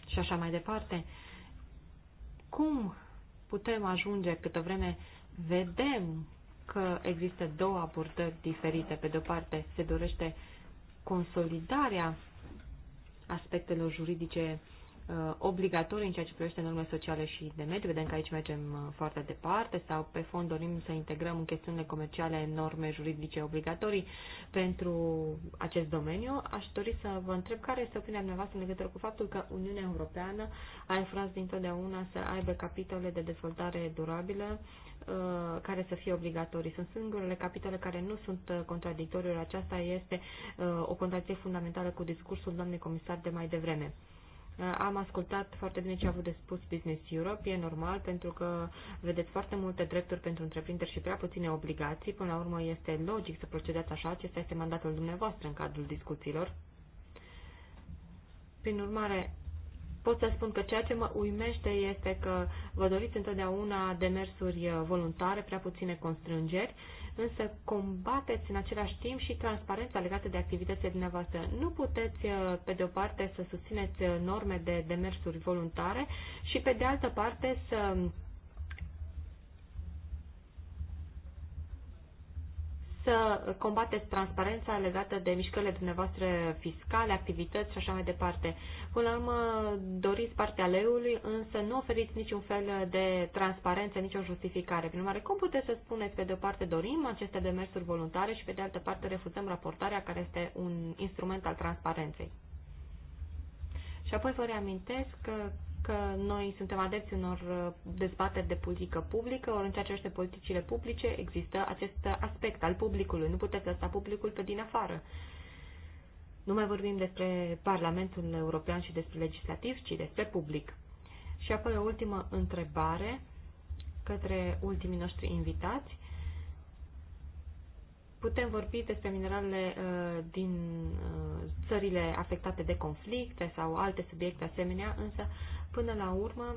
și așa mai departe. Cum putem ajunge câtă vreme vedem că există două abordări diferite. Pe de-o parte, se dorește consolidarea aspectelor juridice Uh, obligatorii în ceea ce privește normele sociale și de mediu. Vedem că aici mergem uh, foarte departe sau pe fond dorim să integrăm în chestiunile comerciale norme juridice obligatorii pentru acest domeniu. Aș dori să vă întreb care este opinia dumneavoastră în legătură cu faptul că Uniunea Europeană a înfrâns dintotdeauna să aibă capitole de dezvoltare durabilă uh, care să fie obligatorii. Sunt singurele capitole care nu sunt contradictorii. Aceasta este o contradicție fundamentală cu discursul doamnei comisar de mai devreme. Uh, am ascultat foarte bine ce a avut de spus Business Europe, e normal pentru că vedeți foarte multe drepturi pentru întreprinderi și prea puține obligații. Până la urmă este logic să procedați așa, acesta este mandatul dumneavoastră în cadrul discuțiilor. Prin urmare, pot să spun că ceea ce mă uimește este că vă doriți întotdeauna demersuri uh, voluntare, prea puține constrângeri, însă combateți în același timp și transparența legată de activitățile dumneavoastră. Nu puteți, uh, pe de o parte, să susțineți uh, norme de demersuri voluntare și, pe de altă parte, să să combateți transparența legată de mișcările dumneavoastră fiscale, activități și așa mai departe. Până la urmă, doriți partea leului, însă nu oferiți niciun fel de transparență, nicio justificare. Prin urmare, cum puteți să spuneți, pe de o parte dorim aceste demersuri voluntare și pe de altă parte refuzăm raportarea care este un instrument al transparenței? Și apoi vă reamintesc că că noi suntem adepți unor uh, dezbateri de politică publică, ori în ceea ce este politicile publice există acest aspect al publicului. Nu puteți lăsa publicul pe din afară. Nu mai vorbim despre Parlamentul European și despre legislativ, ci despre public. Și apoi o ultimă întrebare către ultimii noștri invitați. Putem vorbi despre mineralele uh, din uh, țările afectate de conflicte sau alte subiecte asemenea, însă Până la urmă,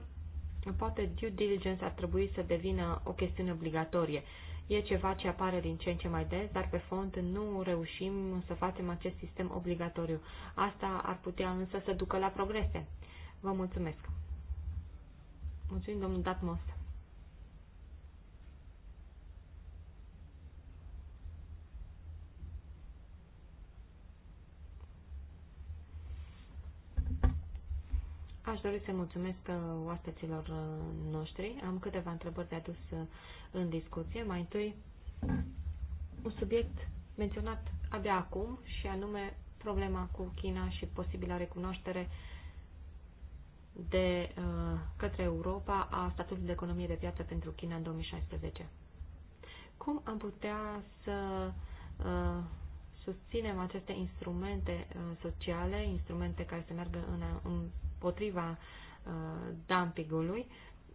poate due diligence ar trebui să devină o chestiune obligatorie. E ceva ce apare din ce în ce mai des, dar pe fond nu reușim să facem acest sistem obligatoriu. Asta ar putea însă să ducă la progrese. Vă mulțumesc. Mulțumim, domnul Datmos. Aș dori să mulțumesc uh, oaspeților uh, noștri. Am câteva întrebări de adus uh, în discuție. Mai întâi, un subiect menționat abia acum și anume problema cu China și posibila recunoaștere de către Europa a statutului de economie de piață pentru China în 2016. Cum am putea să susținem aceste instrumente sociale, instrumente care să meargă în, în împotriva uh, dumpingului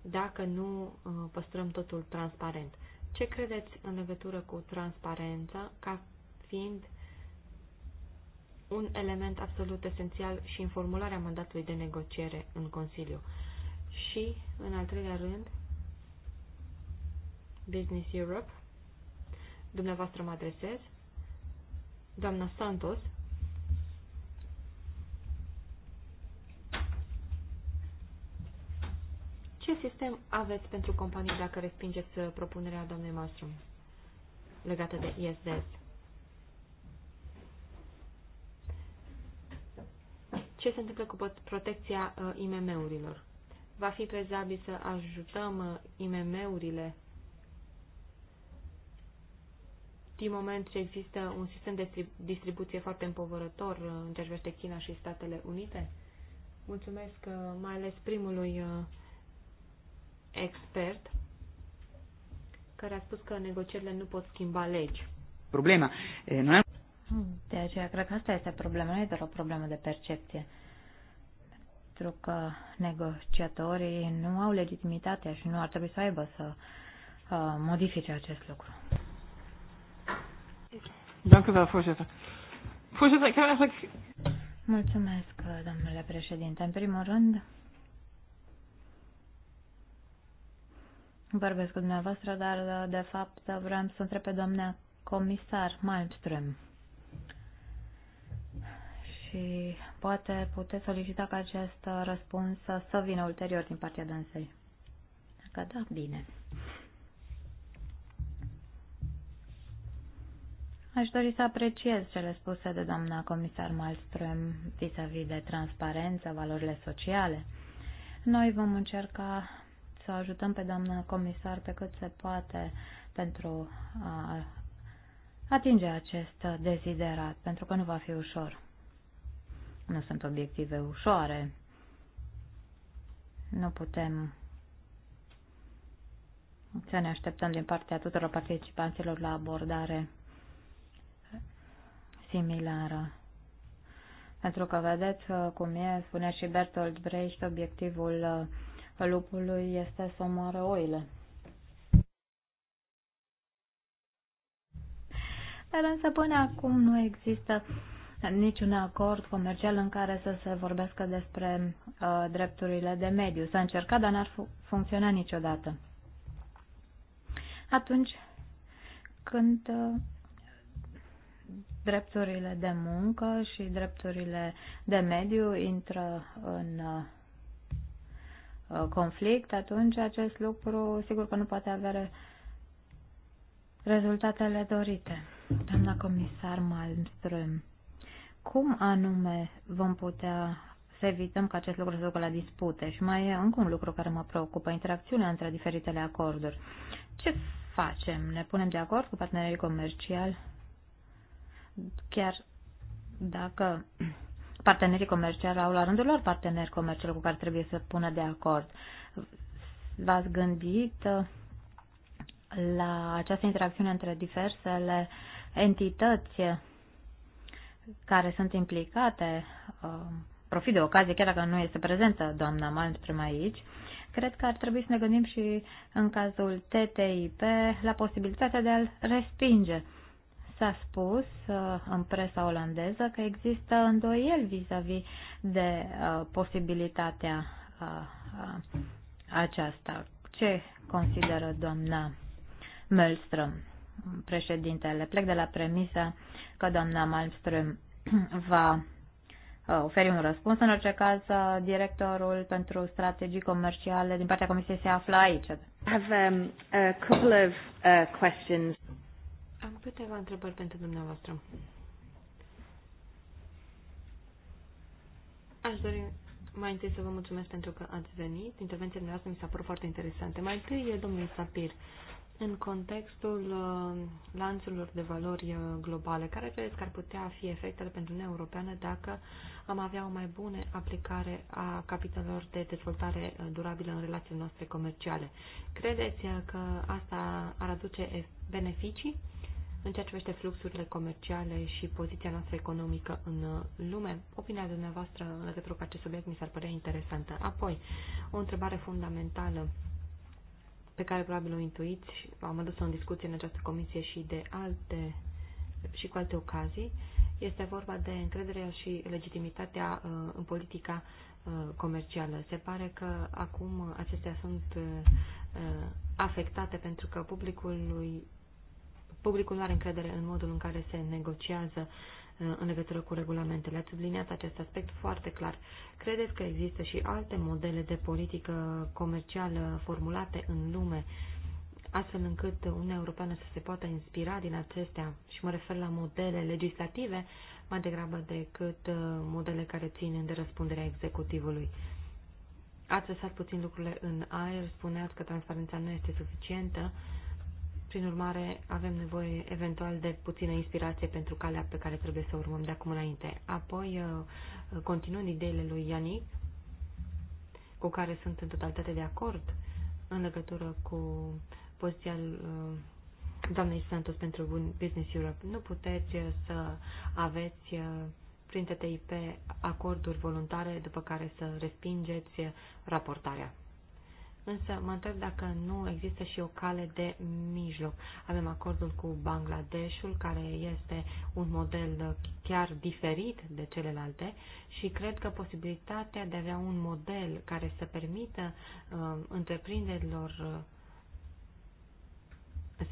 dacă nu uh, păstrăm totul transparent. Ce credeți în legătură cu transparența ca fiind un element absolut esențial și în formularea mandatului de negociere în Consiliu? Și, în al treilea rând, Business Europe, dumneavoastră mă adresez, doamna Santos Ce sistem aveți pentru companii dacă respingeți uh, propunerea doamnei Mastrum legată de ISDS? Ce se întâmplă cu protecția uh, IMM-urilor? Va fi prezabil să ajutăm uh, IMM-urile din moment ce există un sistem de distribuție foarte împovărător în ce China și Statele Unite? Mulțumesc mai ales primului uh, expert care a spus că negocierile nu pot schimba legi. Problema. Noi am... De aceea cred că asta este problema, nu e doar o problemă de percepție. Pentru că negociatorii nu au legitimitatea și nu ar trebui să aibă să uh, modifice acest lucru. Mulțumesc, domnule președinte. În primul rând, vorbesc cu dumneavoastră, dar de fapt vreau să întreb pe doamna comisar Malmström. Și poate puteți solicita ca acest răspuns să vină ulterior din partea dânsei. Dacă da, bine. Aș dori să apreciez cele spuse de doamna comisar Malmström vis-a-vis de transparență, valorile sociale. Noi vom încerca să ajutăm pe doamna comisar pe cât se poate pentru a atinge acest deziderat, pentru că nu va fi ușor. Nu sunt obiective ușoare. Nu putem să ne așteptăm din partea tuturor participanților la abordare similară. Pentru că vedeți uh, cum e, spunea și Bertolt Brecht, obiectivul uh, lupului este să omoare oile. Dar însă până acum nu există niciun acord comercial în care să se vorbească despre uh, drepturile de mediu. S-a încercat, dar n-ar fu- funcționa niciodată. Atunci când uh, drepturile de muncă și drepturile de mediu intră în uh, Uh, conflict, atunci acest lucru sigur că nu poate avea rezultatele dorite. Doamna comisar Malmström, cum anume vom putea să evităm că acest lucru se ducă la dispute? Și mai e încă un lucru care mă preocupă, interacțiunea între diferitele acorduri. Ce facem? Ne punem de acord cu partenerii comerciali? Chiar dacă partenerii comerciali au la rândul lor parteneri comerciali cu care trebuie să pună de acord. V-ați gândit uh, la această interacțiune între diversele entități care sunt implicate, uh, profit de ocazie, chiar dacă nu este prezentă doamna Malmström aici, cred că ar trebui să ne gândim și în cazul TTIP la posibilitatea de a-l respinge S-a spus uh, în presa olandeză că există îndoieli vis-a-vis de uh, posibilitatea uh, aceasta. Ce consideră doamna Melström, președintele? Plec de la premisa că doamna Malmström va oferi un răspuns. În orice caz, directorul pentru strategii comerciale din partea Comisiei se află aici. Have, um, a couple of, uh, questions. Câteva întrebări pentru dumneavoastră. Aș dori mai întâi să vă mulțumesc pentru că ați venit. Intervenția dumneavoastră mi s-a părut foarte interesante. Mai întâi e domnul Sapir. În contextul uh, lanțurilor de valori uh, globale, care credeți că ar putea fi efectele pentru Uniunea Europeană dacă am avea o mai bună aplicare a capitolelor de dezvoltare uh, durabilă în relațiile noastre comerciale? Credeți uh, că asta ar aduce beneficii? în ceea ce privește fluxurile comerciale și poziția noastră economică în lume. Opinia dumneavoastră în legătură cu acest subiect mi s-ar părea interesantă. Apoi, o întrebare fundamentală pe care probabil o intuiți, am adus-o în discuție în această comisie și de alte și cu alte ocazii, este vorba de încrederea și legitimitatea uh, în politica uh, comercială. Se pare că acum acestea sunt uh, afectate pentru că publicului publicul nu are încredere în modul în care se negociază uh, în legătură cu regulamentele. Ați subliniat acest aspect foarte clar. Credeți că există și alte modele de politică comercială formulate în lume, astfel încât Uniunea Europeană să se poată inspira din acestea, și mă refer la modele legislative, mai degrabă decât uh, modele care țin de răspunderea executivului. Ați lăsat puțin lucrurile în aer, spuneați că transparența nu este suficientă, prin urmare, avem nevoie eventual de puțină inspirație pentru calea pe care trebuie să urmăm de acum înainte. Apoi, uh, continuând ideile lui Ianic, cu care sunt în totalitate de acord în legătură cu poziția uh, doamnei Santos pentru Business Europe, nu puteți uh, să aveți printre TIP acorduri voluntare după care să respingeți raportarea însă mă întreb dacă nu există și o cale de mijloc. Avem acordul cu Bangladeshul, care este un model chiar diferit de celelalte și cred că posibilitatea de a avea un model care să permită uh, întreprinderilor uh,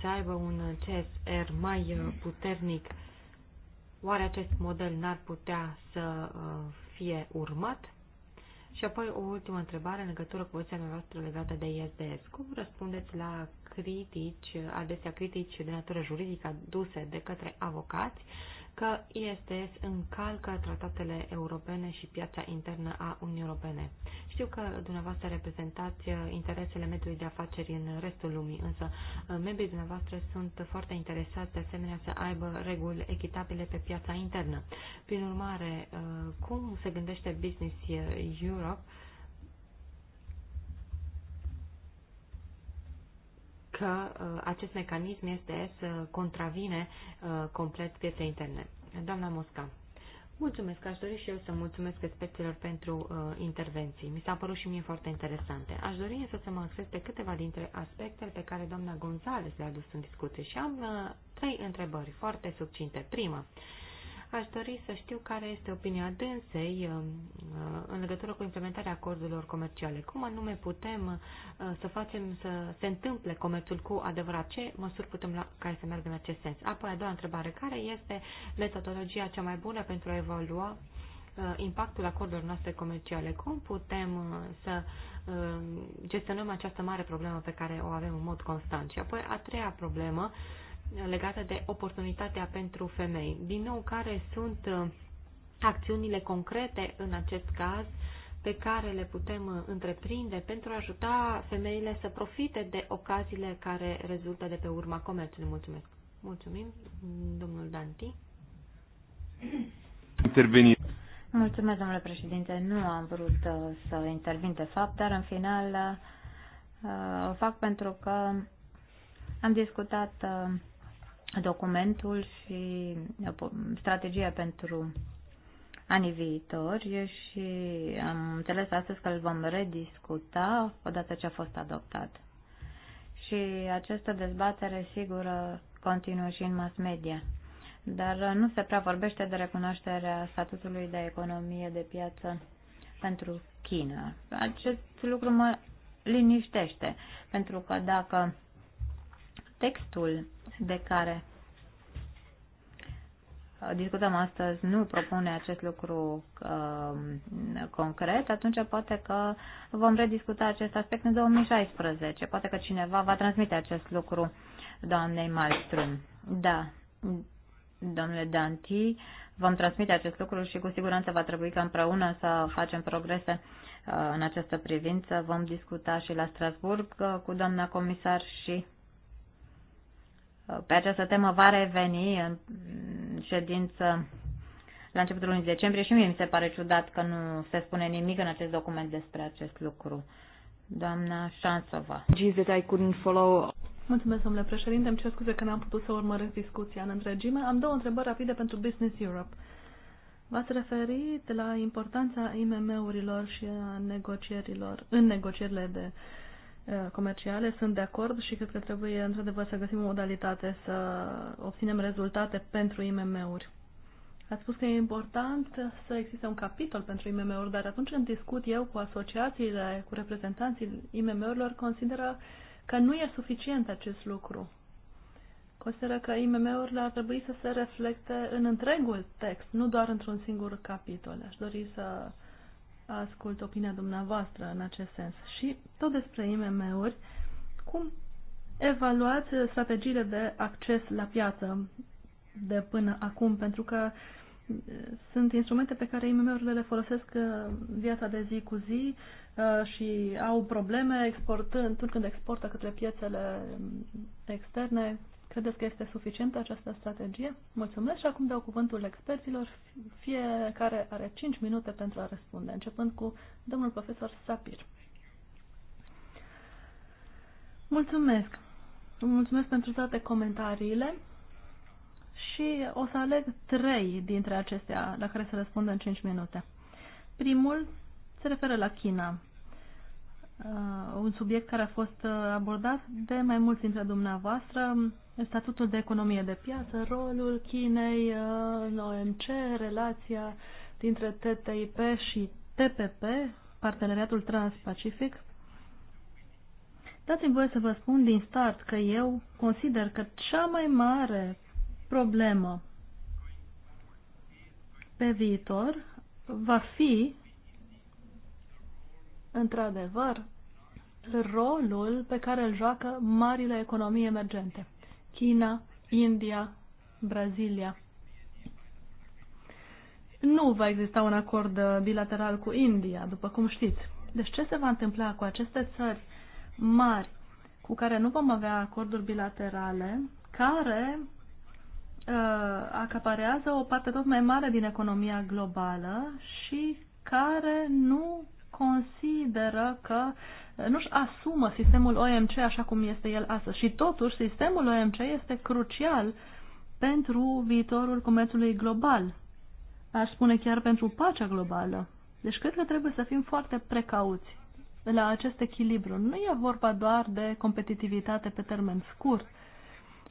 să aibă un CSR mai uh, puternic, oare acest model n-ar putea să uh, fie urmat? Și apoi o ultimă întrebare în legătură cu poziția noastră legată de ISDS. Cum răspundeți la critici, adesea critici de natură juridică aduse de către avocați că ISDS încalcă tratatele europene și piața internă a Uniunii Europene. Știu că dumneavoastră reprezentați uh, interesele mediului de afaceri în restul lumii, însă uh, membrii dumneavoastră sunt foarte interesați de asemenea să aibă reguli echitabile pe piața internă. Prin urmare, uh, cum se gândește Business Europe că uh, acest mecanism este să contravine uh, complet pieței interne. Doamna Mosca. Mulțumesc, aș dori și eu să mulțumesc experților pentru uh, intervenții. Mi s-au părut și mie foarte interesante. Aș dori însă să mă acces pe câteva dintre aspectele pe care doamna González le-a dus în discuție și am uh, trei întrebări foarte subcinte. Prima, uh, Aș dori să știu care este opinia dânsei um, uh, în legătură cu implementarea acordurilor comerciale. Cum anume putem uh, să facem să se întâmple comerțul cu adevărat? Ce măsuri putem la care să meargă în acest sens? Apoi, a doua întrebare. Care este metodologia cea mai bună pentru a evalua uh, impactul acordurilor noastre comerciale? Cum putem să gestionăm această mare problemă pe care o avem în mod constant? Și apoi, a treia problemă legată de oportunitatea pentru femei. Din nou, care sunt uh, acțiunile concrete în acest caz pe care le putem uh, întreprinde pentru a ajuta femeile să profite de ocaziile care rezultă de pe urma comerțului. Mulțumesc. Mulțumim, domnul Danti. Interveni. Mulțumesc, domnule președinte. Nu am vrut uh, să intervin de fapt, dar în final o fac pentru că am discutat documentul și uh, strategia pentru anii viitori și am înțeles astăzi că îl vom rediscuta odată ce a fost adoptat. Și această dezbatere sigură continuă și în mass media. Dar nu se prea vorbește de recunoașterea statutului de economie de piață pentru China. Acest lucru mă liniștește, pentru că dacă textul de care uh, discutăm astăzi nu propune acest lucru uh, concret, atunci poate că vom rediscuta acest aspect în 2016. Poate că cineva va transmite acest lucru doamnei Malmström. Da, domnule Danti, vom transmite acest lucru și cu siguranță va trebui ca împreună să facem progrese uh, în această privință. Vom discuta și la Strasburg uh, cu doamna comisar și pe această temă va reveni în ședință la începutul lunii decembrie și mie mi se pare ciudat că nu se spune nimic în acest document despre acest lucru. Doamna Șansova. That I couldn't follow. Mulțumesc, domnule președinte. Îmi cer scuze că n-am putut să urmăresc discuția în întregime. Am două întrebări rapide pentru Business Europe. V-ați referit la importanța IMM-urilor și a negocierilor, în negocierile de uh, Uh, comerciale, sunt de acord și cred că trebuie într-adevăr să găsim o modalitate să obținem rezultate pentru IMM-uri. Ați spus că e important să existe un capitol pentru IMM-uri, dar atunci când discut eu cu asociațiile, cu reprezentanții IMM-urilor, consideră că nu e suficient acest lucru. Consideră că IMM-urile ar trebui să se reflecte în întregul text, nu doar într-un singur capitol. Aș dori să ascult opinia dumneavoastră în acest sens. Și tot despre IMM-uri, cum evaluați strategiile de acces la piață de până acum? Pentru că eh, sunt instrumente pe care IMM-urile le folosesc eh, viața de zi cu zi eh, și au probleme exportând, când exportă către piețele mm, externe, Credeți că este suficientă această strategie? Mulțumesc și acum dau cuvântul experților. Fiecare are 5 minute pentru a răspunde, începând cu domnul profesor Sapir. Mulțumesc! Mulțumesc pentru toate comentariile și o să aleg trei dintre acestea la care să răspund în 5 minute. Primul se referă la China, uh, un subiect care a fost uh, abordat de mai mulți dintre dumneavoastră statutul de economie de piață, rolul Chinei în uh, OMC, relația dintre TTIP și TPP, Parteneriatul Transpacific. Dați-mi voie să vă spun din start că eu consider că cea mai mare problemă pe viitor va fi, într-adevăr, rolul pe care îl joacă marile economii emergente. China, India, Brazilia. Nu va exista un acord uh, bilateral cu India, după cum știți. Deci ce se va întâmpla cu aceste țări mari cu care nu vom avea acorduri bilaterale, care uh, acaparează o parte tot mai mare din economia globală și care nu consideră că uh, nu-și asumă sistemul OMC așa cum este el astăzi. Și totuși, sistemul OMC este crucial pentru viitorul comerțului global. Aș spune chiar pentru pacea globală. Deci cred că trebuie să fim foarte precauți la acest echilibru. Nu e vorba doar de competitivitate pe termen scurt,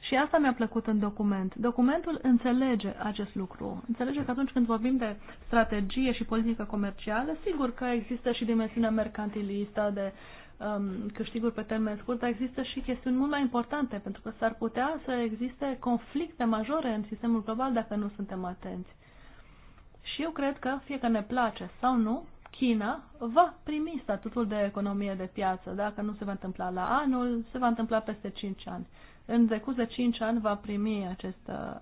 și asta mi-a plăcut în document. Documentul înțelege acest lucru. Înțelege că atunci când vorbim de strategie și politică comercială, sigur că există și dimensiunea mercantilistă de um, câștiguri pe termen scurt, dar există și chestiuni mult mai importante, pentru că s-ar putea să existe conflicte majore în sistemul global dacă nu suntem atenți. Și eu cred că, fie că ne place sau nu, China va primi statutul de economie de piață. Dacă nu se va întâmpla la anul, se va întâmpla peste 5 ani în decurs de 5 ani va primi acest uh,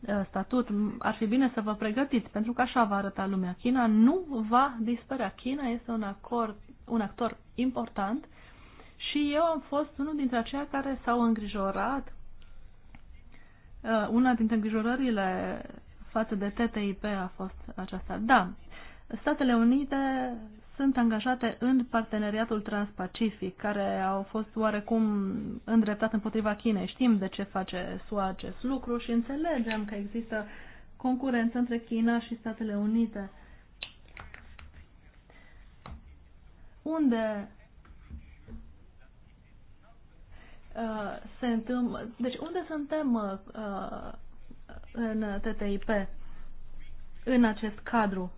uh, statut. Ar fi bine să vă pregătiți, pentru că așa va arăta lumea. China nu va dispărea. China este un, acord, un actor important și eu am fost unul dintre aceia care s-au îngrijorat. Uh, una dintre îngrijorările față de TTIP a fost aceasta. Da, Statele Unite sunt angajate în parteneriatul transpacific, care au fost oarecum îndreptat împotriva Chinei. Știm de ce face SUA acest lucru și înțelegem că există concurență între China și Statele Unite. Unde uh, se întâmplă, deci unde suntem uh, uh, în TTIP în acest cadru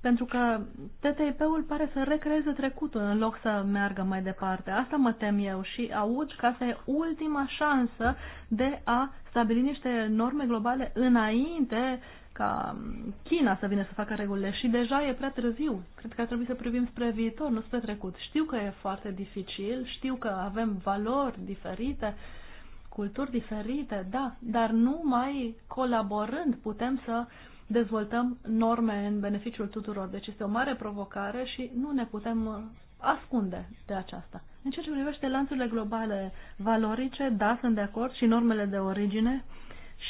pentru că TTIP-ul pare să recreeze trecutul în loc să meargă mai departe. Asta mă tem eu și aud că asta e ultima șansă de a stabili niște norme globale înainte ca China să vină să facă regulile și deja e prea târziu. Cred că ar trebui să privim spre viitor, nu spre trecut. Știu că e foarte dificil, știu că avem valori diferite, culturi diferite, da, dar numai colaborând putem să uh, dezvoltăm norme în beneficiul tuturor. Deci este o mare provocare și nu ne putem ascunde de aceasta. În ceea ce privește lanțurile globale valorice, da, sunt de acord și normele de origine.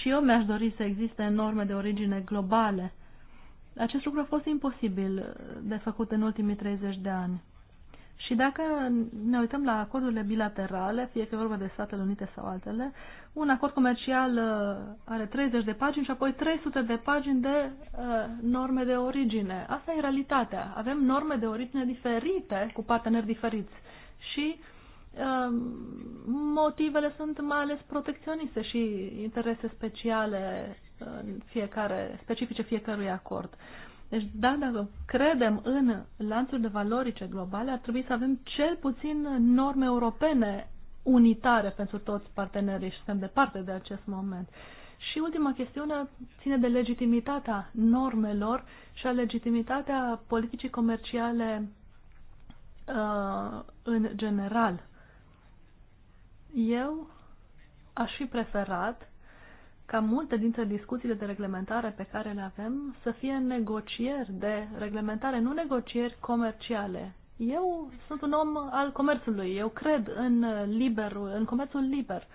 Și eu mi-aș dori să existe norme de origine globale. Acest lucru a fost imposibil de făcut în ultimii 30 de ani. Și dacă ne uităm la acordurile bilaterale, fie că e vorba de Statele Unite sau altele, un acord comercial uh, are 30 de pagini și apoi 300 de pagini de uh, norme de origine. Asta e realitatea. Avem norme de origine diferite cu parteneri diferiți și uh, motivele sunt mai ales protecționiste și interese speciale în uh, fiecare, specifice fiecărui acord. Uh, deci, da, dacă credem în lanțurile valorice globale, ar trebui să avem cel puțin norme europene unitare pentru toți partenerii și suntem departe de acest moment. Și ultima chestiune ține de legitimitatea normelor și a legitimitatea politicii comerciale uh, în general. Eu aș fi preferat ca multe dintre discuțiile de reglementare pe care le avem să fie negocieri de reglementare, nu negocieri comerciale. Eu sunt un om al comerțului, eu cred în, liberul, în comerțul liber.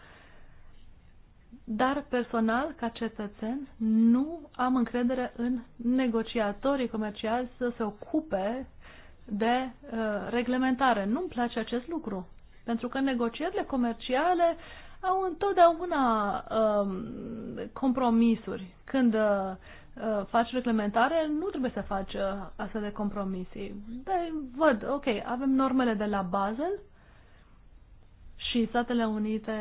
Dar personal, ca cetățen, nu am încredere în negociatorii comerciali să se ocupe de uh, reglementare. Nu-mi place acest lucru. Pentru că negocierile comerciale au întotdeauna um, compromisuri. Când uh, uh, faci reglementare, nu trebuie să faci uh, astfel de compromisii. De, văd, ok, avem normele de la Basel și Statele Unite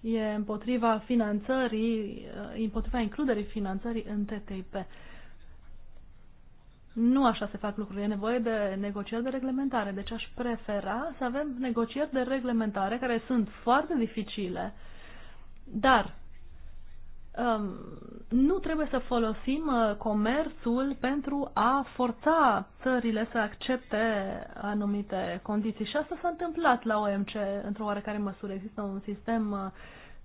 e împotriva finanțării, uh, împotriva includerii finanțării în TTIP. Nu așa se fac lucrurile. E nevoie de negocieri de reglementare. Deci aș prefera să avem negocieri de reglementare care sunt foarte dificile, dar um, nu trebuie să folosim uh, comerțul pentru a forța țările să accepte anumite condiții. Și asta s-a întâmplat la OMC într-o oarecare măsură. Există un sistem uh,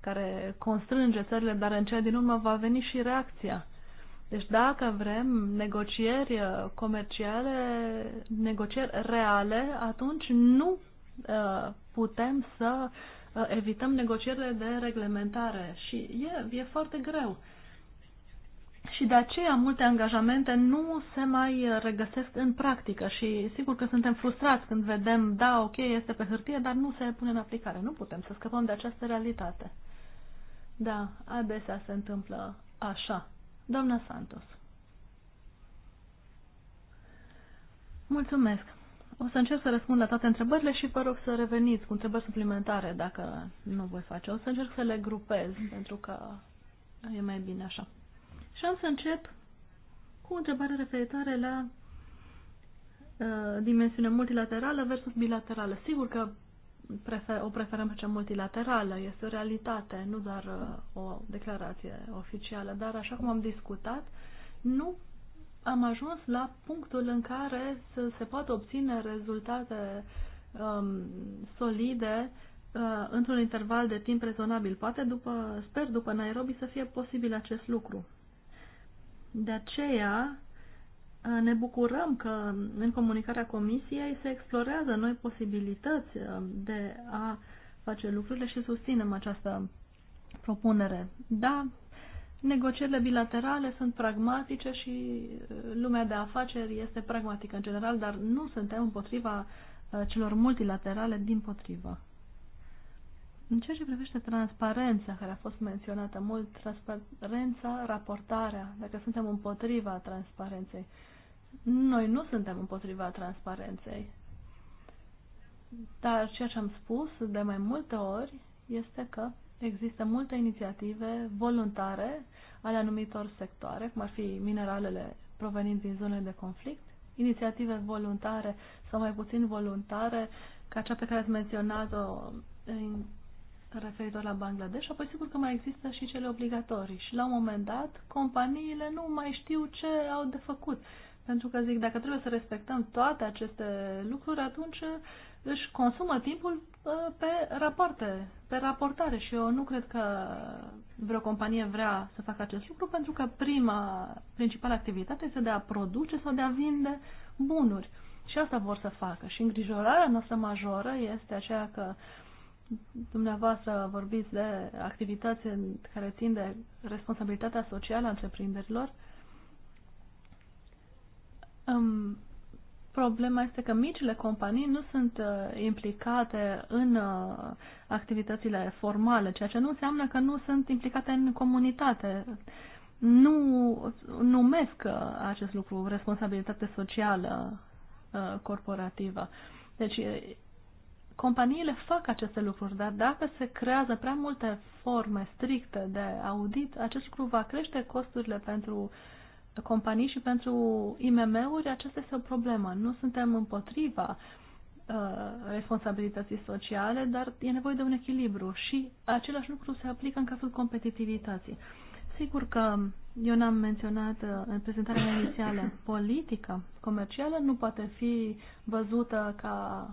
care constrânge țările, dar în cea din urmă va veni și reacția. Deci dacă vrem negocieri uh, comerciale, negocieri reale, atunci nu uh, putem să uh, evităm negocierile de reglementare și e, e foarte greu. Și de aceea multe angajamente nu se mai regăsesc în practică și sigur că suntem frustrați când vedem, da, ok, este pe hârtie, dar nu se pune în aplicare. Nu putem să scăpăm de această realitate. Da, adesea se întâmplă așa. Doamna Santos. Mulțumesc. O să încerc să răspund la toate întrebările și vă rog să reveniți cu întrebări suplimentare dacă nu voi face. O să încerc să le grupez pentru că e mai bine așa. Și am să încep cu o întrebare referitoare la uh, dimensiune multilaterală versus bilaterală. Sigur că prefer, o preferăm pe cea multilaterală, este o realitate, nu doar uh, o declarație oficială, dar așa cum am discutat, nu am ajuns la punctul în care să se poată obține rezultate um, solide uh, într-un interval de timp rezonabil. Poate după, sper după Nairobi să fie posibil acest lucru. De aceea ne bucurăm că în comunicarea Comisiei se explorează noi posibilități uh, de a face lucrurile și susținem această propunere. Da, negocierile bilaterale sunt pragmatice și uh, lumea de afaceri este pragmatică în general, dar nu suntem împotriva uh, celor multilaterale, din potrivă. În ceea ce privește transparența, care a fost menționată mult, transparența, raportarea, dacă suntem împotriva transparenței, uh, noi nu suntem împotriva transparenței. Dar ceea ce am spus de mai multe ori este că există multe inițiative voluntare ale anumitor sectoare, cum ar fi mineralele provenind din zone de conflict, inițiative voluntare sau mai puțin voluntare, ca cea pe care ați menționat-o referitor la Bangladesh, apoi sigur că mai există și cele obligatorii și la un moment dat companiile nu mai știu ce au de făcut pentru că zic, dacă trebuie să respectăm toate aceste lucruri, atunci își consumă timpul uh, pe rapoarte, pe raportare și eu nu cred că vreo companie vrea să facă acest lucru pentru că prima, principală activitate este de a produce sau de a vinde bunuri. Și asta vor să facă. Și îngrijorarea noastră majoră este aceea că dumneavoastră vorbiți de activități care țin de responsabilitatea socială a întreprinderilor, Um, problema este că micile companii nu sunt uh, implicate în uh, activitățile formale, ceea ce nu înseamnă că nu sunt implicate în comunitate. Nu numesc uh, acest lucru responsabilitate socială uh, corporativă. Deci, uh, companiile fac aceste lucruri, dar dacă se creează prea multe forme stricte de audit, acest lucru va crește costurile pentru uh, companii și pentru IMM-uri, aceasta este o problemă. Nu suntem împotriva uh, responsabilității sociale, dar e nevoie de un echilibru și același lucru se aplică în cazul competitivității. Sigur că eu n-am menționat uh, în prezentarea mea inițială, politica comercială nu poate fi văzută ca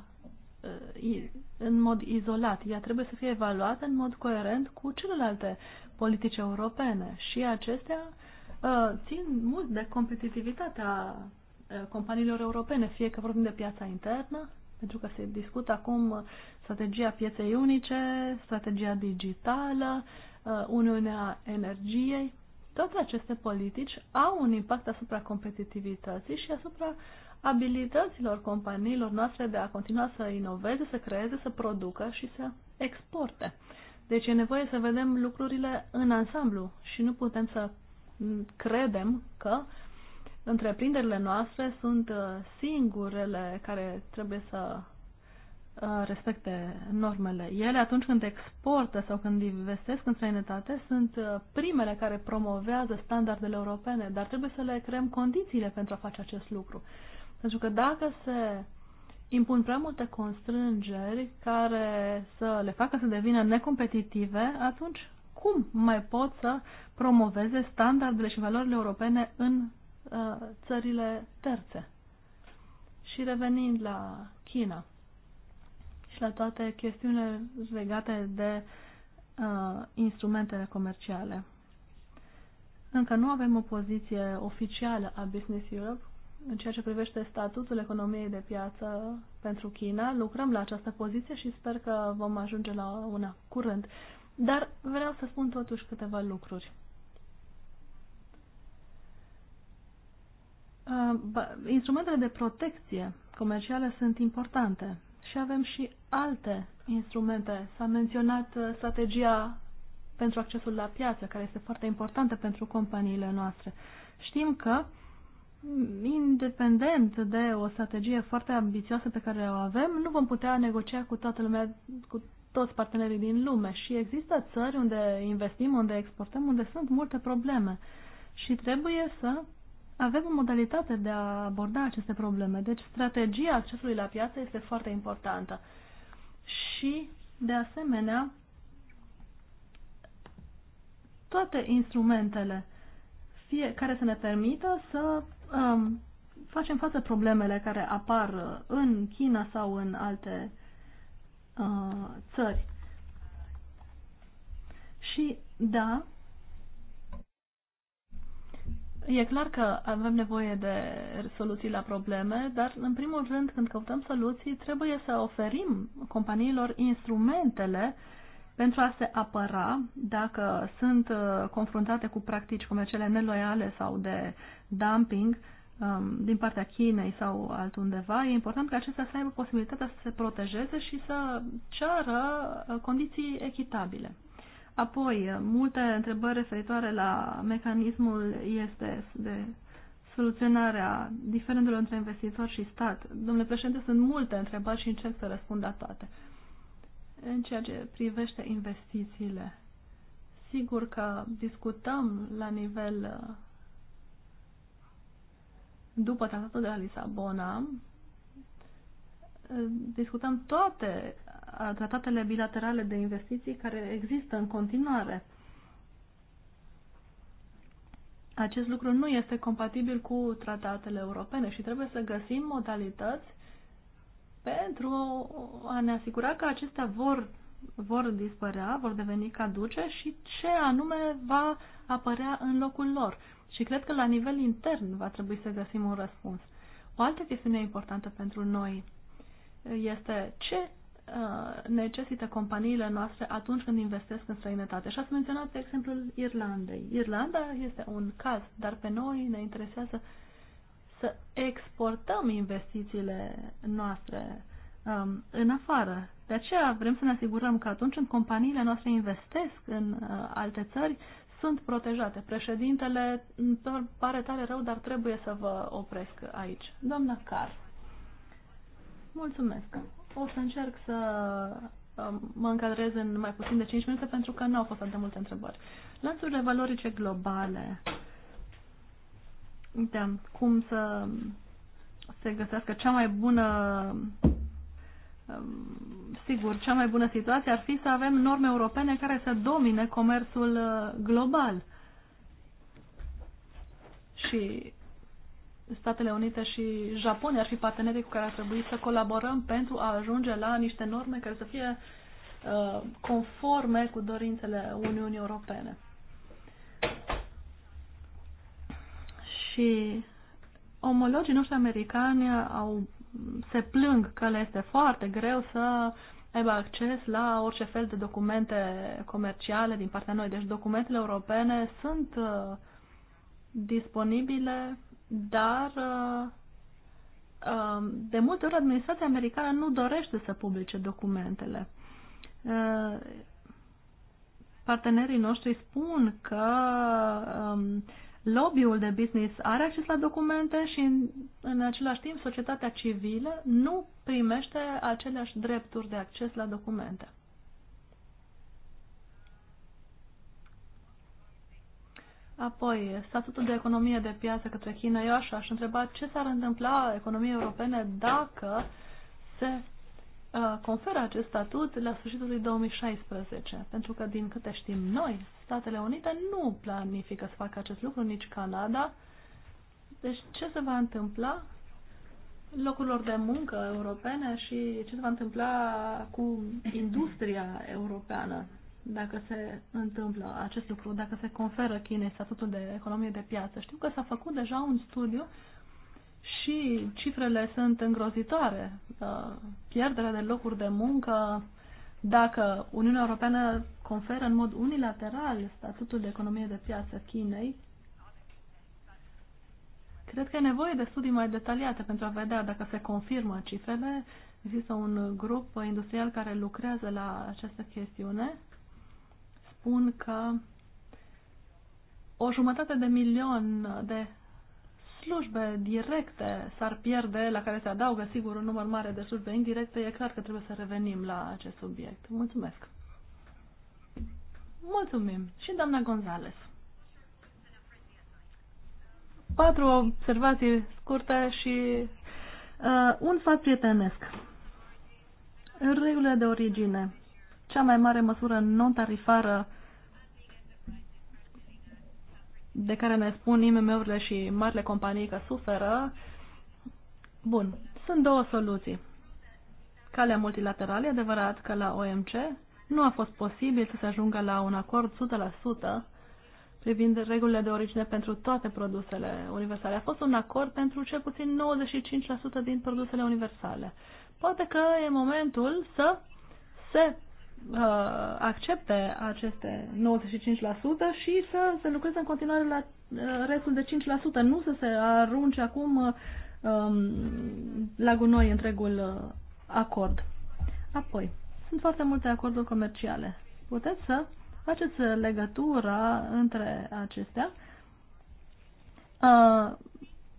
uh, în mod izolat. Ea trebuie să fie evaluată în mod coerent cu celelalte politici europene și acestea uh, Uh, țin mult de competitivitatea uh, companiilor europene, fie că vorbim de piața internă, pentru că se discută acum uh, strategia pieței unice, strategia digitală, Uniunea Energiei. Toate aceste politici au un impact asupra competitivității și asupra abilităților companiilor noastre de a continua să inoveze, să creeze, să producă și să exporte. Deci e nevoie să vedem lucrurile în ansamblu și nu putem să credem că întreprinderile noastre sunt uh, singurele care trebuie să uh, respecte normele. Ele, atunci când exportă sau când investesc în străinătate, sunt uh, primele care promovează standardele europene, dar trebuie să le creăm condițiile pentru a face acest lucru. Pentru că dacă se impun prea multe constrângeri care să le facă să devină necompetitive, atunci cum mai pot să promoveze standardele și valorile europene în uh, țările terțe. Și revenind la China și la toate chestiunile legate de uh, instrumentele comerciale. Încă nu avem o poziție oficială a Business Europe în ceea ce privește statutul economiei de piață pentru China. Lucrăm la această poziție și sper că vom ajunge la una curând. Dar vreau să spun totuși câteva lucruri. Instrumentele de protecție comerciale sunt importante și avem și alte instrumente. S-a menționat uh, strategia pentru accesul la piață, care este foarte importantă pentru companiile noastre. Știm că, mm, independent de o strategie foarte ambițioasă pe care o avem, nu vom putea negocia cu toată lumea, cu toți partenerii din lume și există țări unde investim, unde exportăm, unde sunt multe probleme și trebuie să avem o modalitate de a aborda aceste probleme. Deci strategia accesului la piață este foarte importantă. Și, de asemenea, toate instrumentele fie, care să ne permită să um, facem față problemele care apar în China sau în alte Uh, țări. Și da, e clar că avem nevoie de soluții la probleme, dar în primul rând când căutăm soluții trebuie să oferim companiilor instrumentele pentru a se apăra dacă sunt uh, confruntate cu practici comerciale neloiale sau de dumping Um, din partea Chinei sau altundeva, e important ca acestea să aibă posibilitatea să se protejeze și să ceară uh, condiții echitabile. Apoi, uh, multe întrebări referitoare la mecanismul este de soluționarea diferențelor între investitor și stat. Domnule președinte, sunt multe întrebări și încerc să răspund la toate. În ceea ce privește investițiile, sigur că discutăm la nivel uh, după tratatul de la Lisabona, eh, discutăm toate eh, tratatele bilaterale de investiții care există în continuare. Acest lucru nu este compatibil cu tratatele europene și trebuie să găsim modalități pentru a ne asigura că acestea vor, vor dispărea, vor deveni caduce și ce anume va apărea în locul lor. Și cred că la nivel intern va trebui să găsim un răspuns. O altă chestiune importantă pentru noi este ce uh, necesită companiile noastre atunci când investesc în străinătate. Și ați menționat exemplul Irlandei. Irlanda este un caz, dar pe noi ne interesează să exportăm investițiile noastre um, în afară. De aceea vrem să ne asigurăm că atunci când companiile noastre investesc în uh, alte țări, sunt protejate. Președintele, pare tare rău, dar trebuie să vă opresc aici. Doamna Car, mulțumesc. O să încerc să um, mă încadrez în mai puțin de 5 minute pentru că nu au fost atât de multe întrebări. Lanțurile valorice globale. de cum să se găsească cea mai bună Ehm, sigur, cea mai bună situație ar fi să avem norme europene care să domine comerțul uh, global. Și Statele Unite și Japonia ar fi partenerii cu care ar trebui să colaborăm pentru a ajunge la niște norme care să fie uh, conforme cu dorințele Uniunii Europene. Și omologii noștri americani au se plâng că le este foarte greu să aibă acces la orice fel de documente comerciale din partea noi. Deci documentele europene sunt uh, disponibile, dar uh, uh de multe ori administrația americană nu dorește să publice documentele. Uh, partenerii noștri spun că um, lobby-ul de business are acces la documente și în, în același timp societatea civilă nu primește aceleași drepturi de acces la documente. Apoi, statutul de economie de piață către China. Eu așa aș întreba ce s-ar întâmpla economiei europene dacă se Uh, conferă acest statut la sfârșitul lui 2016, pentru că, din câte știm noi, Statele Unite nu planifică să facă acest lucru, nici Canada. Deci ce se va întâmpla locurilor de muncă europene și ce se va întâmpla cu industria europeană dacă se întâmplă acest lucru, dacă se conferă Chinei statutul de economie de piață. Știu că s-a făcut deja un studiu uh, și cifrele sunt îngrozitoare. Uh, Pierderea de locuri de muncă, dacă Uniunea Europeană conferă în mod unilateral statutul de economie de piață Chinei, cred că e nevoie de studii mai detaliate pentru a vedea dacă se confirmă cifrele. Există un grup industrial care lucrează la această chestiune. Spun că o jumătate de milion de slujbe directe s-ar pierde, la care se adaugă sigur un număr mare de slujbe indirecte, e clar că trebuie să revenim la acest subiect. Mulțumesc! Mulțumim! Și doamna Gonzales. Patru observații scurte și uh, un sfat prietenesc. Regulile de origine. Cea mai mare măsură non-tarifară de care ne spun IMM-urile și marile companii că suferă. Bun, sunt două soluții. Calea multilaterală, e adevărat că la OMC nu a fost posibil să se ajungă la un acord 100% privind regulile de origine pentru toate produsele universale. A fost un acord pentru cel puțin 95% din produsele universale. Poate că e momentul să se Uh, accepte aceste 95% și să se lucreze în continuare la uh, restul de 5%, nu să se arunce acum uh, um, la gunoi întregul acord. Apoi, sunt foarte multe acorduri comerciale. Puteți să faceți legătura între acestea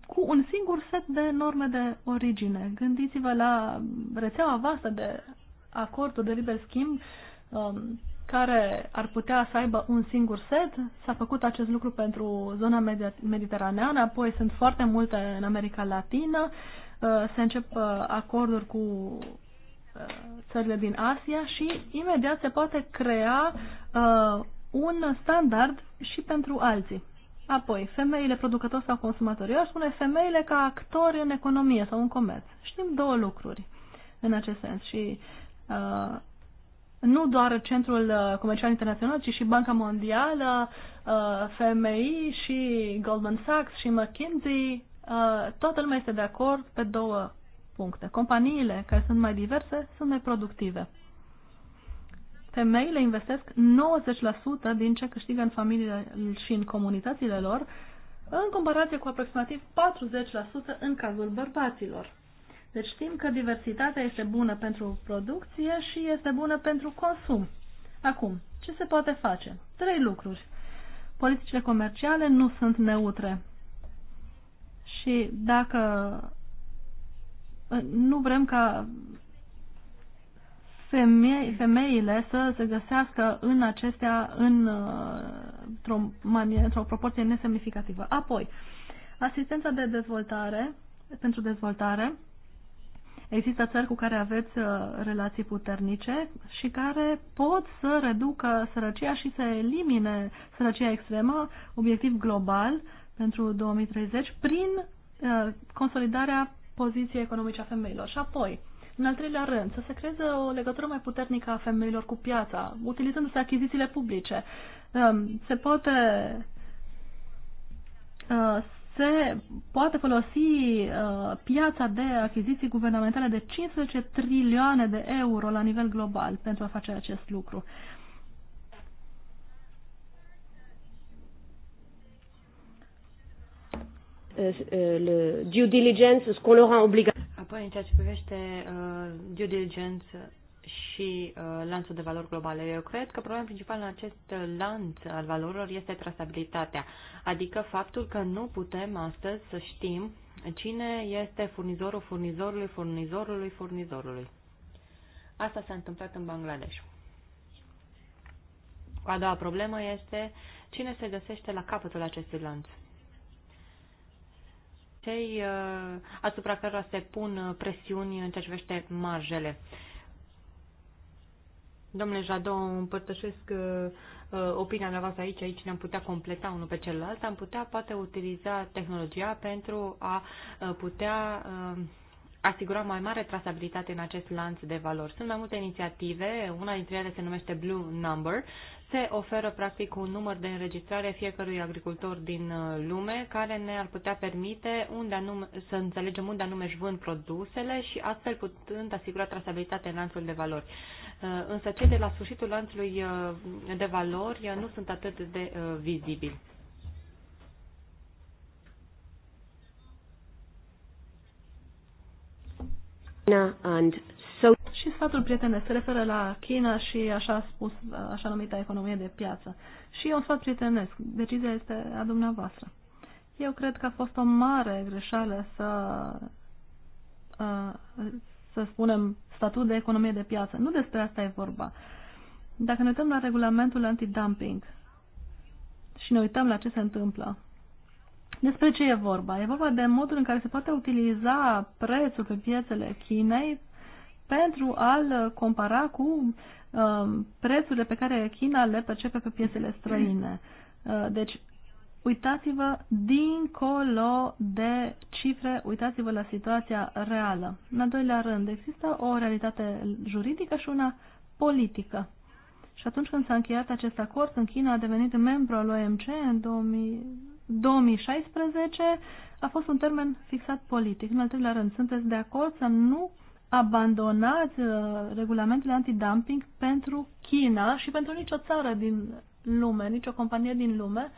cu un singur set de norme de origine. Gândiți-vă la rețeaua vastă de Acordul de liber schimb um, care ar putea să aibă un singur set. S-a făcut acest lucru pentru zona mediteraneană, apoi sunt foarte multe în America Latină, uh, se încep uh, acorduri cu uh, țările din Asia și imediat se poate crea un standard și pentru alții. Apoi, femeile producători sau consumatori. Eu aș spune femeile ca actori în economie sau în comerț. Știm două lucruri în acest sens și uh, Uh, nu doar Centrul uh, Comercial Internațional, ci și Banca Mondială, uh, FMI și Goldman Sachs și McKinsey, toată lumea este de acord pe două puncte. Companiile care sunt mai diverse sunt mai productive. Femeile investesc 90% din ce câștigă în familiile și în comunitățile lor, în comparație cu aproximativ 40% în cazul bărbaților. Deci știm că diversitatea este bună pentru producție și este bună pentru consum. Acum, ce se poate face? Trei lucruri. Politicile comerciale nu sunt neutre. Și dacă uh, nu vrem ca femei, femeile să se găsească în acestea în, uh, într-o, într-o proporție nesemnificativă. Apoi, asistența de dezvoltare, pentru dezvoltare, Există țări cu care aveți uh, relații puternice și care pot să reducă sărăcia și să elimine sărăcia extremă, obiectiv global pentru 2030, prin uh, consolidarea poziției economice a femeilor. Și apoi, în al treilea rând, să se creeze o legătură mai puternică a femeilor cu piața, utilizându-se achizițiile publice. Um, se poate uh, se poate folosi uh, piața de achiziții guvernamentale de 15 trilioane de euro la nivel global pentru a face acest lucru. Uh, uh, le due diligence, ce qu'on aura obligat. Apoi, în ceea ce privește uh, due diligence și uh, lanțul de valori globale. Eu cred că problema principală în acest lanț al valorilor este trasabilitatea, adică faptul că nu putem astăzi să știm cine este furnizorul furnizorului furnizorului furnizorului. Asta s-a întâmplat în Bangladesh. A doua problemă este cine se găsește la capătul acestui lanț. Cei uh, asupra cărora se pun uh, presiuni în ce privește marjele. Uh, Domnule jadon, împărtășesc uh, uh opinia noastră aici, aici ne-am putea completa unul pe celălalt, am putea poate utiliza tehnologia pentru a uh, putea uh, asigura mai mare trasabilitate în acest lanț de valori. Sunt mai multe inițiative, una dintre ele se numește Blue Number. Se oferă practic un număr de înregistrare fiecărui agricultor din uh, lume care ne-ar putea permite unde anume, să înțelegem unde anume își vând produsele și astfel putând asigura trasabilitate în lanțul de valori. Uh, însă cei de la sfârșitul lanțului uh, de valori nu sunt atât de vizibili. and so și sfatul prietenesc se referă la China și așa spus, așa numită economie de piață. Și e un sfat prietenesc. Decizia este a dumneavoastră. Eu cred că a fost o mare greșeală să, să spunem, statut de economie de piață. Nu despre asta e vorba. Dacă ne uităm la regulamentul antidumping și ne uităm la ce se întâmplă, despre ce e vorba? E vorba de modul în care se poate utiliza prețul pe piețele Chinei pentru a-l compara cu um, prețurile pe care China le percepe pe piețele străine. Uh, deci, uitați-vă dincolo de cifre, uitați-vă la situația reală. În al doilea rând, există o realitate juridică și una politică. Și atunci când s-a încheiat acest acord, în China a devenit membru al OMC în 2000, 2016 a fost un termen fixat politic. În al treilea rând, sunteți de acord să nu abandonați uh, regulamentele antidumping pentru China și pentru nicio țară din lume, nicio companie din lume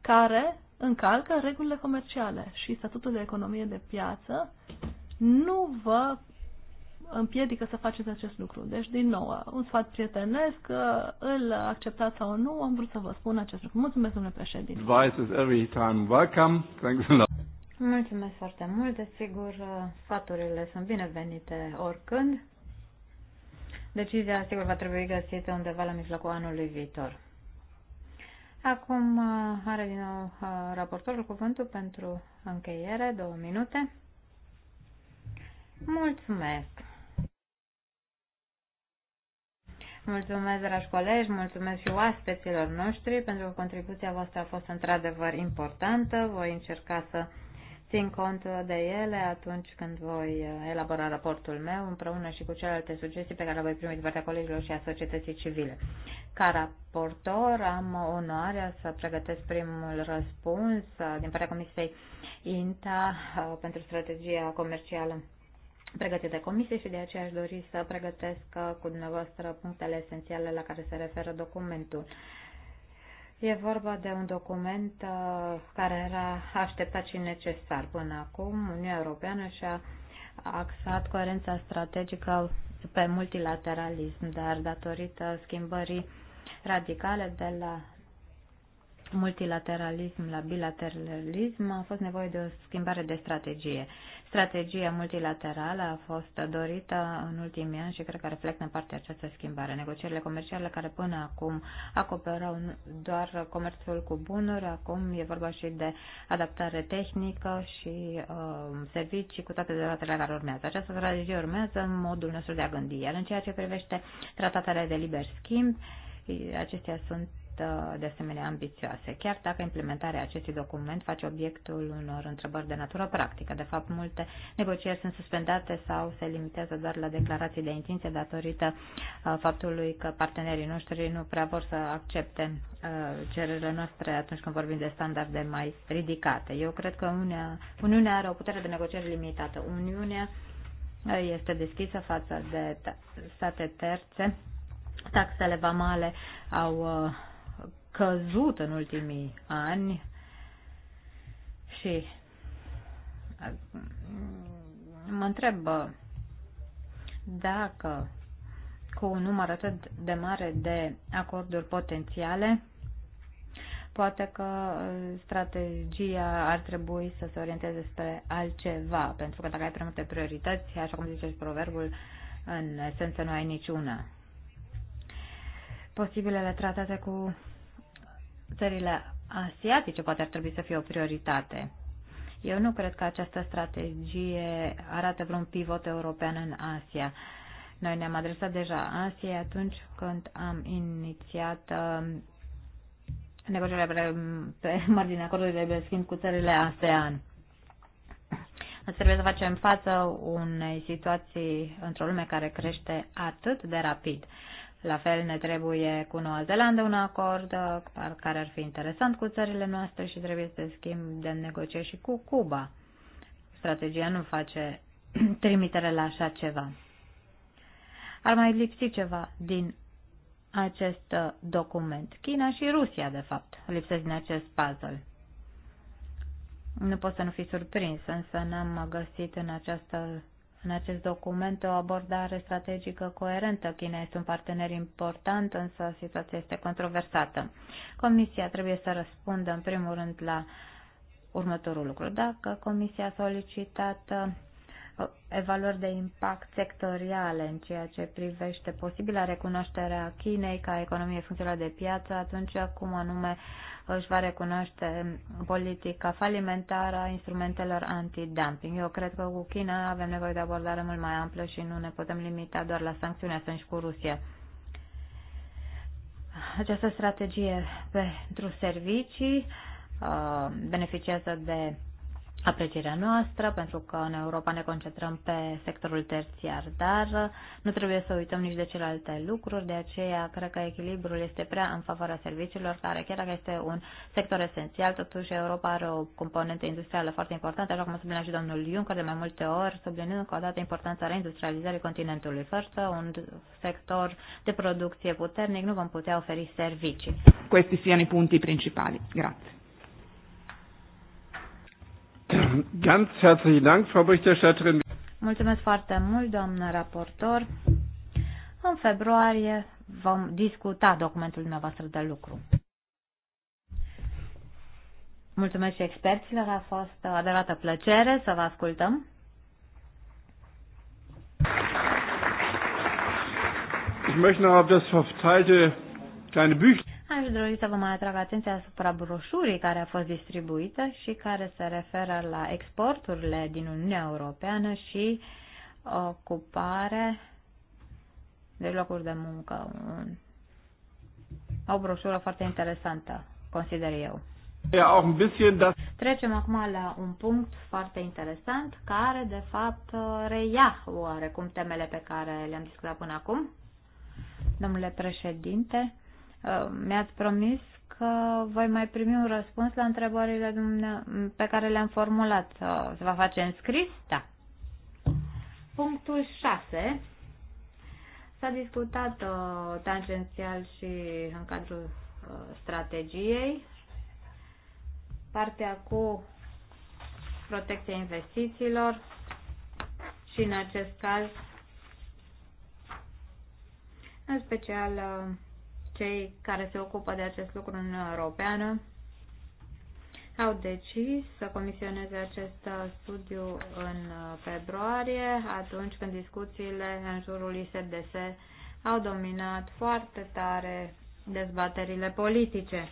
care încalcă regulile comerciale și statutul de economie de piață, nu vă împiedică să faceți acest lucru. Deci, din nou, un sfat prietenesc, uh, îl acceptați sau nu, am vrut să vă spun acest lucru. Mulțumesc, domnule președinte. Advice is every time welcome. Thanks a lot. Mulțumesc foarte mult. Desigur, uh, sfaturile sunt binevenite oricând. Decizia, sigur, va trebui găsită undeva la mijlocul anului viitor. Acum uh, are din nou raportorul cuvântul pentru încheiere, două minute. Mulțumesc! Mulțumesc, dragi colegi, mulțumesc și oaspeților noștri, pentru că contribuția voastră a fost într-adevăr importantă. Voi încerca să țin cont de ele atunci când voi uh, elabora raportul meu, împreună și cu celelalte sugestii pe care le voi primi din partea colegilor și a societății civile. Ca raportor am onoarea să pregătesc primul răspuns uh, din partea Comisiei INTA uh, pentru strategia comercială pregătit de comisie și de aceea aș dori să pregătesc uh, cu dumneavoastră punctele esențiale la care se referă documentul. E vorba de un document uh, care era așteptat și necesar până acum. Uniunea Europeană și-a axat coerența strategică pe multilateralism, dar datorită schimbării radicale de la multilateralism la bilateralism a fost nevoie de o schimbare de strategie. Strategia multilaterală a fost dorită în ultimii ani și cred că reflectă în parte această schimbare. Negocierile comerciale care până acum acoperau doar comerțul cu bunuri, acum e vorba și de adaptare tehnică și uh, servicii cu toate derogările care urmează. Această strategie urmează în modul nostru de a gândi. Iar în ceea ce privește tratatele de liber schimb, acestea sunt Uh, de asemenea ambițioase, chiar dacă implementarea acestui document face obiectul unor întrebări de natură practică. De fapt, multe negocieri sunt suspendate sau se limitează doar la declarații de intenție datorită uh, faptului că partenerii noștri nu prea vor să accepte uh, cererile noastre atunci când vorbim de standarde mai ridicate. Eu cred că Uniunea, Uniunea are o putere de negociere limitată. Uniunea este deschisă față de state terțe taxele vamale au căzut în ultimii ani și mm, mă întreb dacă cu un număr atât de mare de acorduri potențiale, poate că uh, strategia ar trebui să se orienteze spre altceva, pentru că dacă ai prea multe priorități, așa cum zice și proverbul, în esență nu ai niciuna. Posibilele tratate cu țările asiatice poate ar trebui să fie o prioritate. Eu nu cred că această strategie arată vreun pivot european în Asia. Noi ne-am adresat deja Asiei atunci când am inițiat um, negocierile pe, marginea acordului de schimb cu țările ASEAN. Însă trebuie să facem față unei situații într-o lume care crește atât de rapid. Uh, la fel ne trebuie cu Noua Zeelandă un acord uh, care ar fi interesant cu țările noastre și trebuie să schimb de negocie și cu Cuba. Strategia nu face trimitere la așa ceva. Ar mai lipsi ceva din acest uh, document. China și Rusia, de fapt, lipsesc din acest puzzle. Nu pot să nu fi surprins, însă n-am găsit în această în acest document o abordare strategică coerentă. China este un partener important, însă situația este controversată. Comisia trebuie să răspundă în primul rând la următorul lucru. Dacă Comisia a solicitat evaluări de impact sectoriale în ceea ce privește posibilă recunoașterea Chinei ca economie funcțională de piață, atunci cum anume își va recunoaște politica falimentară a instrumentelor anti-dumping. Eu cred că cu China avem nevoie de abordare mult mai amplă și nu ne putem limita doar la sancțiunea sunt și cu Rusia. Această strategie pentru servicii uh, beneficiază de aprecierea noastră, pentru că în Europa ne concentrăm pe sectorul terțiar, dar nu trebuie să uităm nici de celelalte lucruri, de aceea cred că echilibrul este prea în favoarea serviciilor, care chiar dacă este un sector esențial, totuși Europa are o componentă industrială foarte importantă, așa cum a subliniat și domnul Juncker de mai multe ori, subliniind încă o dată importanța reindustrializării continentului. Fără un sector de producție puternic nu vom putea oferi servicii. Questi siano i punti principali. Grazie. Ganz herzlichen Dank, Frau Berichterstatterin. Mulțumesc foarte mult, doamnă raportor. În februarie vom discuta documentul dumneavoastră de lucru. Mulțumesc și experților, a fost o adevărată plăcere să vă ascultăm. Ich möchte noch auf das verteilte kleine Büchlein Aș dori să vă mai atrag atenția asupra broșurii care a fost distribuită și care se referă la exporturile din Uniunea Europeană și ocupare de locuri de muncă. O broșură foarte interesantă, consider eu. Trecem acum la un punct foarte interesant care, de fapt, reia oarecum temele pe care le-am discutat până acum. Domnule președinte, Uh, mi-ați promis că voi mai primi un răspuns la întrebările pe care le-am formulat. Uh, se va face în scris? Da. Punctul 6. S-a discutat uh, tangențial și în cadrul uh, strategiei. Partea cu protecția investițiilor și în acest caz, în special uh, cei care se ocupă de acest lucru în Europeană au decis să comisioneze acest uh, studiu în uh, februarie, atunci când discuțiile în jurul ISDS au dominat foarte tare dezbaterile politice.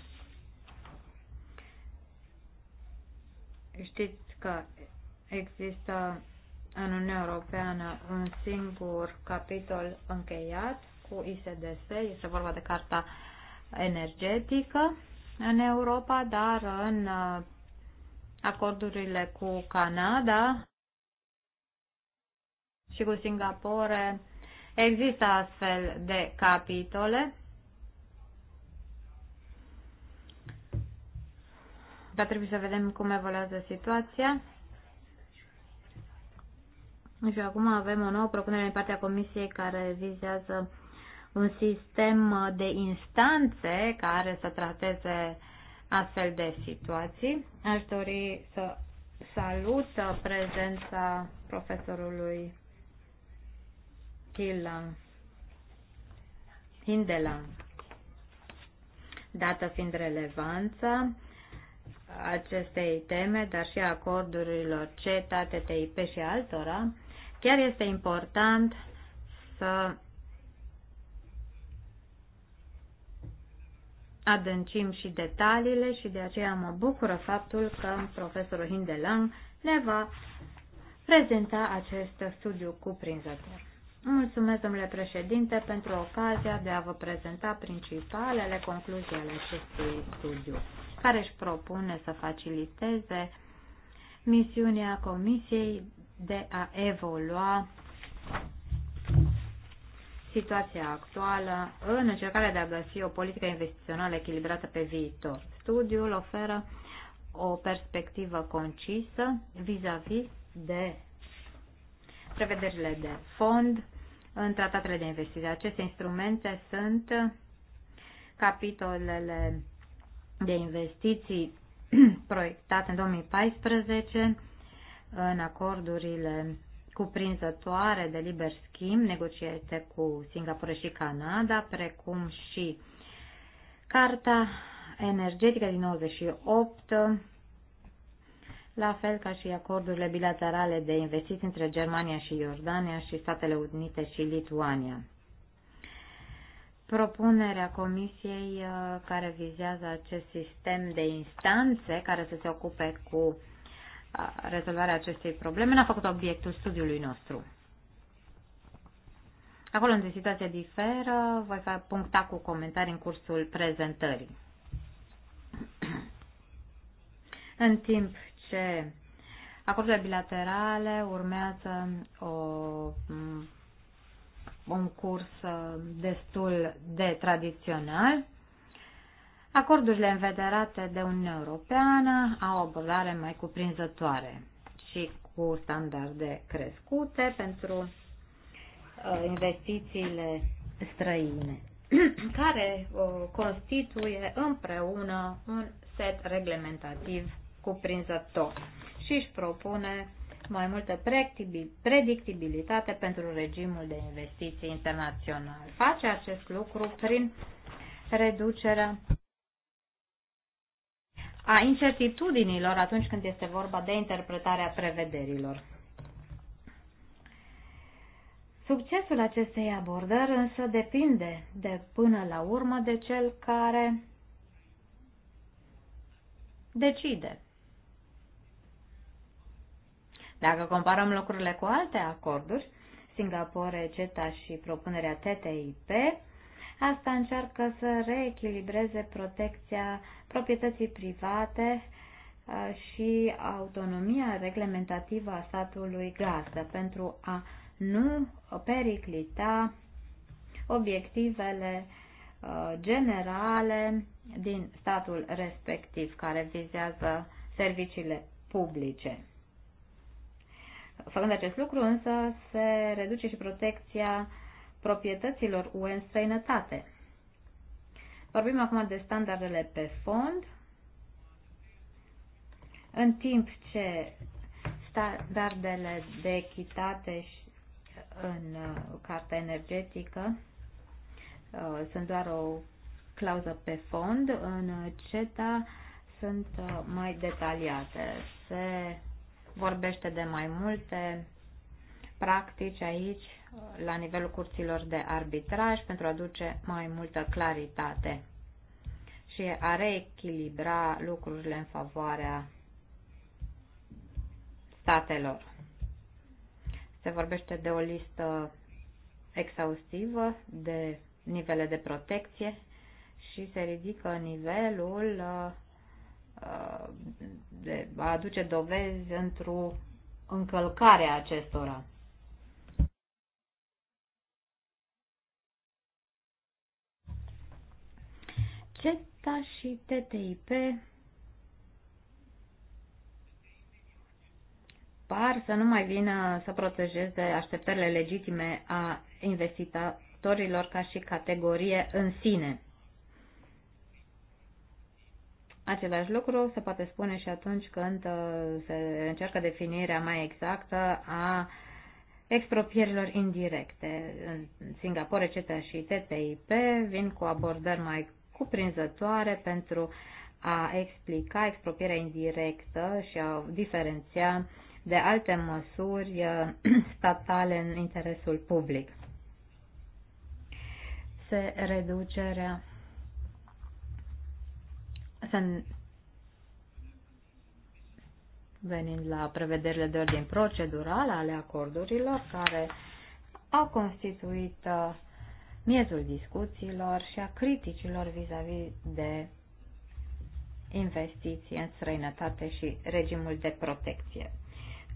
Știți că există în Uniunea Europeană un singur capitol încheiat cu ISDS, este vorba de carta energetică în Europa, dar în uh, acordurile cu Canada și cu Singapore există astfel de capitole. Dar trebuie să vedem cum evoluează situația. Și acum avem o nouă propunere din partea Comisiei care vizează un sistem uh, de instanțe care să trateze astfel de situații. Aș dori să salut uh, prezența profesorului Hillam. Uh, Hindelang. Dată fiind relevanța acestei teme, dar și a acordurilor CETA, TTIP și altora, chiar este important să adâncim și detaliile și de aceea mă bucură faptul că profesorul Hindelang ne va prezenta acest studiu cuprinzător. Mulțumesc, domnule președinte, pentru ocazia de a vă prezenta principalele concluzii ale acestui studiu, care își propune să faciliteze misiunea Comisiei de a evolua situația actuală în încercarea de a găsi o politică investițională echilibrată pe viitor. Studiul oferă o perspectivă concisă vis-a-vis -vis de prevederile de fond în tratatele de investiții. Aceste instrumente sunt capitolele de investiții proiectate în 2014 în acordurile cuprinzătoare de liber schimb negociate cu Singapore și Canada, precum și Carta energetică din 98, la fel ca și acordurile bilaterale de investiții între Germania și Iordania și Statele Unite și Lituania. Propunerea comisiei uh, care vizează acest sistem de instanțe care să se ocupe cu rezolvarea acestei probleme n-a făcut obiectul studiului nostru. Acolo unde situația diferă, voi puncta cu comentarii în cursul prezentării. În timp ce acordurile bilaterale urmează o, un curs uh, destul de tradițional, Acordurile învederate de Uniunea Europeană au o abordare mai cuprinzătoare și cu standarde crescute pentru uh, investițiile străine, care uh, constituie împreună un set reglementativ cuprinzător și își propune mai multă predictibilitate pentru regimul de investiții internațional. Face acest lucru prin reducerea a incertitudinilor atunci când este vorba de interpretarea prevederilor. Succesul acestei abordări însă depinde de până la urmă de cel care decide. Dacă comparăm lucrurile cu alte acorduri, Singapore, CETA și propunerea TTIP, Asta încearcă să reechilibreze protecția proprietății private și autonomia reglementativă a statului gazdă pentru a nu periclita obiectivele generale din statul respectiv care vizează serviciile publice. Făcând acest lucru însă se reduce și protecția proprietăților UE în străinătate. Vorbim acum de standardele pe fond, în timp ce standardele de echitate în uh, cartea energetică uh, sunt doar o clauză pe fond, în CETA sunt uh, mai detaliate. Se vorbește de mai multe practici aici la nivelul curților de arbitraj pentru a aduce mai multă claritate și a reechilibra lucrurile în favoarea statelor. Se vorbește de o listă exhaustivă de nivele de protecție și se ridică nivelul uh, uh, de a aduce dovezi într-o încălcare a acestora. CETA și TTIP par să nu mai vină să protejeze așteptările legitime a investitorilor ca și categorie în sine. Același lucru se poate spune și atunci când uh, se încearcă definirea mai exactă a expropierilor indirecte. În Singapore, CETA și TTIP vin cu abordări mai cuprinzătoare pentru a explica expropierea indirectă și a diferenția de alte măsuri eh, statale în interesul public. Se reducerea se venind la prevederile de ordin procedural ale acordurilor care au constituit uh, miezul discuțiilor și a criticilor vis-a-vis -vis de investiții în străinătate și regimul de protecție.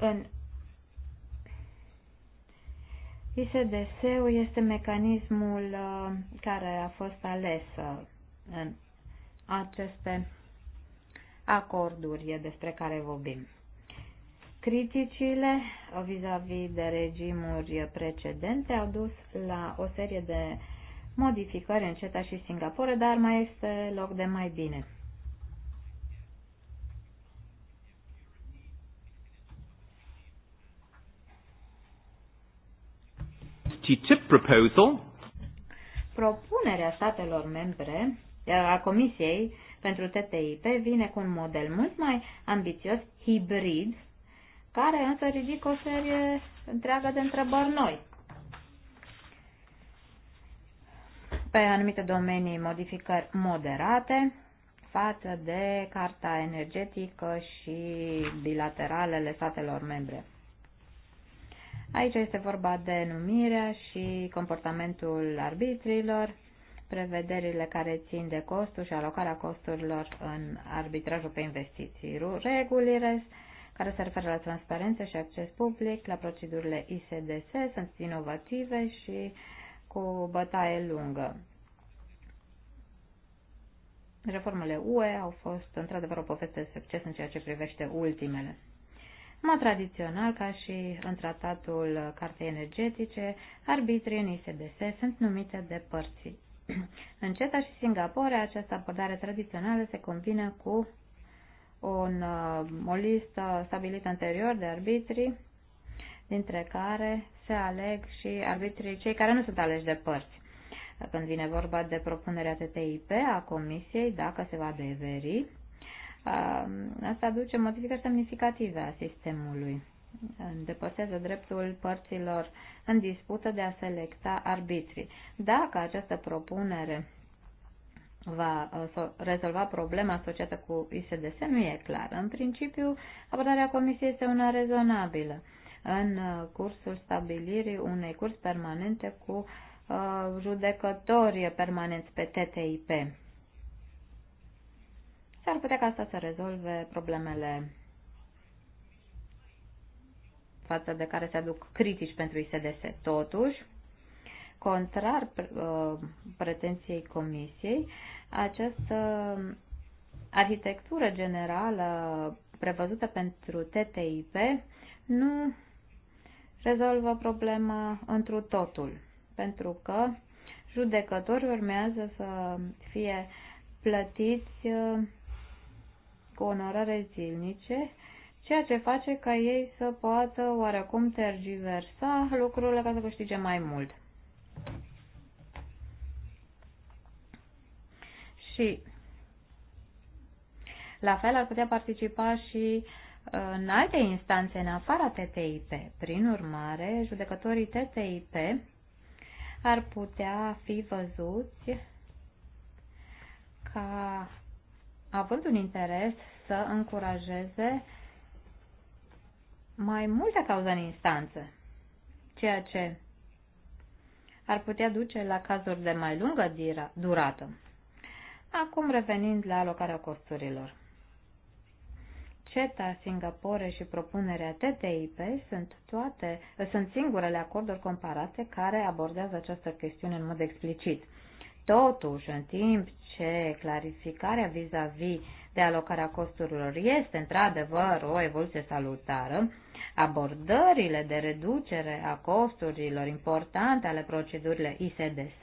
În ISDS-ul este mecanismul uh, care a fost ales uh, în aceste acorduri despre care vorbim. Criticile vis-a-vis -vis de regimuri precedente au dus la o serie de modificări în CETA și Singapore, dar mai este loc de mai bine. TTIP proposal. Propunerea statelor membre a Comisiei pentru TTIP vine cu un model mult mai ambițios, hibrid, care însă ridică o serie întreagă de întrebări noi. Pe anumite domenii modificări moderate față de Carta Energetică și bilateralele statelor membre. Aici este vorba de numirea și comportamentul arbitrilor, prevederile care țin de costuri și alocarea costurilor în arbitrajul pe investiții, regulile care se referă la transparență și acces public, la procedurile ISDS, sunt inovative și cu bătaie lungă. Reformele UE au fost într-adevăr o poveste de succes în ceea ce privește ultimele. Mai tradițional, ca și în tratatul Cartei Energetice, arbitrii în ISDS sunt numite de părți. În CETA și Singapore, această abordare tradițională se combină cu un, uh, o listă stabilită anterior de arbitri, dintre care se aleg și arbitrii cei care nu sunt aleși de părți. Când vine vorba de propunerea TTIP a Comisiei, dacă se va deveri, uh, asta aduce modificări semnificative a sistemului. Îndepărtează dreptul părților în dispută de a selecta arbitrii. Dacă această propunere va uh, rezolva problema asociată cu ISDS nu e clar. În principiu, abordarea Comisiei este una rezonabilă în uh, cursul stabilirii unei curs permanente cu uh, judecători permanenți pe TTIP. S-ar putea ca asta să rezolve problemele față de care se aduc critici pentru ISDS. Totuși, contrar uh, pretenției Comisiei, această arhitectură generală prevăzută pentru TTIP nu rezolvă problema întru totul, pentru că judecătorii urmează să fie plătiți uh, cu onorare zilnice, ceea ce face ca ei să poată oarecum tergiversa lucrurile ca să câștige mai mult. Și la fel ar putea participa și uh, în alte instanțe în afara TTIP. Prin urmare, judecătorii TTIP ar putea fi văzuți ca având un interes să încurajeze mai multe cauze în instanță, ceea ce ar putea duce la cazuri de mai lungă durată. Acum revenind la alocarea costurilor. CETA, Singapore și propunerea TTIP sunt toate, sunt singurele acorduri comparate care abordează această chestiune în mod explicit. Totuși, în timp ce clarificarea vis-a-vis -vis de alocarea costurilor este într-adevăr o evoluție salutară, abordările de reducere a costurilor importante ale procedurile ISDS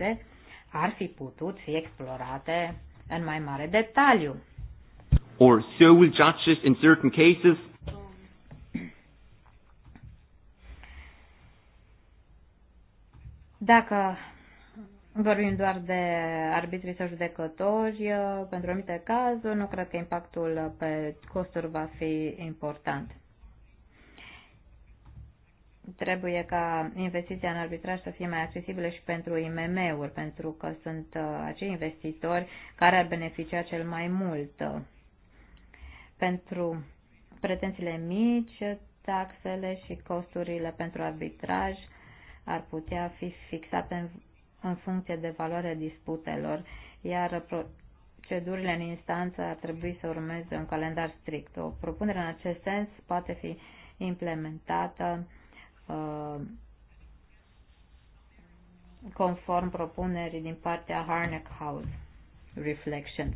ar fi putut fi explorate în mai mare detaliu. Or so will judges in certain cases Dacă vorbim doar de arbitrii sau judecători, uh, pentru anumite cazuri, nu cred că impactul pe costuri va fi important trebuie ca investiția în arbitraj să fie mai accesibilă și pentru IMM-uri, pentru că sunt uh, acei investitori care ar beneficia cel mai mult. Pentru pretențiile mici, taxele și costurile pentru arbitraj ar putea fi fixate în, în funcție de valoarea disputelor, iar procedurile în instanță ar trebui să urmeze un calendar strict. O propunere în acest sens poate fi implementată Uh, conform propunerii din partea Harnack House Reflections.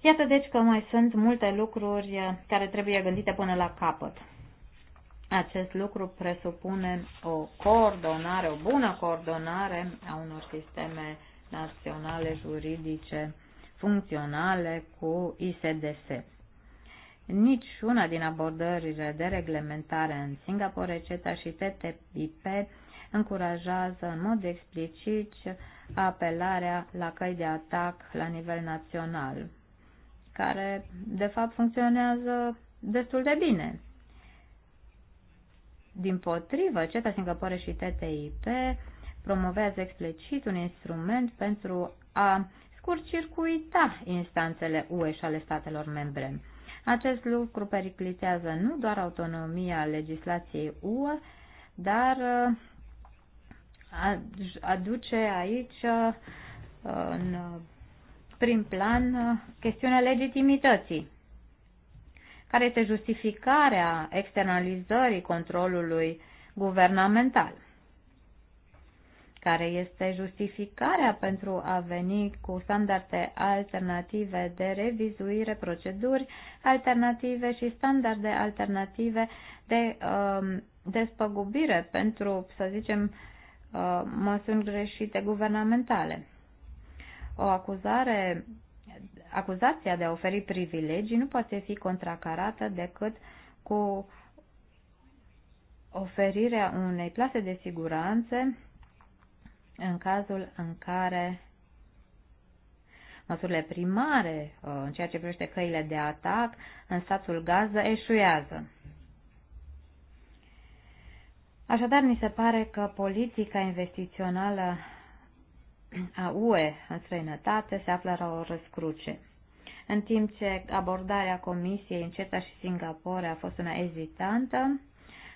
Iată deci că mai sunt multe lucruri uh, care trebuie gândite până la capăt. Acest lucru presupune o coordonare, o bună coordonare a unor sisteme naționale juridice funcționale cu ISDS. Nici una din abordările de reglementare în Singapore, CETA și TTIP încurajează în mod explicit apelarea la căi de atac la nivel național, care de fapt funcționează destul de bine. Din potrivă, CETA Singapore și TTIP promovează explicit un instrument pentru a scurcircuita circuita instanțele UE și ale statelor membre. Acest lucru periclitează nu doar autonomia legislației UE, dar uh, aduce aici uh, în uh, prim plan chestiunea legitimității, care este justificarea externalizării controlului guvernamental care este justificarea pentru a veni cu standarde alternative de revizuire, proceduri alternative și standarde alternative de uh, despăgubire pentru, să zicem, uh, măsuri greșite guvernamentale. O acuzare, acuzația de a oferi privilegii nu poate fi contracarată decât cu oferirea unei plase de siguranță în cazul în care măsurile primare uh, în ceea ce privește căile de atac în statul Gaza eșuează. Așadar, mi se pare că politica investițională a UE în străinătate se află la o răscruce. În timp ce abordarea Comisiei în CETA și Singapore a fost una ezitantă,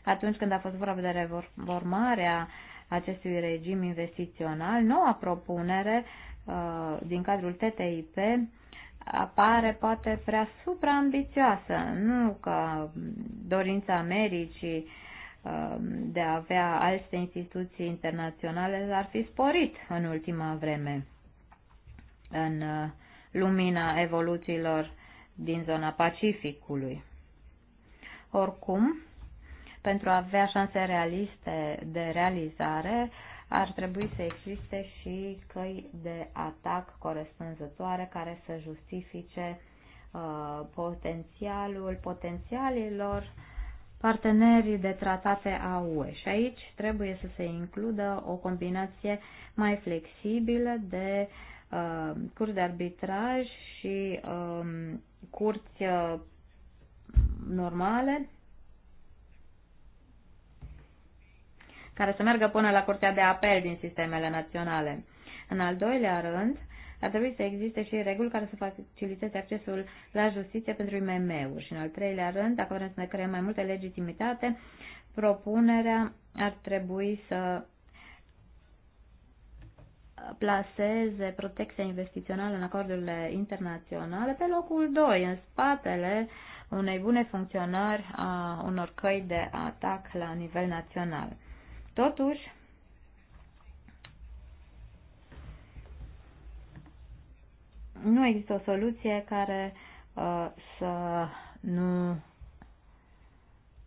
atunci când a fost vorba de reformarea acestui regim investițional, noua propunere uh, din cadrul TTIP apare poate prea supraambițioasă. Nu că dorința Americii uh, de a avea alte instituții internaționale ar fi sporit în ultima vreme în uh, lumina evoluțiilor din zona Pacificului. Oricum, pentru a avea șanse realiste de realizare, ar trebui să existe și căi de atac corespunzătoare care să justifice uh, potențialul potențialilor partenerii de tratate a UE. Și aici trebuie să se includă o combinație mai flexibilă de uh, curs de arbitraj și uh, curți uh, normale care să meargă până la Curtea de Apel din sistemele naționale. În al doilea rând, ar trebui să existe și reguli care să faciliteze accesul la justiție pentru IMM-uri. Și în al treilea rând, dacă vrem să ne creăm mai multă legitimitate, propunerea ar trebui să plaseze protecția investițională în acordurile internaționale pe locul 2, în spatele unei bune funcționări a unor căi de atac la nivel național. Totuși, nu există o soluție care uh, să nu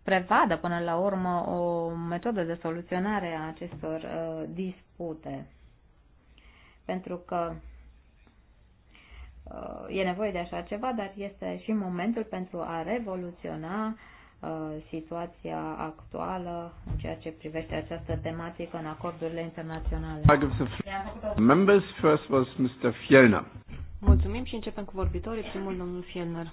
prevadă până la urmă o metodă de soluționare a acestor uh, dispute. Pentru că uh, e nevoie de așa ceva, dar este și momentul pentru a revoluționa Uh, situația actuală în ceea ce privește această tematică în acordurile internaționale. Members, first was Mr. Fjellner. Mulțumim și începem cu vorbitorii, primul domnul Fjellner.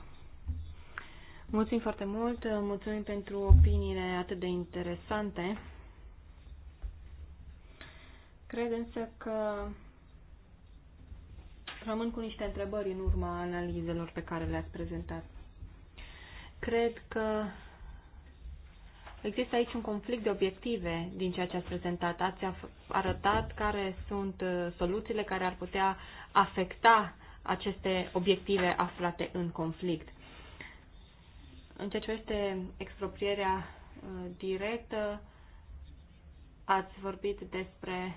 Mulțumim foarte mult, mulțumim pentru opiniile atât de interesante. Cred însă că rămân cu niște întrebări în urma analizelor pe care le-ați prezentat. Cred că Există aici un conflict de obiective din ceea ce ați prezentat. Ați arătat care sunt uh, soluțiile care ar putea afecta aceste obiective aflate în conflict. În ceea ce este exproprierea uh, directă, ați vorbit despre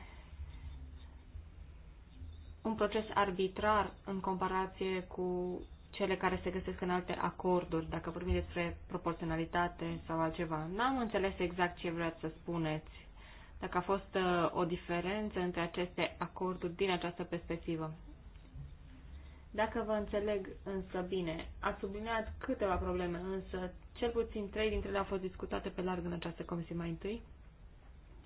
un proces arbitrar în comparație cu cele care se găsesc în alte acorduri, dacă vorbim despre proporționalitate sau altceva. N-am înțeles exact ce vreați să spuneți, dacă a fost uh, o diferență între aceste acorduri din această perspectivă. Dacă vă înțeleg însă bine, a subliniat câteva probleme, însă cel puțin trei dintre ele au fost discutate pe larg în această comisie mai întâi.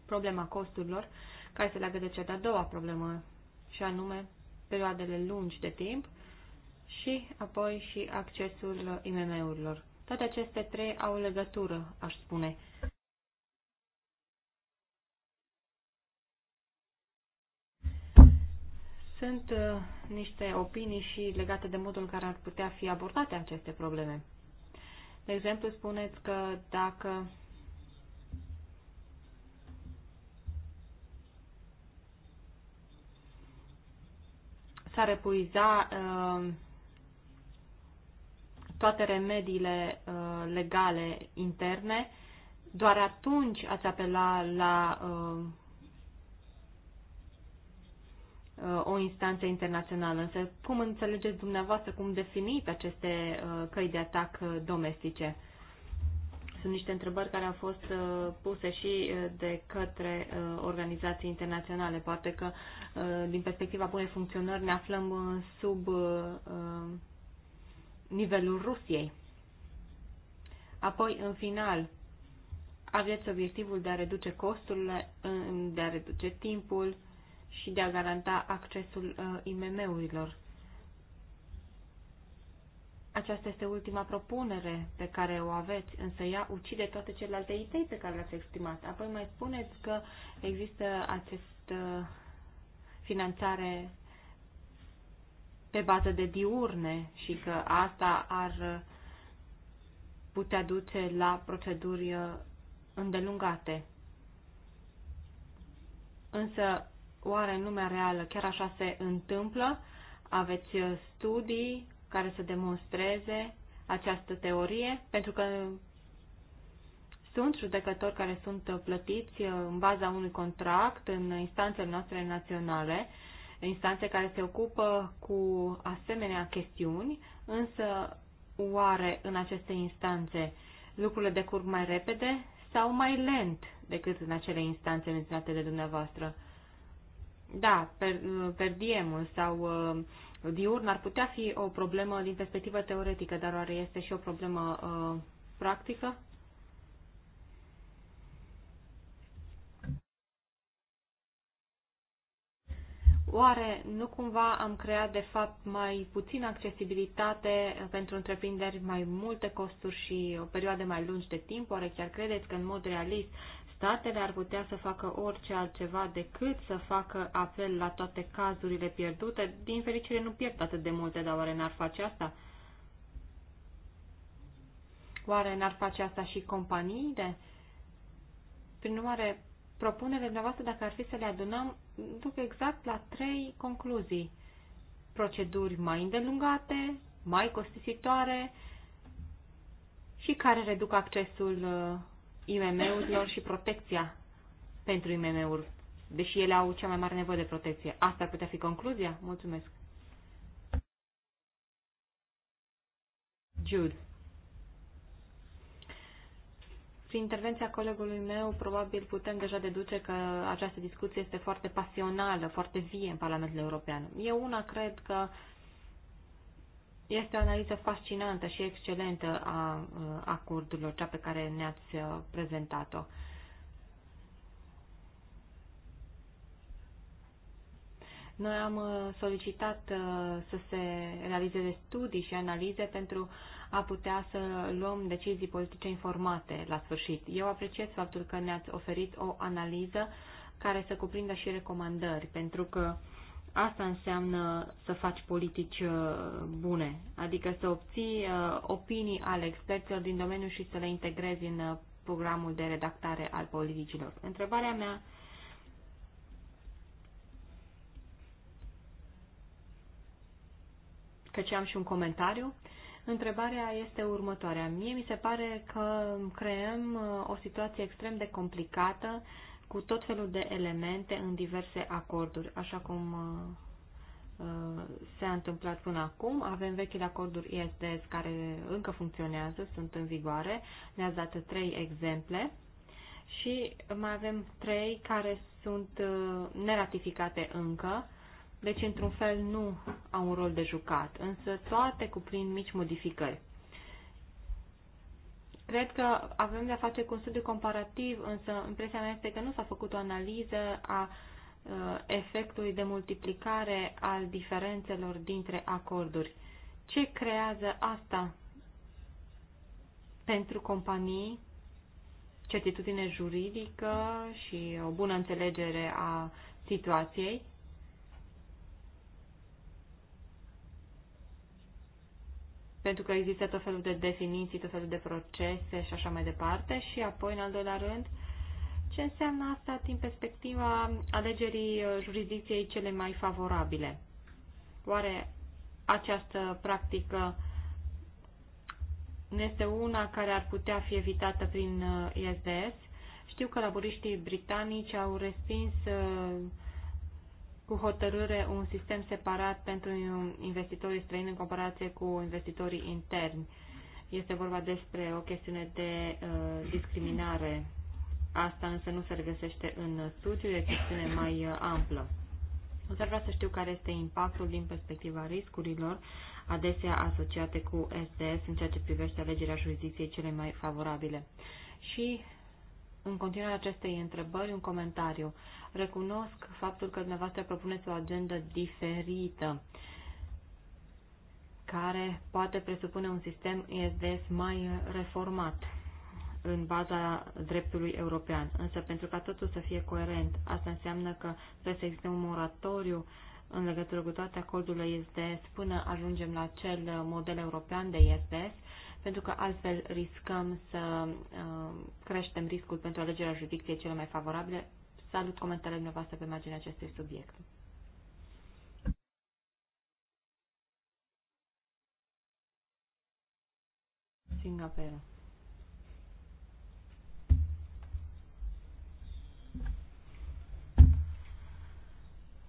Problema costurilor, care se leagă de cea de-a doua problemă, și anume perioadele lungi de timp, și apoi și accesul IMM-urilor. Toate aceste trei au legătură, aș spune. Sunt uh, niște opinii și legate de modul în care ar putea fi abordate aceste probleme. De exemplu, spuneți că dacă s-ar epuiza uh, toate remediile uh, legale interne, doar atunci ați apela la uh, uh, o instanță internațională. Însă cum înțelegeți dumneavoastră, cum definiți aceste uh, căi de atac uh, domestice? Sunt niște întrebări care au fost uh, puse și uh, de către uh, organizații internaționale. Poate că din perspectiva bunei funcționări ne aflăm sub nivelul Rusiei. Apoi, în final, aveți obiectivul de a reduce costurile, de a reduce timpul și de a garanta accesul uh, IMM-urilor. Aceasta este ultima propunere pe care o aveți, însă ea ucide toate celelalte idei pe care le-ați exprimat. Apoi mai spuneți că există acest uh, finanțare pe bază de diurne și că asta ar putea duce la proceduri îndelungate. Însă, oare în lumea reală chiar așa se întâmplă? Aveți studii care să demonstreze această teorie? Pentru că sunt judecători care sunt plătiți în baza unui contract în instanțele noastre naționale instanțe care se ocupă cu asemenea chestiuni, însă oare în aceste instanțe lucrurile decurg mai repede sau mai lent decât în acele instanțe menționate de dumneavoastră? Da, per, per diemul sau uh, diurn ar putea fi o problemă din perspectivă teoretică, dar oare este și o problemă uh, practică? Oare nu cumva am creat, de fapt, mai puțin accesibilitate pentru întreprinderi, mai multe costuri și o perioadă mai lungi de timp? Oare chiar credeți că, în mod realist, statele ar putea să facă orice altceva decât să facă apel la toate cazurile pierdute? Din fericire, nu pierd atât de multe, dar oare n-ar face asta? Oare n-ar face asta și companiile? Prin urmare, propunerile dumneavoastră, dacă ar fi să le adunăm, duc exact la trei concluzii. Proceduri mai îndelungate, mai costisitoare și care reduc accesul uh, IMM-urilor și protecția pentru IMM-uri, deși ele au cea mai mare nevoie de protecție. Asta ar putea fi concluzia? Mulțumesc. Jude. Prin intervenția colegului meu, probabil putem deja deduce că această discuție este foarte pasională, foarte vie în Parlamentul European. Eu una cred că este o analiză fascinantă și excelentă a uh, acordurilor, cea pe care ne-ați uh, prezentat-o. Noi am uh, solicitat să se realizeze studii și analize pentru uh, a putea să luăm decizii politice informate la sfârșit. Eu apreciez faptul că ne-ați oferit o analiză care să cuprindă și recomandări, pentru că asta înseamnă să faci politici uh, bune, adică să obții uh, opinii ale experților din domeniu și să le integrezi în uh, programul de redactare al politicilor. Întrebarea mea căci am și un comentariu, Întrebarea este următoarea. Mie mi se pare că creăm uh, o situație extrem de complicată cu tot felul de elemente în diverse acorduri, așa cum uh, uh, s-a întâmplat până acum. Avem vechile acorduri ISDS care încă funcționează, sunt în vigoare. Ne-ați dat trei exemple și mai avem trei care sunt neratificate încă deci într-un fel nu au un rol de jucat, însă toate cuprind mici modificări. Cred că avem de-a face cu un studiu comparativ, însă impresia mea este că nu s-a făcut o analiză a uh, efectului de multiplicare al diferențelor dintre acorduri. Ce creează asta pentru companii, certitudine juridică și o bună înțelegere a situației? pentru că există tot felul de definiții, tot felul de procese și așa mai departe. Și apoi, în al doilea rând, ce înseamnă asta din perspectiva alegerii uh, jurisdicției cele mai favorabile? Oare această practică nu este una care ar putea fi evitată prin uh, ISDS? Știu că laburiștii britanici au respins uh, cu hotărâre un sistem separat pentru investitorii străini în comparație cu investitorii interni. Este vorba despre o chestiune de uh, discriminare. Asta însă nu se regăsește în studiu, e o chestiune mai uh, amplă. Însă vreau să știu care este impactul din perspectiva riscurilor adesea asociate cu SDS în ceea ce privește alegerea jurisdicției cele mai favorabile. Și în continuarea acestei întrebări un comentariu. Recunosc faptul că dumneavoastră propuneți o agendă diferită care poate presupune un sistem ISDS mai reformat în baza dreptului european. Însă, pentru ca totul să fie coerent, asta înseamnă că trebuie să existe un moratoriu în legătură cu toate acordurile ISDS până ajungem la cel model european de ISDS pentru că altfel riscăm să uh, creștem riscul pentru alegerea jurisdicției cele mai favorabile. Salut comentariile dumneavoastră pe marginea acestui subiect. Singapore.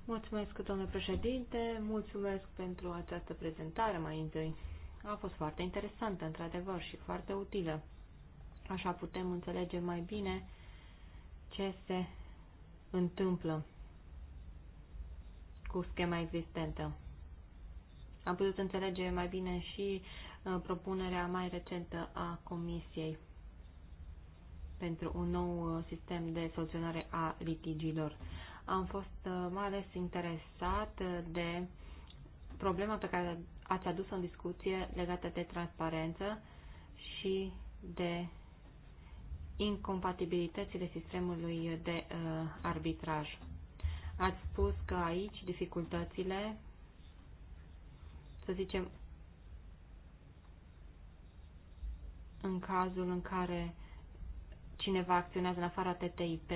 Mulțumesc, domnule președinte, mulțumesc pentru această prezentare mai întâi a fost foarte interesantă, într-adevăr, și foarte utilă. Așa putem înțelege mai bine ce se întâmplă cu schema existentă. Am putut înțelege mai bine și uh, propunerea mai recentă a Comisiei pentru un nou uh, sistem de soluționare a litigilor. Am fost uh, mai ales interesat de problema pe care ați adus o discuție legată de transparență și de incompatibilitățile sistemului de uh, arbitraj. Ați spus că aici dificultățile, să zicem, în cazul în care cineva acționează în afara TTIP,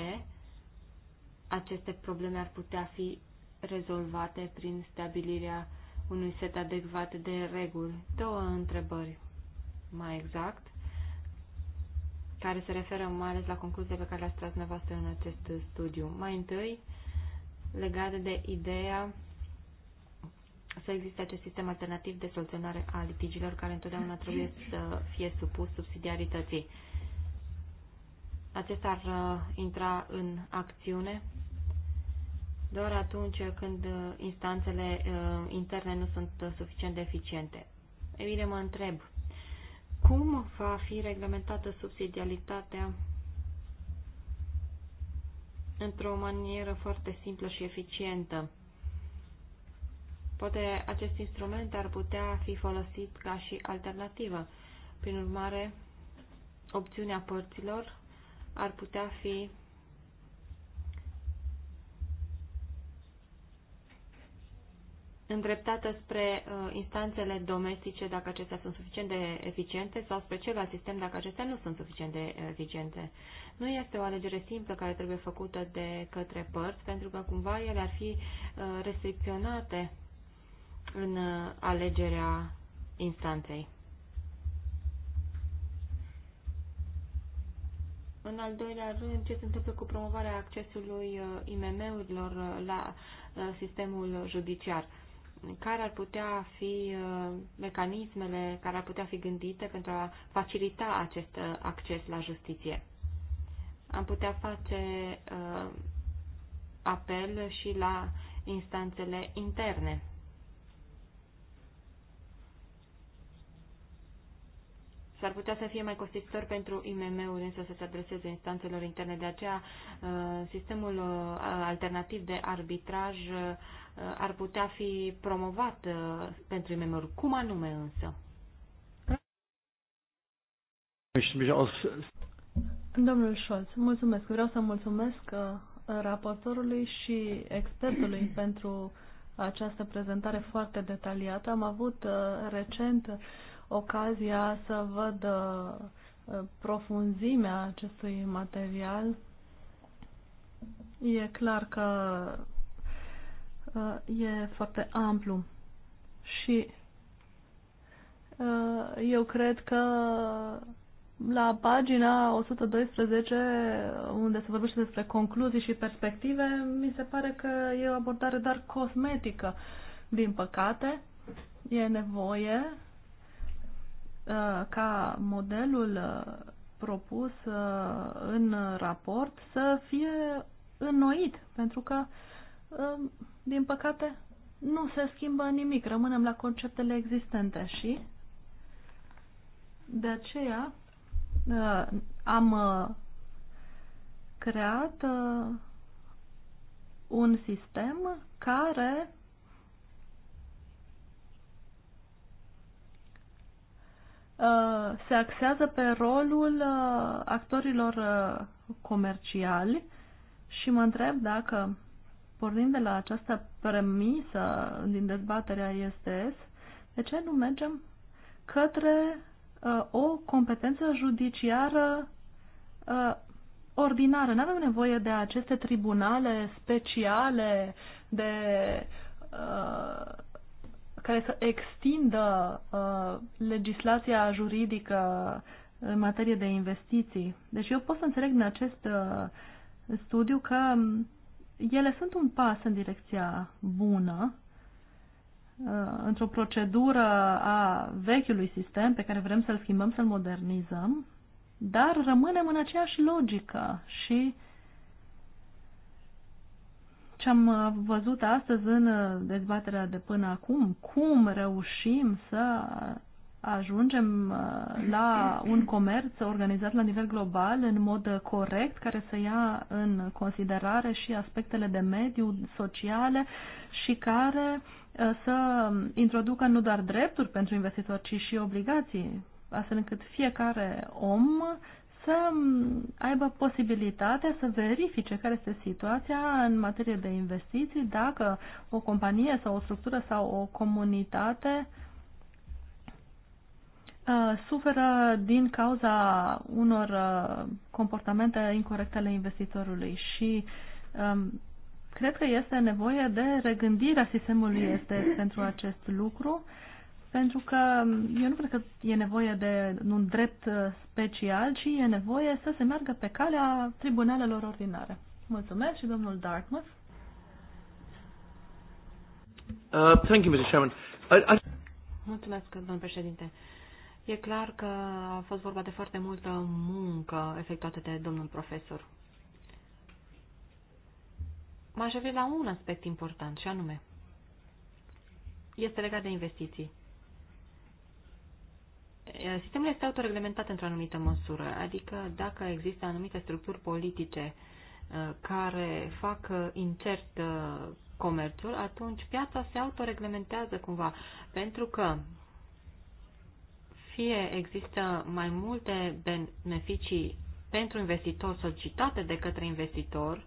aceste probleme ar putea fi rezolvate prin stabilirea unui set adecvat de reguli. Două întrebări, mai exact, care se referă mai ales la concluziile pe care le-ați tras dumneavoastră în acest studiu. Mai întâi, legate de ideea să existe acest sistem alternativ de soluționare a litigilor care întotdeauna trebuie să fie supus subsidiarității. Acesta ar uh, intra în acțiune doar atunci când uh, instanțele uh, interne nu sunt uh, suficient de eficiente. E bine, mă întreb, cum va fi reglementată subsidialitatea într-o manieră foarte simplă și eficientă? Poate acest instrument ar putea fi folosit ca și alternativă. Prin urmare, opțiunea părților ar putea fi îndreptată spre uh, instanțele domestice dacă acestea sunt suficient de eficiente sau spre celălalt sistem dacă acestea nu sunt suficient de eficiente. Nu este o alegere simplă care trebuie făcută de către părți, pentru că cumva ele ar fi uh, restricționate în uh, alegerea instanței. În al doilea rând, ce se întâmplă cu promovarea accesului uh, IMM-urilor uh, la uh, sistemul judiciar? care ar putea fi uh, mecanismele care ar putea fi gândite pentru a facilita acest uh, acces la justiție. Am putea face uh, apel și la instanțele interne. S-ar putea să fie mai costisitor pentru IMM-uri însă să se adreseze instanțelor interne. De aceea, sistemul alternativ de arbitraj Uh, ar putea fi promovat uh, pentru imm Cum anume însă? Domnul Scholz, mulțumesc. Vreau să mulțumesc uh, raportorului și expertului pentru această prezentare foarte detaliată. Am avut recent ocazia să văd profunzimea acestui material. E clar că Uh, e foarte amplu și uh, eu cred că la pagina 112, unde se vorbește despre concluzii și perspective, mi se pare că e o abordare dar cosmetică. Din păcate, e nevoie uh, ca modelul propus în raport să fie înnoit, pentru că din păcate, nu se schimbă nimic. Rămânem la conceptele existente și de aceea uh, am uh, creat uh, un sistem care se axează pe rolul actorilor comerciali și mă întreb dacă pornind de la această premisă din dezbaterea ISTS, de ce nu mergem către uh, o competență judiciară uh, ordinară? Nu avem nevoie de aceste tribunale speciale de uh, care să extindă uh, legislația juridică în materie de investiții. Deci eu pot să înțeleg din acest uh, studiu că ele sunt un pas în direcția bună, uh, într-o procedură a vechiului sistem pe care vrem să-l schimbăm, să-l modernizăm, dar rămânem în aceeași logică și ce am uh, văzut astăzi în uh, dezbaterea de până acum, cum reușim să ajungem uh, la un comerț organizat la nivel global în mod corect, care să ia în considerare și aspectele de mediu, sociale și care uh, să introducă nu doar drepturi pentru investitori, ci și obligații, astfel încât fiecare om să aibă posibilitatea să verifice care este situația în materie de investiții, dacă o companie sau o structură sau o comunitate Uh, suferă din cauza unor uh, comportamente incorrecte ale investitorului și um, cred că este nevoie de regândirea sistemului este pentru acest lucru, pentru că um, eu nu cred că e nevoie de un drept uh, special, ci e nevoie să se meargă pe calea tribunalelor ordinare. Mulțumesc și domnul Dartmouth. Uh, thank you, Mr. Chairman. I, I... Mulțumesc, domnul președinte. Uh, E clar că a fost vorba de foarte multă muncă efectuată de domnul profesor. M-aș la un aspect important, și anume, este legat de investiții. Sistemul este autoreglementat într-o anumită măsură, adică dacă există anumite structuri politice care fac incert comerțul, atunci piața se autoreglementează cumva, pentru că fie există mai multe beneficii pentru investitor solicitate de către investitor,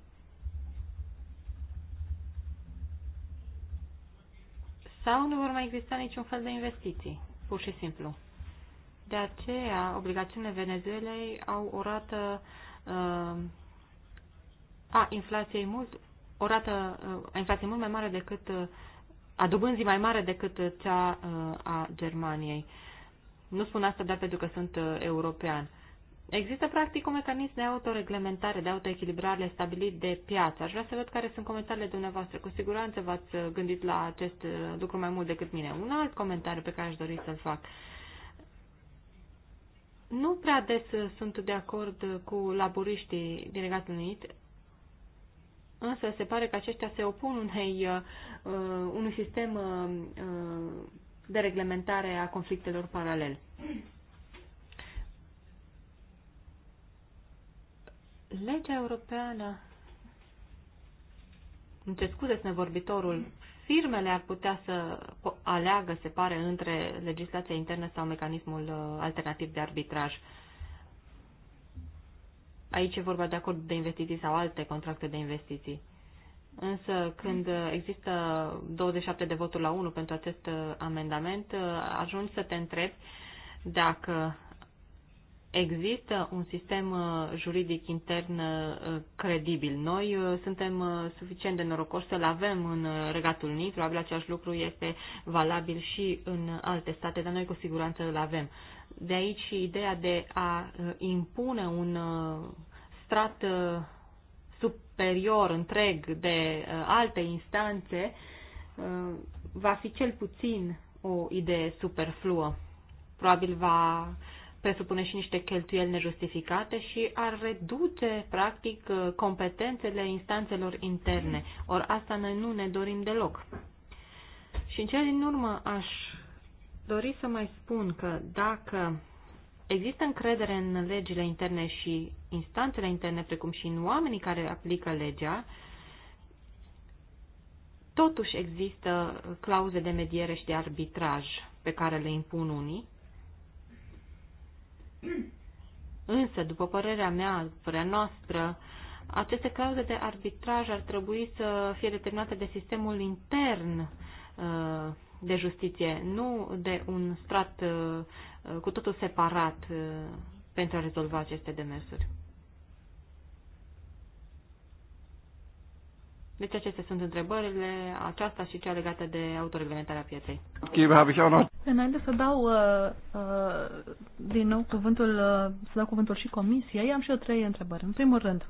sau nu vor mai exista niciun fel de investiții, pur și simplu. De aceea, obligațiunile Venezuelei au o rată uh, a inflației mult, o rată uh, a inflației mult mai mare decât uh, a dobânzii mai mare decât uh, cea uh, a Germaniei. Nu spun asta doar pentru că sunt uh, european. Există practic un mecanism de autoreglementare, de autoechilibrare stabilit de piață. Aș vrea să văd care sunt comentariile dumneavoastră. Cu siguranță v-ați uh, gândit la acest uh, lucru mai mult decât mine. Un alt comentariu pe care aș dori să-l fac. Nu prea des sunt de acord cu laburiștii din Regatul Unit, însă se pare că aceștia se opun unei, uh, unui sistem uh, de reglementare a conflictelor paralel. Legea europeană, îmi ce scuze, nevorbitorul, firmele ar putea să aleagă, se pare, între legislația internă sau mecanismul uh, alternativ de arbitraj. Aici e vorba de acord de investiții sau alte contracte de investiții. Însă când există 27 de voturi la 1 pentru acest uh, amendament, uh, ajungi să te întrebi dacă există un sistem uh, juridic intern credibil. Noi suntem suficient de norocoși să-l avem în Regatul Unit, probabil același lucru este valabil și în alte state, dar noi cu siguranță îl avem. De aici și ideea de a impune un strat superior întreg de uh, alte instanțe uh, va fi cel puțin o idee superfluă. Probabil va presupune și niște cheltuieli nejustificate și ar reduce, practic, uh, competențele instanțelor interne. Ori asta noi nu ne dorim deloc. Și în cele din urmă aș dori să mai spun că dacă Există încredere în legile interne și instanțele interne, precum și în oamenii care aplică legea, totuși există clauze de mediere și de arbitraj pe care le impun unii. Însă, după părerea mea, părerea noastră, aceste clauze de arbitraj ar trebui să fie determinate de sistemul intern uh, de justiție, nu de un strat uh, Uh, cu totul separat uh, pentru a rezolva aceste demersuri. Deci acestea sunt întrebările, aceasta și cea legată de autoreglementarea pieței. Înainte să dau uh, uh, din nou cuvântul, uh, să dau cuvântul și comisiei, am și eu trei întrebări. În primul rând,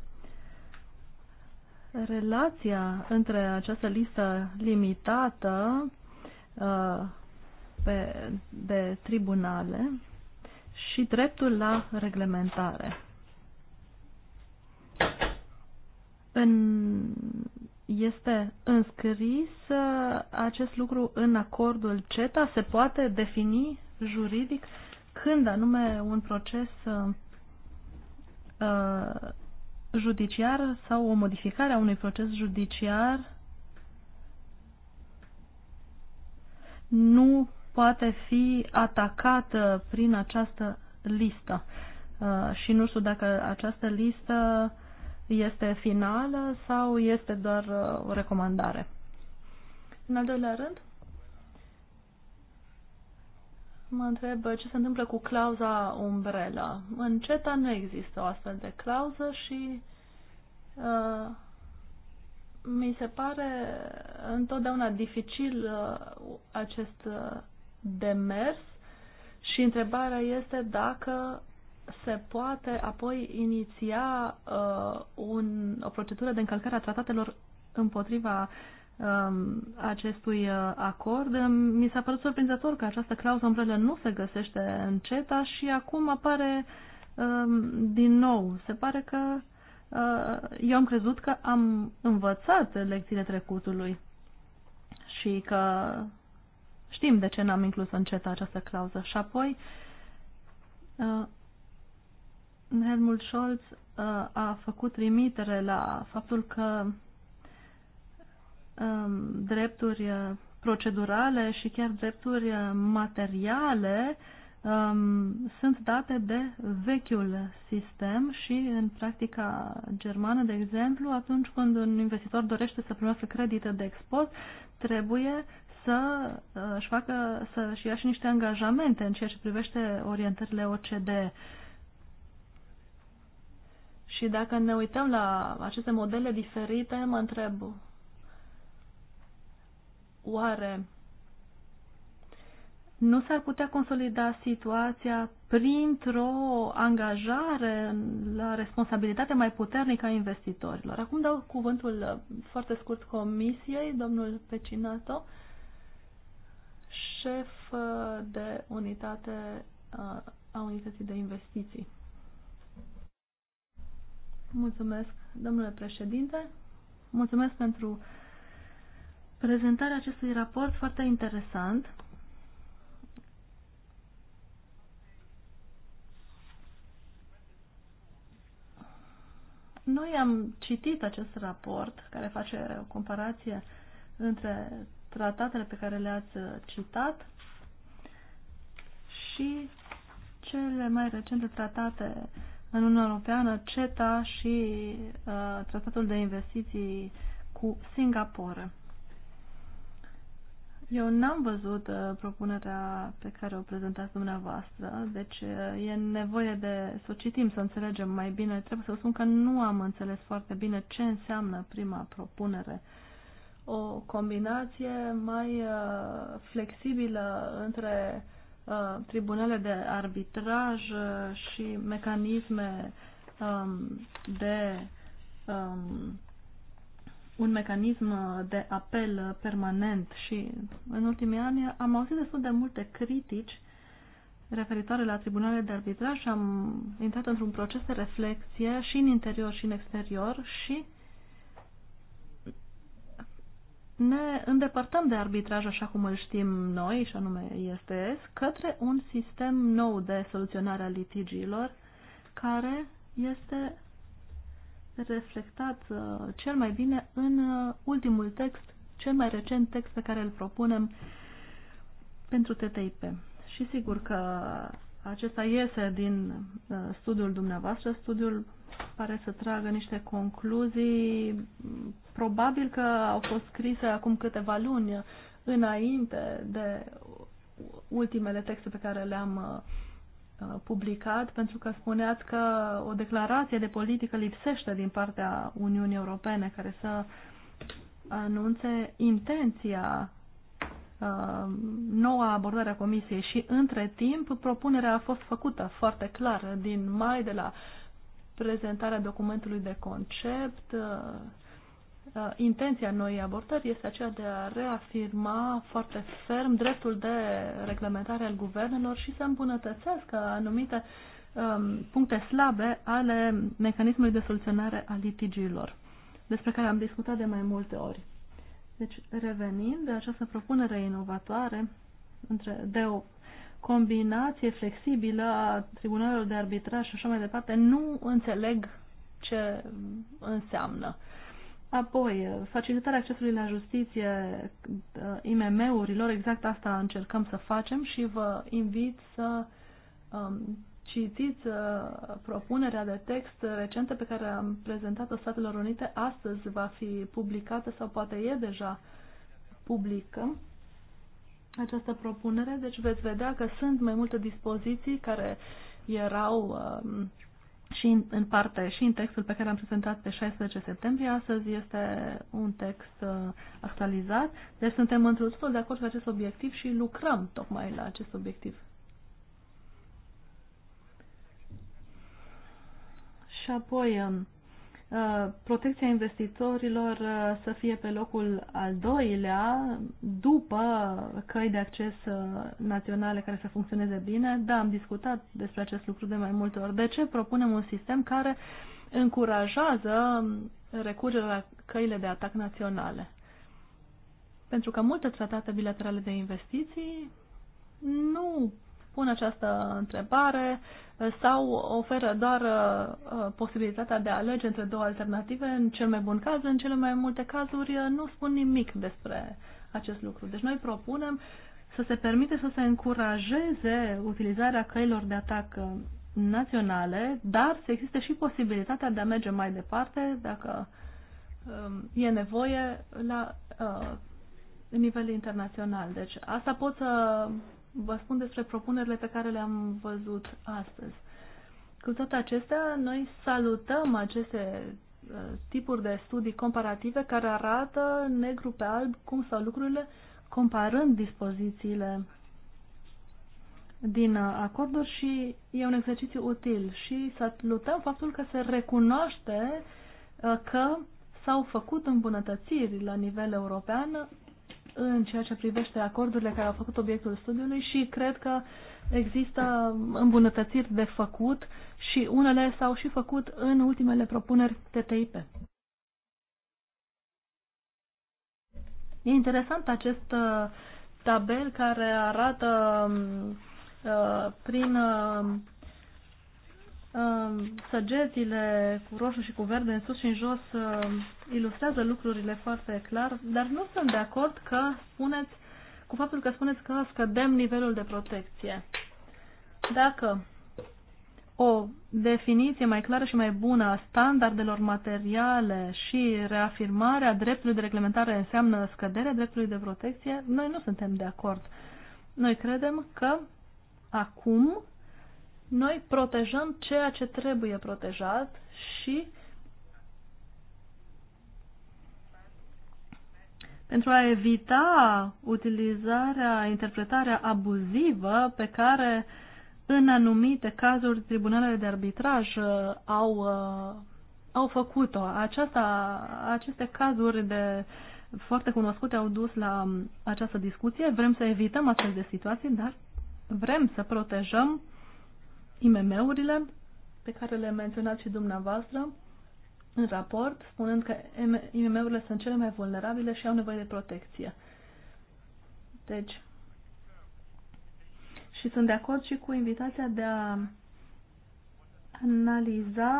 relația între această listă limitată uh, pe, de tribunale și dreptul la reglementare. În, este înscris uh, acest lucru în acordul CETA? Se poate defini juridic când anume un proces uh, uh judiciar sau o modificare a unui proces judiciar nu poate fi atacată prin această listă. Uh, și nu știu dacă această listă este finală sau este doar uh, o recomandare. În al doilea rând, mă întreb ce se întâmplă cu clauza umbrela. În CETA nu există o astfel de clauză și uh, mi se pare întotdeauna dificil uh, acest uh, de mers și întrebarea este dacă se poate apoi iniția uh, un, o procedură de încălcare a tratatelor împotriva uh, acestui uh, acord. Mi s-a părut surprinzător că această clauză umbrelă nu se găsește în CETA și acum apare uh, din nou. Se pare că uh, eu am crezut că am învățat lecțiile trecutului și că știm de ce n-am inclus în CETA această clauză. Și apoi, uh, Helmut Scholz uh, a făcut trimitere la faptul că um, drepturi uh, procedurale și chiar drepturi uh, materiale um, sunt date de vechiul sistem și în practica germană, de exemplu, atunci când un investitor dorește să primească credite de export, trebuie să uh, își facă, să-și ia și niște angajamente în ceea ce privește orientările OCD Și dacă ne uităm la aceste modele diferite, mă întreb, oare nu s-ar putea consolida situația printr-o angajare la responsabilitate mai puternică a investitorilor. Acum dau cuvântul uh, foarte scurt comisiei, domnul Pecinato șef uh, de unitate uh, a unității de investiții. Mulțumesc, domnule președinte. Mulțumesc pentru prezentarea acestui raport foarte interesant. Noi am citit acest raport care face o comparație între tratatele pe care le-ați uh, citat și cele mai recente tratate în Uniunea Europeană, CETA și uh, tratatul de investiții cu Singapore. Eu n-am văzut uh, propunerea pe care o prezentați dumneavoastră, deci uh, e nevoie de să o citim, să înțelegem mai bine. Trebuie să spun că nu am înțeles foarte bine ce înseamnă prima propunere o combinație mai uh, flexibilă între uh, tribunale de arbitraj uh, și mecanisme um, de um, un mecanism de apel permanent și în ultimii ani am auzit destul de multe critici referitoare la tribunale de arbitraj și am intrat într-un proces de reflexie și în interior și în exterior și uh, ne îndepărtăm de arbitraj așa cum îl știm noi, și anume este către un sistem nou de soluționare a litigiilor care este reflectat uh, cel mai bine în uh, ultimul text, cel mai recent text pe care îl propunem pentru TTIP. Și sigur că acesta iese din uh, studiul dumneavoastră, studiul pare să tragă niște concluzii Probabil că au fost scrise acum câteva luni înainte de ultimele texte pe care le-am uh, publicat, pentru că spuneați că o declarație de politică lipsește din partea Uniunii Europene care să anunțe intenția uh, noua abordare a Comisiei și între timp propunerea a fost făcută foarte clară din mai de la prezentarea documentului de concept uh, Uh, intenția noii abordări este aceea de a reafirma foarte ferm dreptul de reglementare al guvernelor și să îmbunătățească anumite um, puncte slabe ale mecanismului de soluționare a litigiilor, despre care am discutat de mai multe ori. Deci, revenind de această propunere inovatoare între, de o combinație flexibilă a tribunalelor de arbitraj și așa mai departe, nu înțeleg ce înseamnă. Uh, Apoi, facilitarea accesului la justiție uh, IMM-urilor, exact asta încercăm să facem și vă invit să um, citiți uh, propunerea de text recentă pe care am prezentat-o Statelor Unite. Astăzi va fi publicată sau poate e deja publică această propunere, deci veți vedea că sunt mai multe dispoziții care erau um, și în, în parte și în textul pe care l-am prezentat pe 16 septembrie. Astăzi este un text uh, actualizat, deci suntem într un totul de acord cu acest obiectiv și lucrăm tocmai la acest obiectiv. Și apoi, um, Uh, protecția investitorilor uh, să fie pe locul al doilea, după căi de acces uh, naționale care să funcționeze bine. Da, am discutat despre acest lucru de mai multe ori. De ce propunem un sistem care încurajează recurgerea la căile de atac naționale? Pentru că multe tratate bilaterale de investiții nu pun această întrebare uh, sau oferă doar uh, uh, posibilitatea de a alege între două alternative. În cel mai bun caz, în cele mai multe cazuri, nu spun nimic despre acest lucru. Deci noi propunem să se permite să se încurajeze utilizarea căilor de atac naționale, dar să existe și posibilitatea de a merge mai departe dacă um, e nevoie la nivel internațional. Deci asta pot să vă spun despre propunerile pe care le-am văzut astăzi. Cu toate acestea, noi salutăm aceste uh, tipuri de studii comparative care arată negru pe alb cum stau lucrurile comparând dispozițiile din uh, acorduri și e un exercițiu util și salutăm faptul că se recunoaște uh, că s-au făcut îmbunătățiri la nivel european în ceea ce privește acordurile care au făcut obiectul studiului și cred că există îmbunătățiri de făcut și unele s-au și făcut în ultimele propuneri TTIP. E interesant acest uh, tabel care arată um, uh, prin um, săgețile cu roșu și cu verde în sus și în jos ilustrează lucrurile foarte clar, dar nu sunt de acord că spuneți, cu faptul că spuneți că scădem nivelul de protecție. Dacă o definiție mai clară și mai bună a standardelor materiale și reafirmarea dreptului de reglementare înseamnă scăderea dreptului de protecție, noi nu suntem de acord. Noi credem că acum noi protejăm ceea ce trebuie protejat și pentru a evita utilizarea, interpretarea abuzivă pe care în anumite cazuri tribunalele de arbitraj uh, au, uh, au făcut-o. aceste cazuri de foarte cunoscute au dus la um, această discuție. Vrem să evităm astfel de situații, dar vrem să protejăm IMM-urile, pe care le menționați și dumneavoastră în raport, spunând că IMM-urile sunt cele mai vulnerabile și au nevoie de protecție. Deci, și sunt de acord și cu invitația de a analiza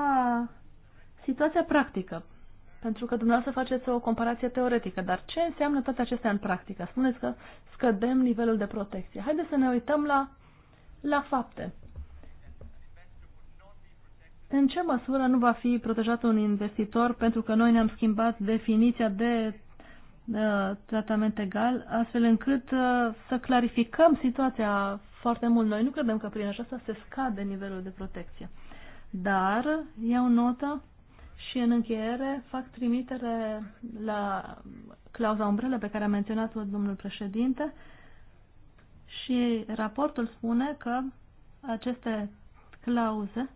situația practică. Pentru că dumneavoastră faceți o comparație teoretică, dar ce înseamnă toate acestea în practică? Spuneți că scădem nivelul de protecție. Haideți să ne uităm la, la fapte în ce măsură nu va fi protejat un investitor pentru că noi ne-am schimbat definiția de uh, tratament egal, astfel încât uh, să clarificăm situația foarte mult. Noi nu credem că prin aceasta se scade nivelul de protecție. Dar iau notă și în încheiere fac trimitere la clauza umbrelă pe care a menționat-o domnul președinte și raportul spune că aceste clauze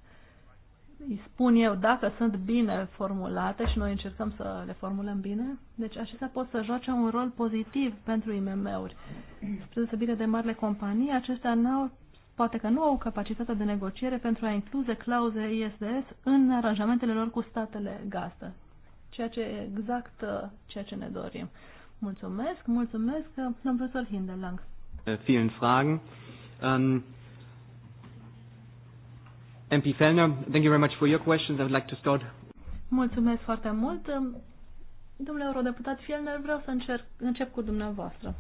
îi spun eu dacă sunt bine formulate și noi încercăm să le formulăm bine, deci acestea pot să joace un rol pozitiv pentru IMM-uri. Spre deosebire de marile companii, acestea n-au, poate că nu au capacitatea de negociere pentru a incluze clauze ISDS în aranjamentele lor cu statele gazdă, ceea ce e exact uh, ceea ce ne dorim. Mulțumesc, mulțumesc, uh, domnul profesor Hindelang. Äh, vielen Fragen. Ähm, MP Fellner, thank you very much for your questions. I would like to start. Mulțumesc foarte mult. Domnule eurodeputat Fellner, vreau să încerc, încep cu dumneavoastră.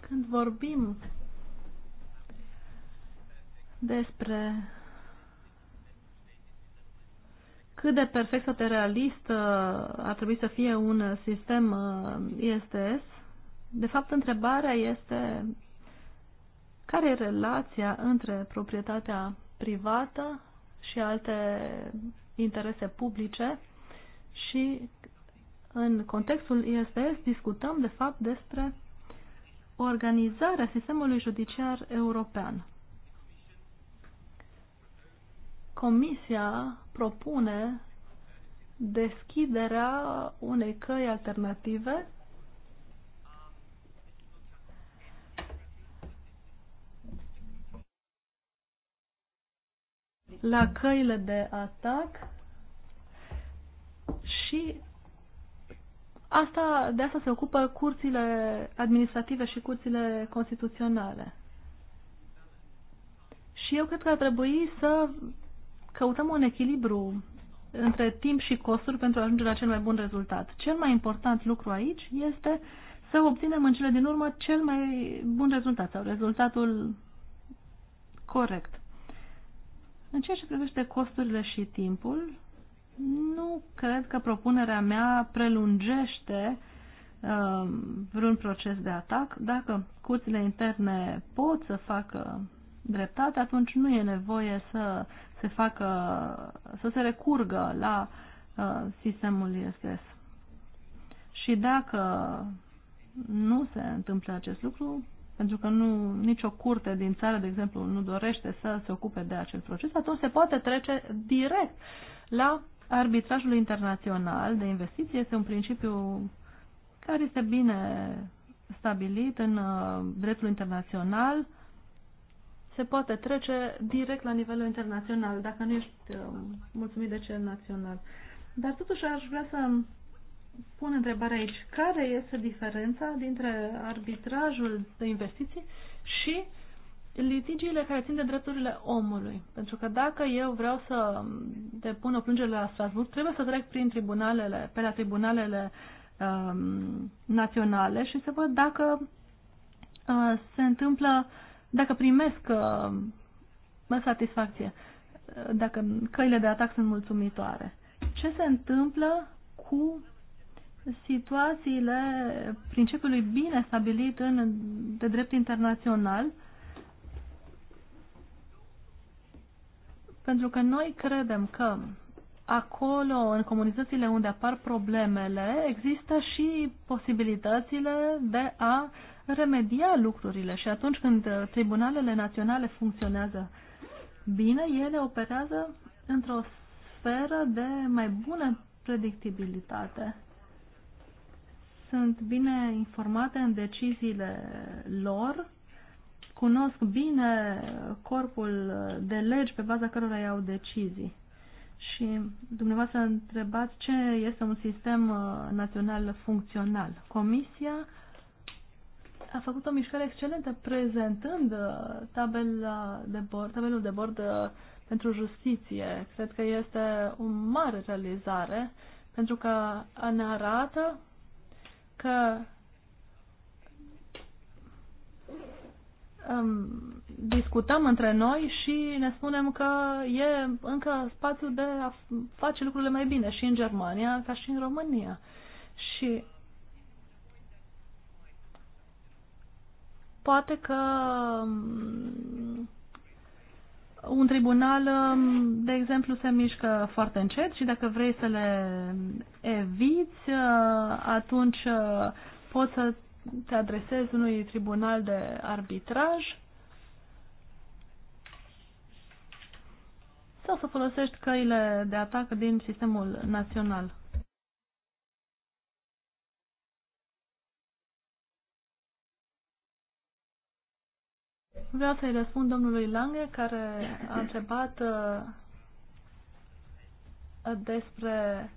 Când vorbim despre cât de perfect sau de realist uh, ar trebui să fie un sistem uh, ISTS, de fapt întrebarea este care e relația între proprietatea privată și alte interese publice și în contextul ISDS discutăm de fapt despre organizarea sistemului judiciar european. Comisia propune deschiderea unei căi alternative la căile de atac și asta, de asta se ocupă curțile administrative și curțile constituționale. Și eu cred că ar trebui să căutăm un echilibru între timp și costuri pentru a ajunge la cel mai bun rezultat. Cel mai important lucru aici este să obținem în cele din urmă cel mai bun rezultat sau rezultatul corect. În ceea ce privește costurile și timpul, nu cred că propunerea mea prelungește um, vreun proces de atac. Dacă curțile interne pot să facă dreptate, atunci nu e nevoie să se facă, să se recurgă la uh, sistemul ISS. Și dacă nu se întâmplă acest lucru, pentru că nu, nicio curte din țară, de exemplu, nu dorește să se ocupe de acel proces, atunci se poate trece direct la arbitrajul internațional de investiții. Este un principiu care este bine stabilit în uh, dreptul internațional. Se poate trece direct la nivelul internațional, dacă nu ești uh, mulțumit de cel național. Dar totuși aș vrea să pun întrebarea aici. Care este diferența dintre arbitrajul de investiții și litigiile care țin de drepturile omului? Pentru că dacă eu vreau să depun o plângere la Strasburg, trebuie să trec prin tribunalele, pe la tribunalele um, naționale și să văd dacă uh, se întâmplă, dacă primesc uh, satisfacție, uh, dacă căile de atac sunt mulțumitoare. Ce se întâmplă cu situațiile principiului bine stabilit în, de drept internațional, pentru că noi credem că acolo, în comunitățile unde apar problemele, există și posibilitățile de a remedia lucrurile și atunci când tribunalele naționale funcționează bine, ele operează într-o sferă de mai bună predictibilitate sunt bine informate în deciziile lor, cunosc bine corpul de legi pe baza cărora iau decizii. Și dumneavoastră întrebați ce este un sistem uh, național funcțional. Comisia a făcut o mișcare excelentă prezentând uh, tabela de bord, tabelul de bord uh, pentru justiție. Cred că este o mare realizare pentru că ne arată că um, discutăm între noi și ne spunem că e încă spațiul de a face lucrurile mai bine și în Germania ca și în România. Și poate că um, un tribunal, um, de exemplu, se mișcă foarte încet și dacă vrei să le eviți, uh, atunci uh, poți să te adresezi unui tribunal de arbitraj sau să folosești căile de atac din sistemul național. Vreau să-i răspund domnului Lange, care a întrebat uh, despre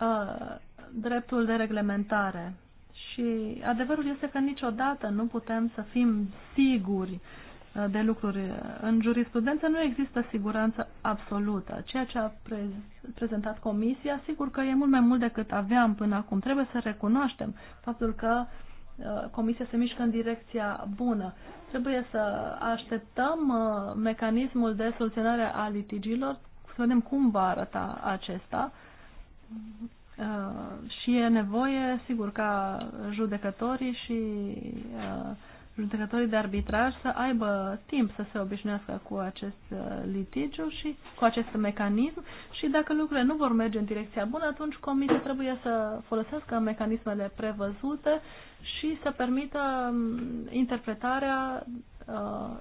uh, dreptul de reglementare. Și adevărul este că niciodată nu putem să fim siguri uh, de lucruri. În jurisprudență nu există siguranță absolută. Ceea ce a prezentat comisia, sigur că e mult mai mult decât aveam până acum. Trebuie să recunoaștem faptul că uh, Uh, Comisia se mișcă în direcția bună. Trebuie să așteptăm uh, mecanismul de soluționare a litigilor, să vedem cum va arăta acesta. Uh, și e nevoie, sigur, ca judecătorii și judecătorii de arbitraj să aibă timp să se obișnuiască cu acest uh, litigiu și cu acest mecanism și dacă lucrurile nu vor merge în direcția bună, atunci comisia trebuie să folosească mecanismele prevăzute și să permită um, interpretarea uh,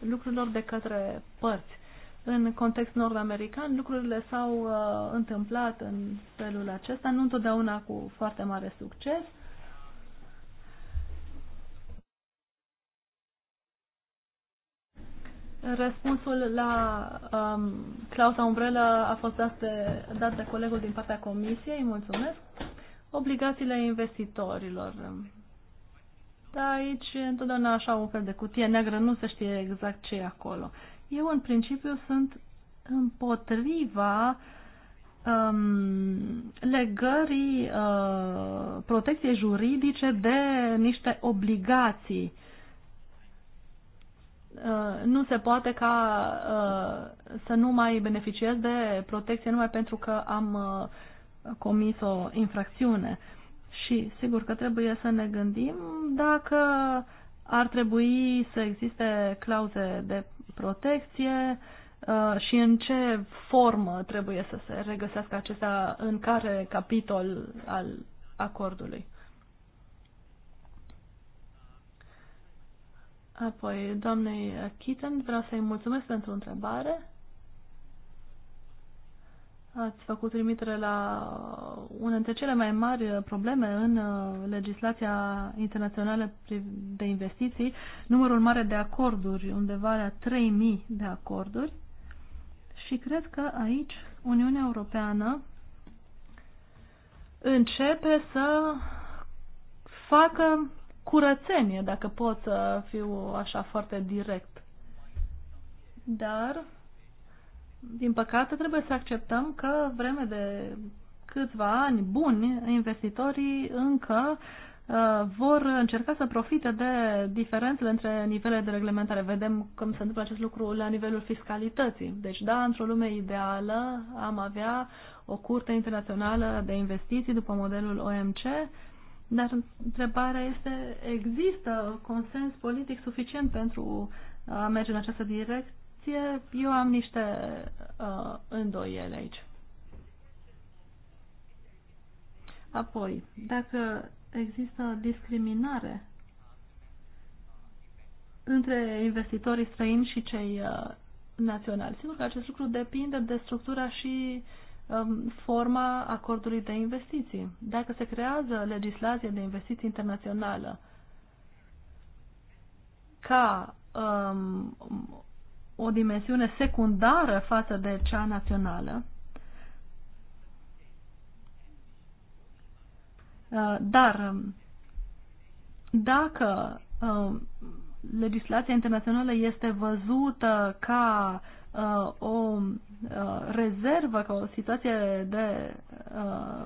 lucrurilor de către părți. În context nord-american, lucrurile s-au uh, întâmplat în felul acesta, nu întotdeauna cu foarte mare succes, Răspunsul la um, clauza umbrelă a fost dat de, dat de colegul din partea comisiei, mulțumesc. Obligațiile investitorilor. Da, aici întotdeauna așa un fel de cutie neagră, nu se știe exact ce e acolo. Eu, în principiu, sunt împotriva um, legării uh, protecției juridice de niște obligații. Uh, Uh, nu se poate ca uh, să nu mai beneficiez de protecție numai pentru că am uh, comis o infracțiune. Și sigur că trebuie să ne gândim dacă ar trebui să existe clauze de protecție și în ce formă trebuie să se regăsească acestea în care capitol al acordului. Apoi, doamnei Kitten, vreau să-i mulțumesc pentru întrebare. Ați făcut trimitere la una dintre cele mai mari probleme în uh, legislația internațională de investiții, numărul mare de acorduri, undeva la 3000 de acorduri. Și cred că aici Uniunea Europeană începe să facă curățenie, dacă pot să fiu așa foarte direct. Dar, din păcate, trebuie să acceptăm că vreme de câțiva ani buni, investitorii încă uh, vor încerca să profite de diferențele între nivele de reglementare. Vedem cum se întâmplă acest lucru la nivelul fiscalității. Deci, da, într-o lume ideală am avea o curte internațională de investiții după modelul OMC, dar întrebarea este, există consens politic suficient pentru uh, a merge în această direcție? Eu am niște uh, îndoiele aici. Apoi, dacă există discriminare între investitorii străini și cei uh, naționali. Sigur că acest lucru depinde de structura și Um, forma acordului de investiții. Dacă se creează legislația de investiții internațională ca um, o dimensiune secundară față de cea națională, uh, dar um, dacă um, legislația internațională este văzută ca uh, o Uh, rezervă, ca o situație de uh,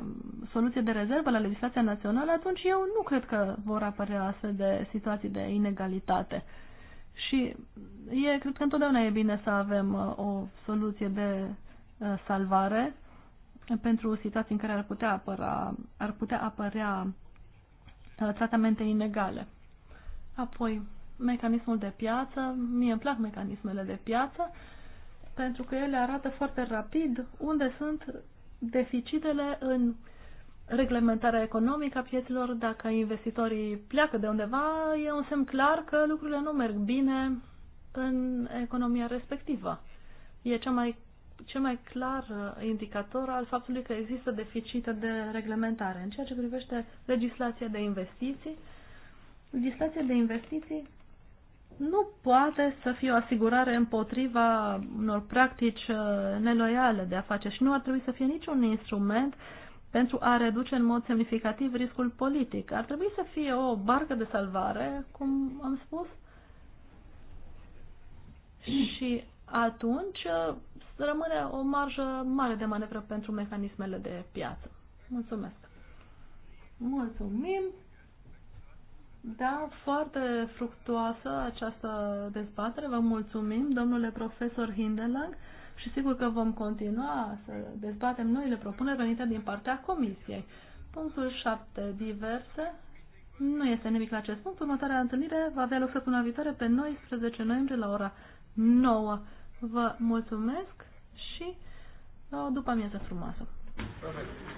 soluție de rezervă la legislația națională, atunci eu nu cred că vor apărea astfel de situații de inegalitate. Și e, cred că întotdeauna e bine să avem uh, o soluție de uh, salvare pentru situații în care ar putea, apăra, ar putea apărea uh, tratamente inegale. Apoi, mecanismul de piață, mie îmi plac mecanismele de piață, pentru că ele arată foarte rapid unde sunt deficitele în reglementarea economică a pieților. Dacă investitorii pleacă de undeva, e un semn clar că lucrurile nu merg bine în economia respectivă. E cea mai, cel mai clar uh, indicator al faptului că există deficite de reglementare. În ceea ce privește legislația de investiții, legislația de investiții nu poate să fie o asigurare împotriva unor practici uh, neloiale de afaceri și nu ar trebui să fie niciun instrument pentru a reduce în mod semnificativ riscul politic. Ar trebui să fie o barcă de salvare, cum am spus, și atunci uh, rămâne o marjă mare de manevră pentru mecanismele de piață. Mulțumesc! Mulțumim! Da, foarte fructuoasă această dezbatere. Vă mulțumim, domnule profesor Hindelang, și sigur că vom continua să dezbatem noile propuneri venite din partea Comisiei. Punctul 7. Diverse. Nu este nimic la acest punct. Următoarea întâlnire va avea loc săptămâna viitoare pe 19 noiembrie la ora 9. Vă mulțumesc și după amiază frumoasă. Perfect.